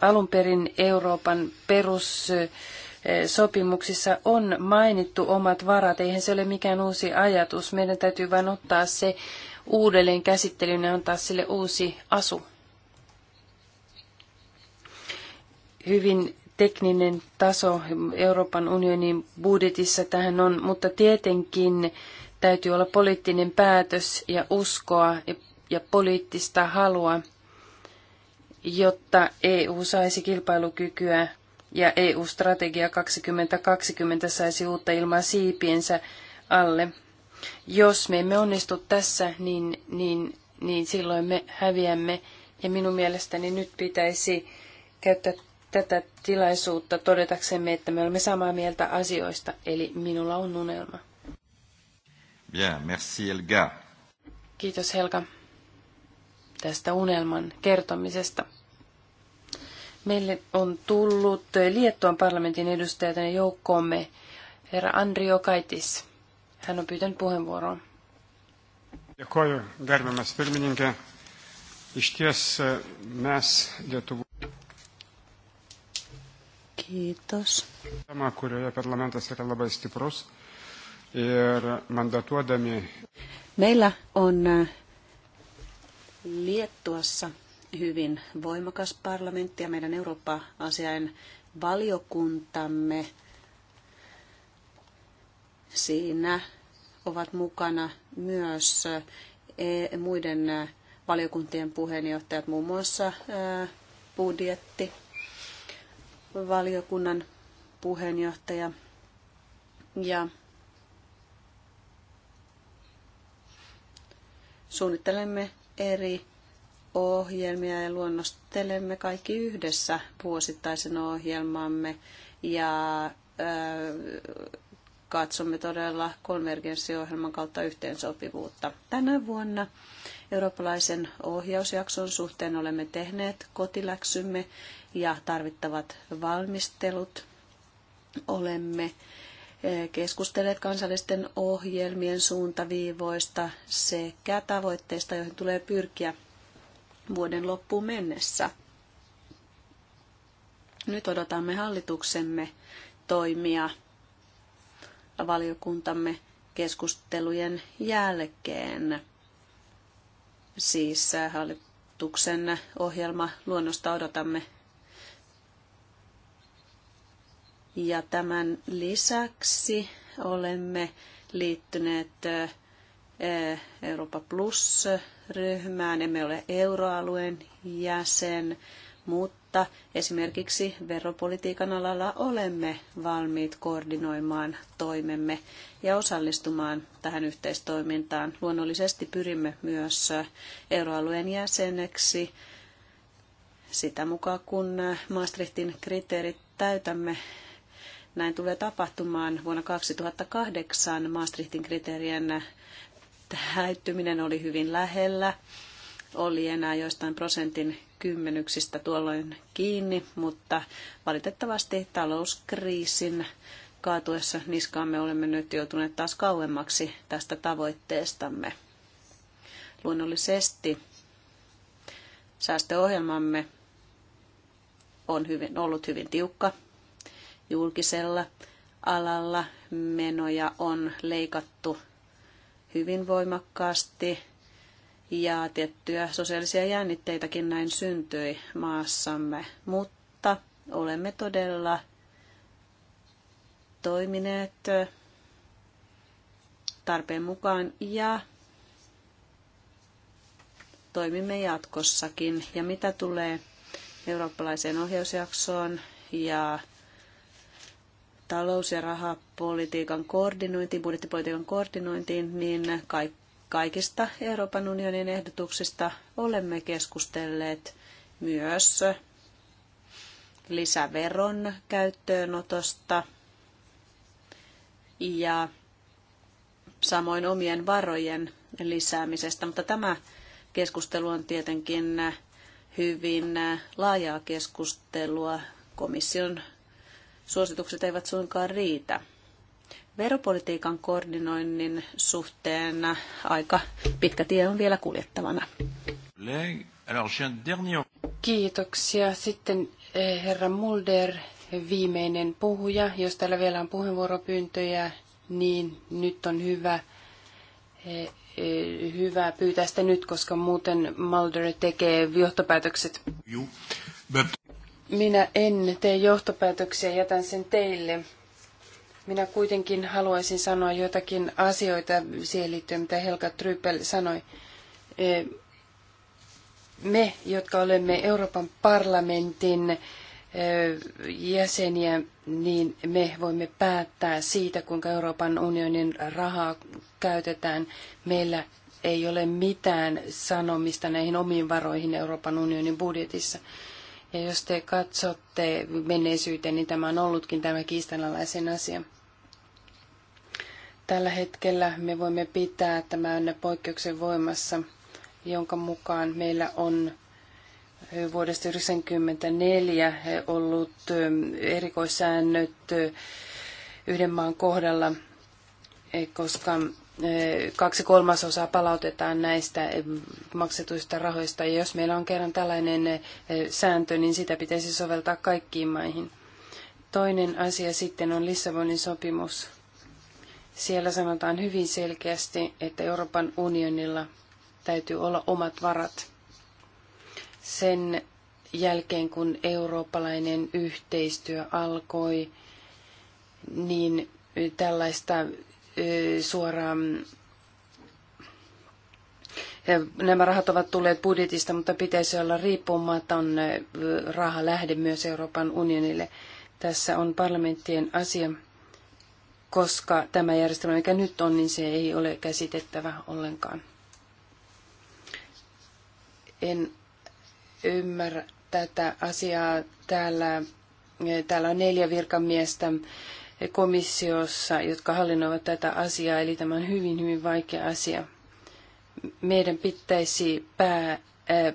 Alun perin Euroopan perussopimuksissa on mainittu omat varat. Eihän se ole mikään uusi ajatus. Meidän täytyy vain ottaa se uudelleen käsittelyyn ja antaa sille uusi asu. Hyvin tekninen taso Euroopan unionin budjetissa tähän on, mutta tietenkin täytyy olla poliittinen päätös ja uskoa ja poliittista halua, jotta EU saisi kilpailukykyä ja EU-strategia 2020 saisi uutta ilmaa siipiensä alle. Jos me emme onnistu tässä, niin, niin, niin silloin me häviämme. Ja minun mielestäni nyt pitäisi käyttää tätä tilaisuutta todetaksemme, että me olemme samaa mieltä asioista, eli minulla on unelma. Bien, merci Elga. Kiitos Helga tästä unelman kertomisesta. Meille on tullut Liettuan parlamentin edustajana joukkoomme herra Andrio Kaitis. Hän on pyytänyt puheenvuoroa. Dėkoju, gerbiamas pirmininkė. Iš ties e, mes Lietuvų. Kiitos. Tema, kurioje parlamentas yra labai stiprus ir mandatuodami. Meillä on e, Liettuassa hyvin voimakas parlamentti ja meidän Eurooppa-asiain valiokuntamme siinä ovat mukana myös eh, muiden eh, valiokuntien puheenjohtajat, muun muassa eh, budjetti, valiokunnan puheenjohtaja ja suunnittelemme eri ohjelmia ja luonnostelemme kaikki yhdessä vuosittaisen ohjelmamme ja katsomme todella konvergenssiohjelman kautta yhteensopivuutta. Tänä vuonna eurooppalaisen ohjausjakson suhteen olemme tehneet kotiläksymme ja tarvittavat valmistelut. Olemme eh, keskustelleet kansallisten ohjelmien suuntaviivoista sekä tavoitteista, joihin tulee pyrkiä vuoden loppuun mennessä. Nyt odotamme hallituksemme toimia valiokuntamme keskustelujen jälkeen. Siis äh, hallituksen ohjelma luonnosta odotamme. Ja tämän lisäksi olemme liittyneet äh, Eurooppa Plus-ryhmään. Emme ole euroalueen jäsen, mutta mutta esimerkiksi veropolitiikan alalla olemme valmiit koordinoimaan toimemme ja osallistumaan tähän yhteistoimintaan. Luonnollisesti pyrimme myös euroalueen jäseneksi sitä mukaan, kun Maastrichtin kriteerit täytämme näin tulee tapahtumaan vuonna 2008. Maastrichtin kriteerien täyttyminen oli hyvin lähellä. Oli enää joistain prosentin kymmenyksistä tuolloin kiinni, mutta valitettavasti talouskriisin kaatuessa niskaamme olemme nyt joutuneet taas kauemmaksi tästä tavoitteestamme. Luonnollisesti säästöohjelmamme on hyvin, ollut hyvin tiukka julkisella alalla. Menoja on leikattu hyvin voimakkaasti ja tiettyjä sosiaalisia jännitteitäkin näin syntyi maassamme, mutta olemme todella toimineet tarpeen mukaan ja toimimme jatkossakin. Ja mitä tulee eurooppalaiseen ohjausjaksoon ja talous- ja rahapolitiikan koordinointiin, budjettipolitiikan koordinointiin, niin kaikki kaikista Euroopan unionin ehdotuksista olemme keskustelleet myös lisäveron käyttöönotosta ja samoin omien varojen lisäämisestä, mutta tämä keskustelu on tietenkin hyvin laajaa keskustelua. Komission suositukset eivät suinkaan riitä veropolitiikan koordinoinnin suhteen aika pitkä tie on vielä kuljettavana. Kiitoksia. Sitten eh, herra Mulder, viimeinen puhuja. Jos täällä vielä on puheenvuoropyyntöjä, niin nyt on hyvä, eh, eh, hyvä pyytää sitä nyt, koska muuten Mulder tekee johtopäätökset. Minä en tee johtopäätöksiä, jätän sen teille. Minä kuitenkin haluaisin sanoa jotakin asioita siihen liittyen, mitä Helga Trypel sanoi. E, me, jotka olemme Euroopan parlamentin e, jäseniä, niin me voimme päättää siitä, kuinka Euroopan unionin rahaa käytetään. Meillä ei ole mitään sanomista näihin omiin varoihin Euroopan unionin budjetissa. Ja jos te katsotte menneisyyteen, niin tämä on ollutkin tämä kiistanalaisen asia. Tällä hetkellä me voimme pitää tämän poikkeuksen voimassa, jonka mukaan meillä on vuodesta 1994 ollut erikoissäännöt yhden maan kohdalla, koska kaksi kolmasosaa palautetaan näistä maksetuista rahoista. Ja jos meillä on kerran tällainen sääntö, niin sitä pitäisi soveltaa kaikkiin maihin. Toinen asia sitten on Lissabonin sopimus. Siellä sanotaan hyvin selkeästi, että Euroopan unionilla täytyy olla omat varat. Sen jälkeen, kun eurooppalainen yhteistyö alkoi, niin tällaista suoraan nämä rahat ovat tulleet budjetista, mutta pitäisi olla riippumaton lähde myös Euroopan unionille. Tässä on parlamenttien asia koska tämä järjestelmä, mikä nyt on, niin se ei ole käsitettävä ollenkaan. En ymmärrä tätä asiaa. Täällä, täällä on neljä virkamiestä komissiossa, jotka hallinnoivat tätä asiaa, eli tämä on hyvin, hyvin vaikea asia. Meidän pitäisi pää,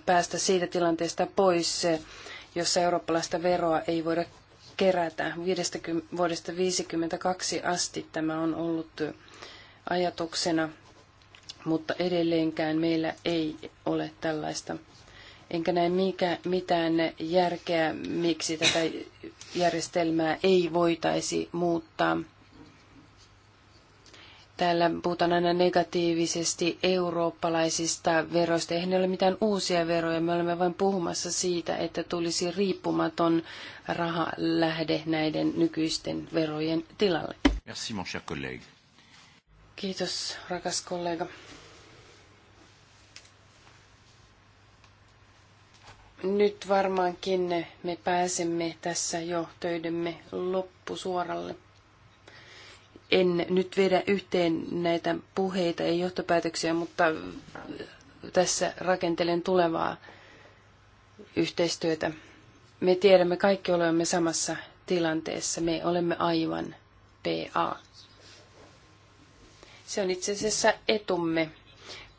päästä siitä tilanteesta pois, jossa eurooppalaista veroa ei voida kerätä. 50, vuodesta 1952 asti tämä on ollut ajatuksena, mutta edelleenkään meillä ei ole tällaista. Enkä näe mikä, mitään järkeä, miksi tätä järjestelmää ei voitaisi muuttaa Täällä puhutaan aina negatiivisesti eurooppalaisista veroista. Eihän ne ole mitään uusia veroja. Me olemme vain puhumassa siitä, että tulisi riippumaton rahalähde näiden nykyisten verojen tilalle. Merci, mon cher collègue. Kiitos, rakas kollega. Nyt varmaankin me pääsemme tässä jo töidemme loppusuoralle. En nyt vedä yhteen näitä puheita ja johtopäätöksiä, mutta tässä rakentelen tulevaa yhteistyötä. Me tiedämme kaikki olemme samassa tilanteessa. Me olemme aivan PA. Se on itse asiassa etumme,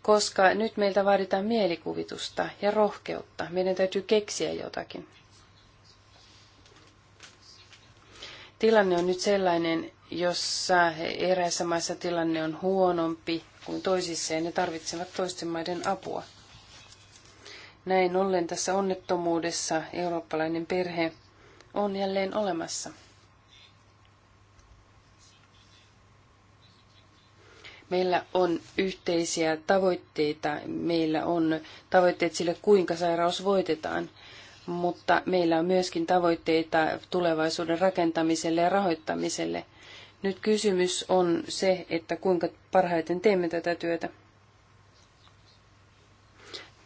koska nyt meiltä vaaditaan mielikuvitusta ja rohkeutta. Meidän täytyy keksiä jotakin. Tilanne on nyt sellainen, jossa eräissä maissa tilanne on huonompi kuin toisissa ja ne tarvitsevat toisten maiden apua. Näin ollen tässä onnettomuudessa eurooppalainen perhe on jälleen olemassa. Meillä on yhteisiä tavoitteita, meillä on tavoitteet sille, kuinka sairaus voitetaan – mutta meillä on myöskin tavoitteita tulevaisuuden rakentamiselle ja rahoittamiselle. Nyt kysymys on se, että kuinka parhaiten teemme tätä työtä.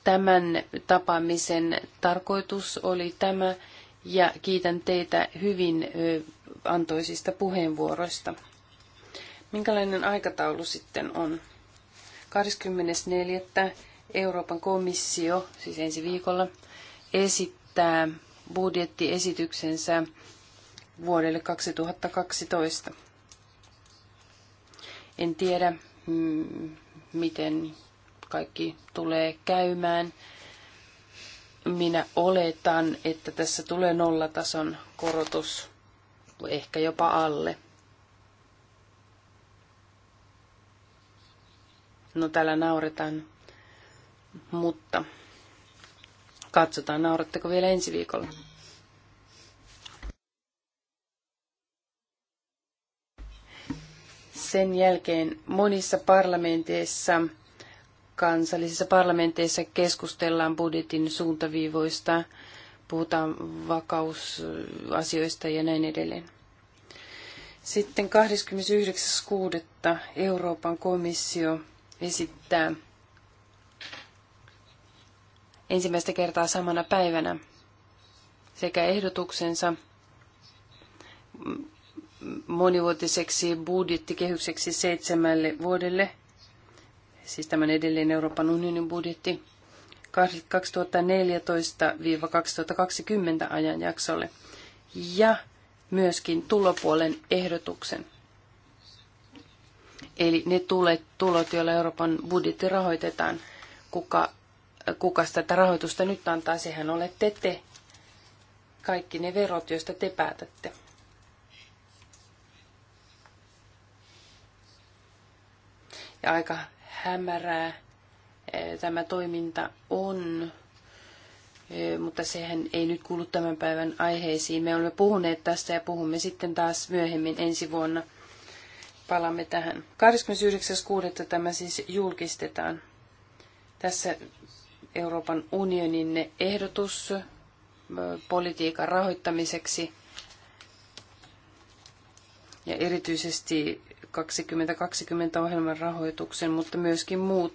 Tämän tapaamisen tarkoitus oli tämä, ja kiitän teitä hyvin antoisista puheenvuoroista. Minkälainen aikataulu sitten on? 24. Euroopan komissio, siis ensi viikolla, esittää esittää budjettiesityksensä vuodelle 2012. En tiedä, mm, miten kaikki tulee käymään. Minä oletan, että tässä tulee nollatason korotus, ehkä jopa alle. No täällä nauretaan, mutta Katsotaan, nauratteko vielä ensi viikolla. Sen jälkeen monissa parlamenteissa, kansallisissa parlamenteissa keskustellaan budjetin suuntaviivoista, puhutaan vakausasioista ja näin edelleen. Sitten 29.6. Euroopan komissio esittää ensimmäistä kertaa samana päivänä sekä ehdotuksensa monivuotiseksi budjettikehykseksi seitsemälle vuodelle, siis tämän edelleen Euroopan unionin budjetti, 2014-2020 ajanjaksolle, ja myöskin tulopuolen ehdotuksen. Eli ne tulet, tulot, joilla Euroopan budjetti rahoitetaan, kuka kukas tätä rahoitusta nyt antaa, sehän olette te. Kaikki ne verot, joista te päätätte. Ja aika hämärää eh, tämä toiminta on, eh, mutta sehän ei nyt kuulu tämän päivän aiheisiin. Me olemme puhuneet tästä ja puhumme sitten taas myöhemmin ensi vuonna. Palaamme tähän. 29.6. tämä siis julkistetaan. Tässä Euroopan unionin ehdotus politiikan rahoittamiseksi ja erityisesti 2020-ohjelman rahoituksen, mutta myöskin muut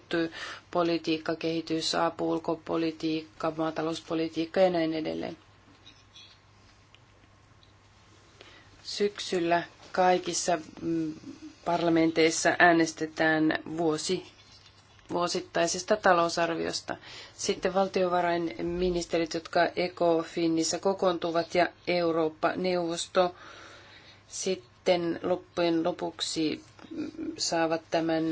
politiikka, kehitys, apu, ulkopolitiikka, maatalouspolitiikka ja näin edelleen. Syksyllä kaikissa mm, parlamenteissa äänestetään vuosi vuosittaisesta talousarviosta. Sitten valtiovarainministerit, jotka ECOFINissa kokoontuvat ja Eurooppa-neuvosto sitten loppujen lopuksi saavat tämän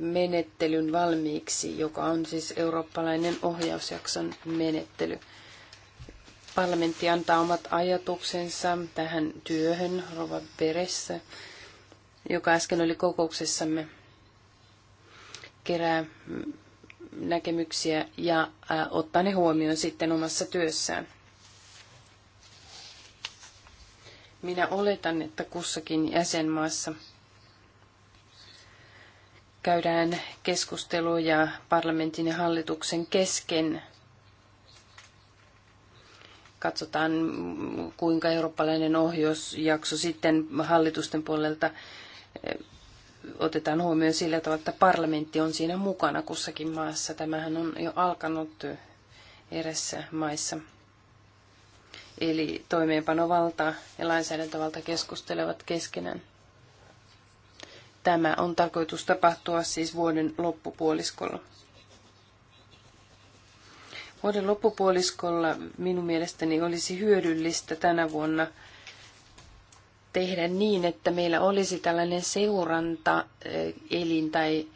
menettelyn valmiiksi, joka on siis eurooppalainen ohjausjakson menettely. Parlamentti antaa omat ajatuksensa tähän työhön Rova Peressä, joka äsken oli kokouksessamme kerää näkemyksiä ja äh, ottaa ne huomioon sitten omassa työssään. Minä oletan, että kussakin jäsenmaassa käydään keskusteluja parlamentin ja hallituksen kesken. Katsotaan, kuinka eurooppalainen ohjausjakso sitten hallitusten puolelta otetaan huomioon sillä tavalla, että parlamentti on siinä mukana kussakin maassa. Tämähän on jo alkanut eräissä maissa. Eli toimeenpanovalta ja lainsäädäntövalta keskustelevat keskenään. Tämä on tarkoitus tapahtua siis vuoden loppupuoliskolla. Vuoden loppupuoliskolla minun mielestäni olisi hyödyllistä tänä vuonna – tehdä niin, että meillä olisi tällainen seurantaelin tai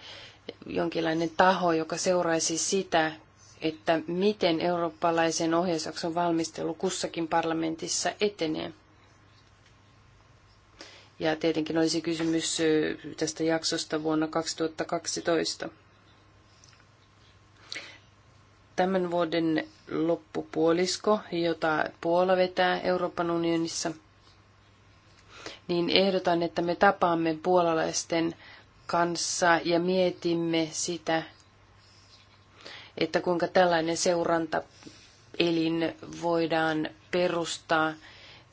jonkinlainen taho, joka seuraisi sitä, että miten eurooppalaisen ohjausjakson valmistelu kussakin parlamentissa etenee. Ja tietenkin olisi kysymys tästä jaksosta vuonna 2012. Tämän vuoden loppupuolisko, jota Puola vetää Euroopan unionissa – niin ehdotan, että me tapaamme puolalaisten kanssa ja mietimme sitä, että kuinka tällainen seurantaelin voidaan perustaa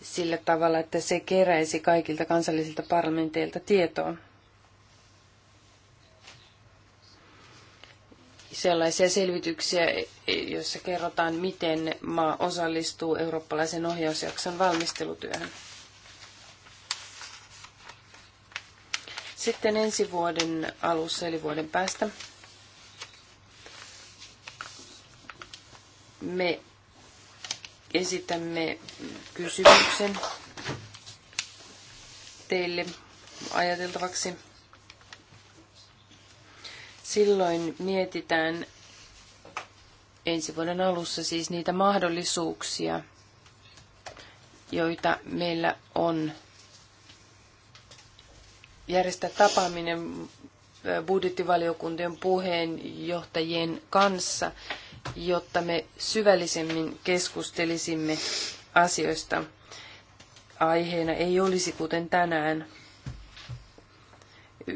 sillä tavalla, että se keräisi kaikilta kansallisilta parlamenteilta tietoa. Sellaisia selvityksiä, joissa kerrotaan, miten maa osallistuu eurooppalaisen ohjausjakson valmistelutyöhön. sitten ensi vuoden alussa, eli vuoden päästä, me esitämme kysymyksen teille ajateltavaksi. Silloin mietitään ensi vuoden alussa siis niitä mahdollisuuksia, joita meillä on järjestää tapaaminen budjettivaliokuntien puheenjohtajien kanssa, jotta me syvällisemmin keskustelisimme asioista. Aiheena ei olisi kuten tänään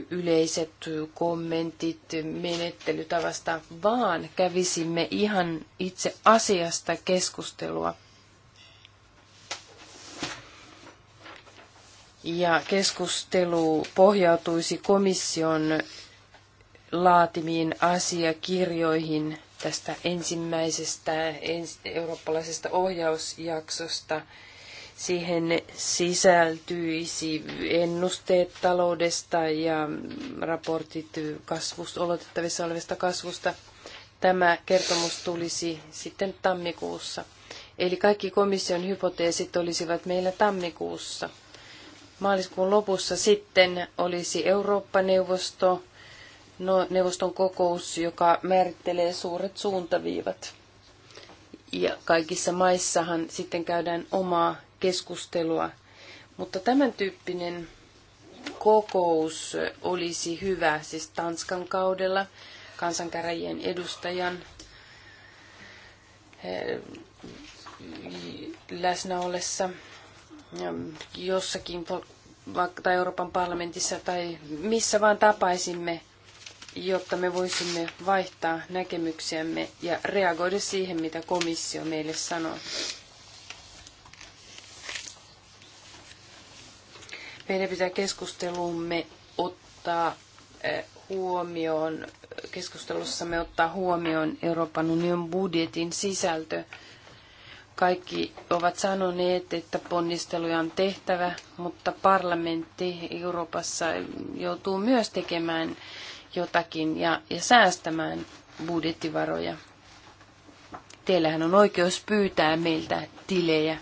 yleiset kommentit menettelytavasta, vaan kävisimme ihan itse asiasta keskustelua. ja keskustelu pohjautuisi komission laatimiin asiakirjoihin tästä ensimmäisestä eurooppalaisesta ohjausjaksosta. Siihen sisältyisi ennusteet taloudesta ja raportit kasvusta, oletettavissa olevasta kasvusta. Tämä kertomus tulisi sitten tammikuussa. Eli kaikki komission hypoteesit olisivat meillä tammikuussa – Maaliskuun lopussa sitten olisi Eurooppa-neuvosto, no, neuvoston kokous, joka määrittelee suuret suuntaviivat. Ja kaikissa maissahan sitten käydään omaa keskustelua. Mutta tämän tyyppinen kokous olisi hyvä, siis Tanskan kaudella kansankäräjien edustajan eh, läsnä ollessa jossakin tai Euroopan parlamentissa tai missä vaan tapaisimme, jotta me voisimme vaihtaa näkemyksiämme ja reagoida siihen, mitä komissio meille sanoo. Meidän pitää keskustelumme ottaa eh, huomioon, keskustelussamme ottaa huomioon Euroopan unionin budjetin sisältö – kaikki ovat sanoneet, että ponnisteluja on tehtävä, mutta parlamentti Euroopassa joutuu myös tekemään jotakin ja, ja säästämään budjettivaroja. Teillähän on oikeus pyytää meiltä tilejä.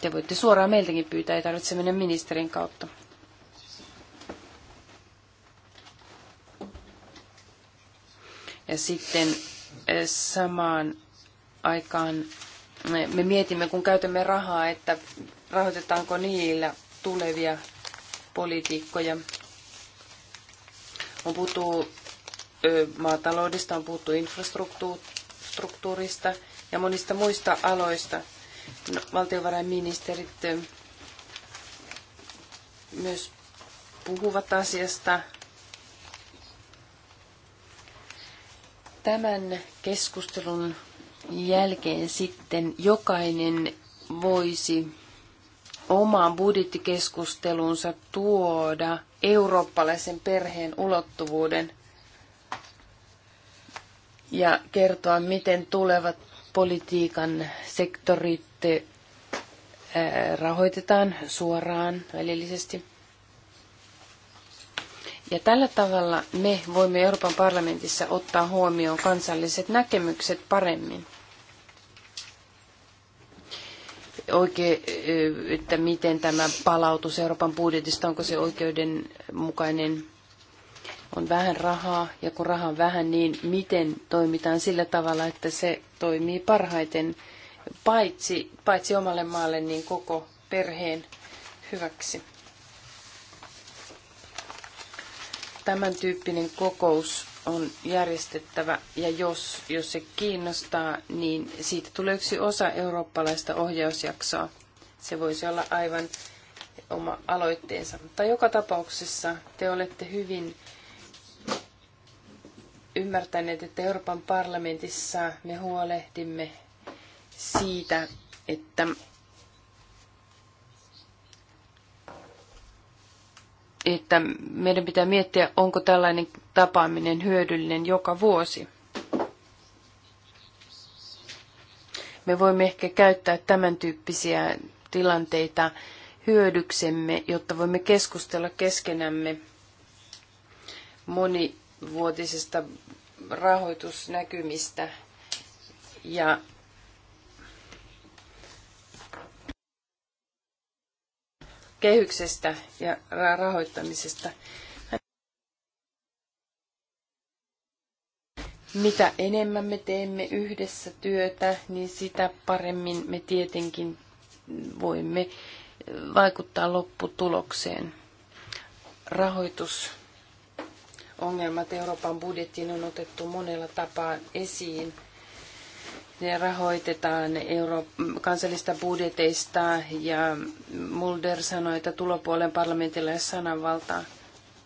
Te voitte suoraan meiltäkin pyytää, ei tarvitse mennä ministerin kautta. Ja sitten eh, samaan aikaan me mietimme, kun käytämme rahaa, että rahoitetaanko niillä tulevia politiikkoja. On puhuttu maataloudesta, on puhuttu infrastruktuurista ja monista muista aloista. No, valtiovarainministerit myös puhuvat asiasta. Tämän keskustelun jälkeen sitten jokainen voisi omaan budjettikeskustelunsa tuoda eurooppalaisen perheen ulottuvuuden ja kertoa, miten tulevat politiikan sektorit eh, rahoitetaan suoraan välillisesti. Ja tällä tavalla me voimme Euroopan parlamentissa ottaa huomioon kansalliset näkemykset paremmin. Oikein, että miten tämä palautus Euroopan budjetista, onko se oikeudenmukainen, on vähän rahaa, ja kun rahaa on vähän, niin miten toimitaan sillä tavalla, että se toimii parhaiten paitsi, paitsi omalle maalle, niin koko perheen hyväksi. tämän tyyppinen kokous on järjestettävä ja jos, jos se kiinnostaa, niin siitä tulee yksi osa eurooppalaista ohjausjaksoa. Se voisi olla aivan oma aloitteensa. Mutta joka tapauksessa te olette hyvin ymmärtäneet, että Euroopan parlamentissa me huolehdimme siitä, että että meidän pitää miettiä, onko tällainen tapaaminen hyödyllinen joka vuosi. Me voimme ehkä käyttää tämän tyyppisiä tilanteita hyödyksemme, jotta voimme keskustella keskenämme monivuotisesta rahoitusnäkymistä ja kehyksestä ja rahoittamisesta. Mitä enemmän me teemme yhdessä työtä, niin sitä paremmin me tietenkin voimme vaikuttaa lopputulokseen. Rahoitusongelmat Euroopan budjettiin on otettu monella tapaa esiin ne rahoitetaan euro- kansallista budjeteista ja Mulder sanoi, että tulopuolen parlamentilla ei sananvaltaa.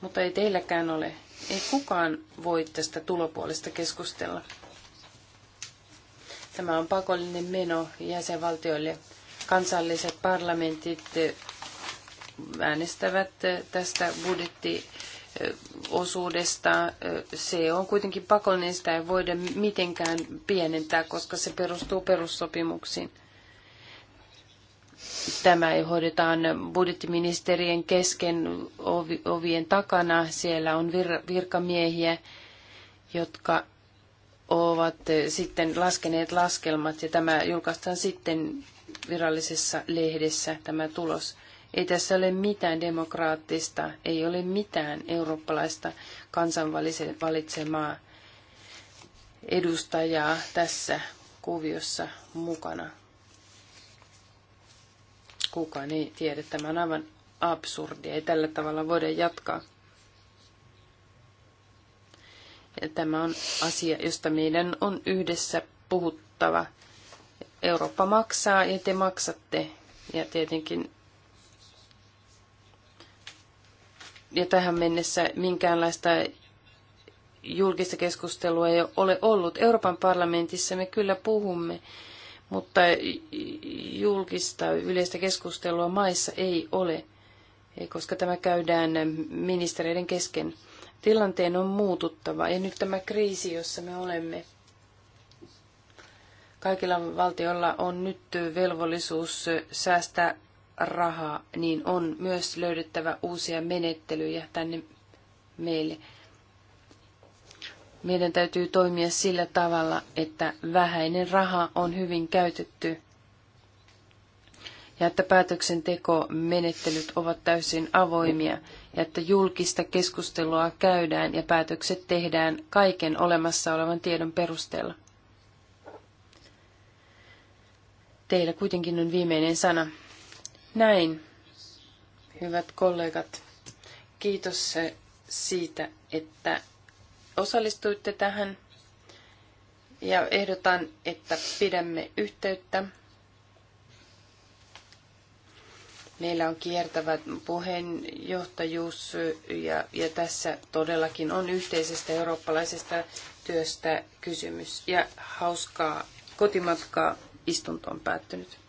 Mutta ei teilläkään ole. Ei kukaan voi tästä tulopuolesta keskustella. Tämä on pakollinen meno jäsenvaltioille. Kansalliset parlamentit äänestävät tästä budjetti osuudesta. Se on kuitenkin pakollinen, sitä ei voida mitenkään pienentää, koska se perustuu perussopimuksiin. Tämä hoidetaan budjettiministerien kesken ovien takana. Siellä on virkamiehiä, jotka ovat sitten laskeneet laskelmat ja tämä julkaistaan sitten virallisessa lehdessä tämä tulos. Ei tässä ole mitään demokraattista, ei ole mitään eurooppalaista kansanvalitsemaa edustajaa tässä kuviossa mukana. Kukaan ei tiedä, tämä on aivan absurdia, ei tällä tavalla voida jatkaa. Ja tämä on asia, josta meidän on yhdessä puhuttava. Eurooppa maksaa ja te maksatte. Ja tietenkin ja tähän mennessä minkäänlaista julkista keskustelua ei ole ollut. Euroopan parlamentissa me kyllä puhumme, mutta julkista yleistä keskustelua maissa ei ole, e, koska tämä käydään ministereiden kesken. Tilanteen on muututtava ja nyt tämä kriisi, jossa me olemme, kaikilla valtioilla on nyt velvollisuus säästää rahaa, niin on myös löydettävä uusia menettelyjä tänne meille. Meidän täytyy toimia sillä tavalla, että vähäinen raha on hyvin käytetty ja että päätöksentekomenettelyt ovat täysin avoimia ja että julkista keskustelua käydään ja päätökset tehdään kaiken olemassa olevan tiedon perusteella. Teillä kuitenkin on viimeinen sana. Näin, hyvät kollegat. Kiitos siitä, että osallistuitte tähän. Ja ehdotan, että pidämme yhteyttä. Meillä on kiertävä puheenjohtajuus ja, ja tässä todellakin on yhteisestä eurooppalaisesta työstä kysymys. Ja hauskaa kotimatkaa. Istunto on päättynyt.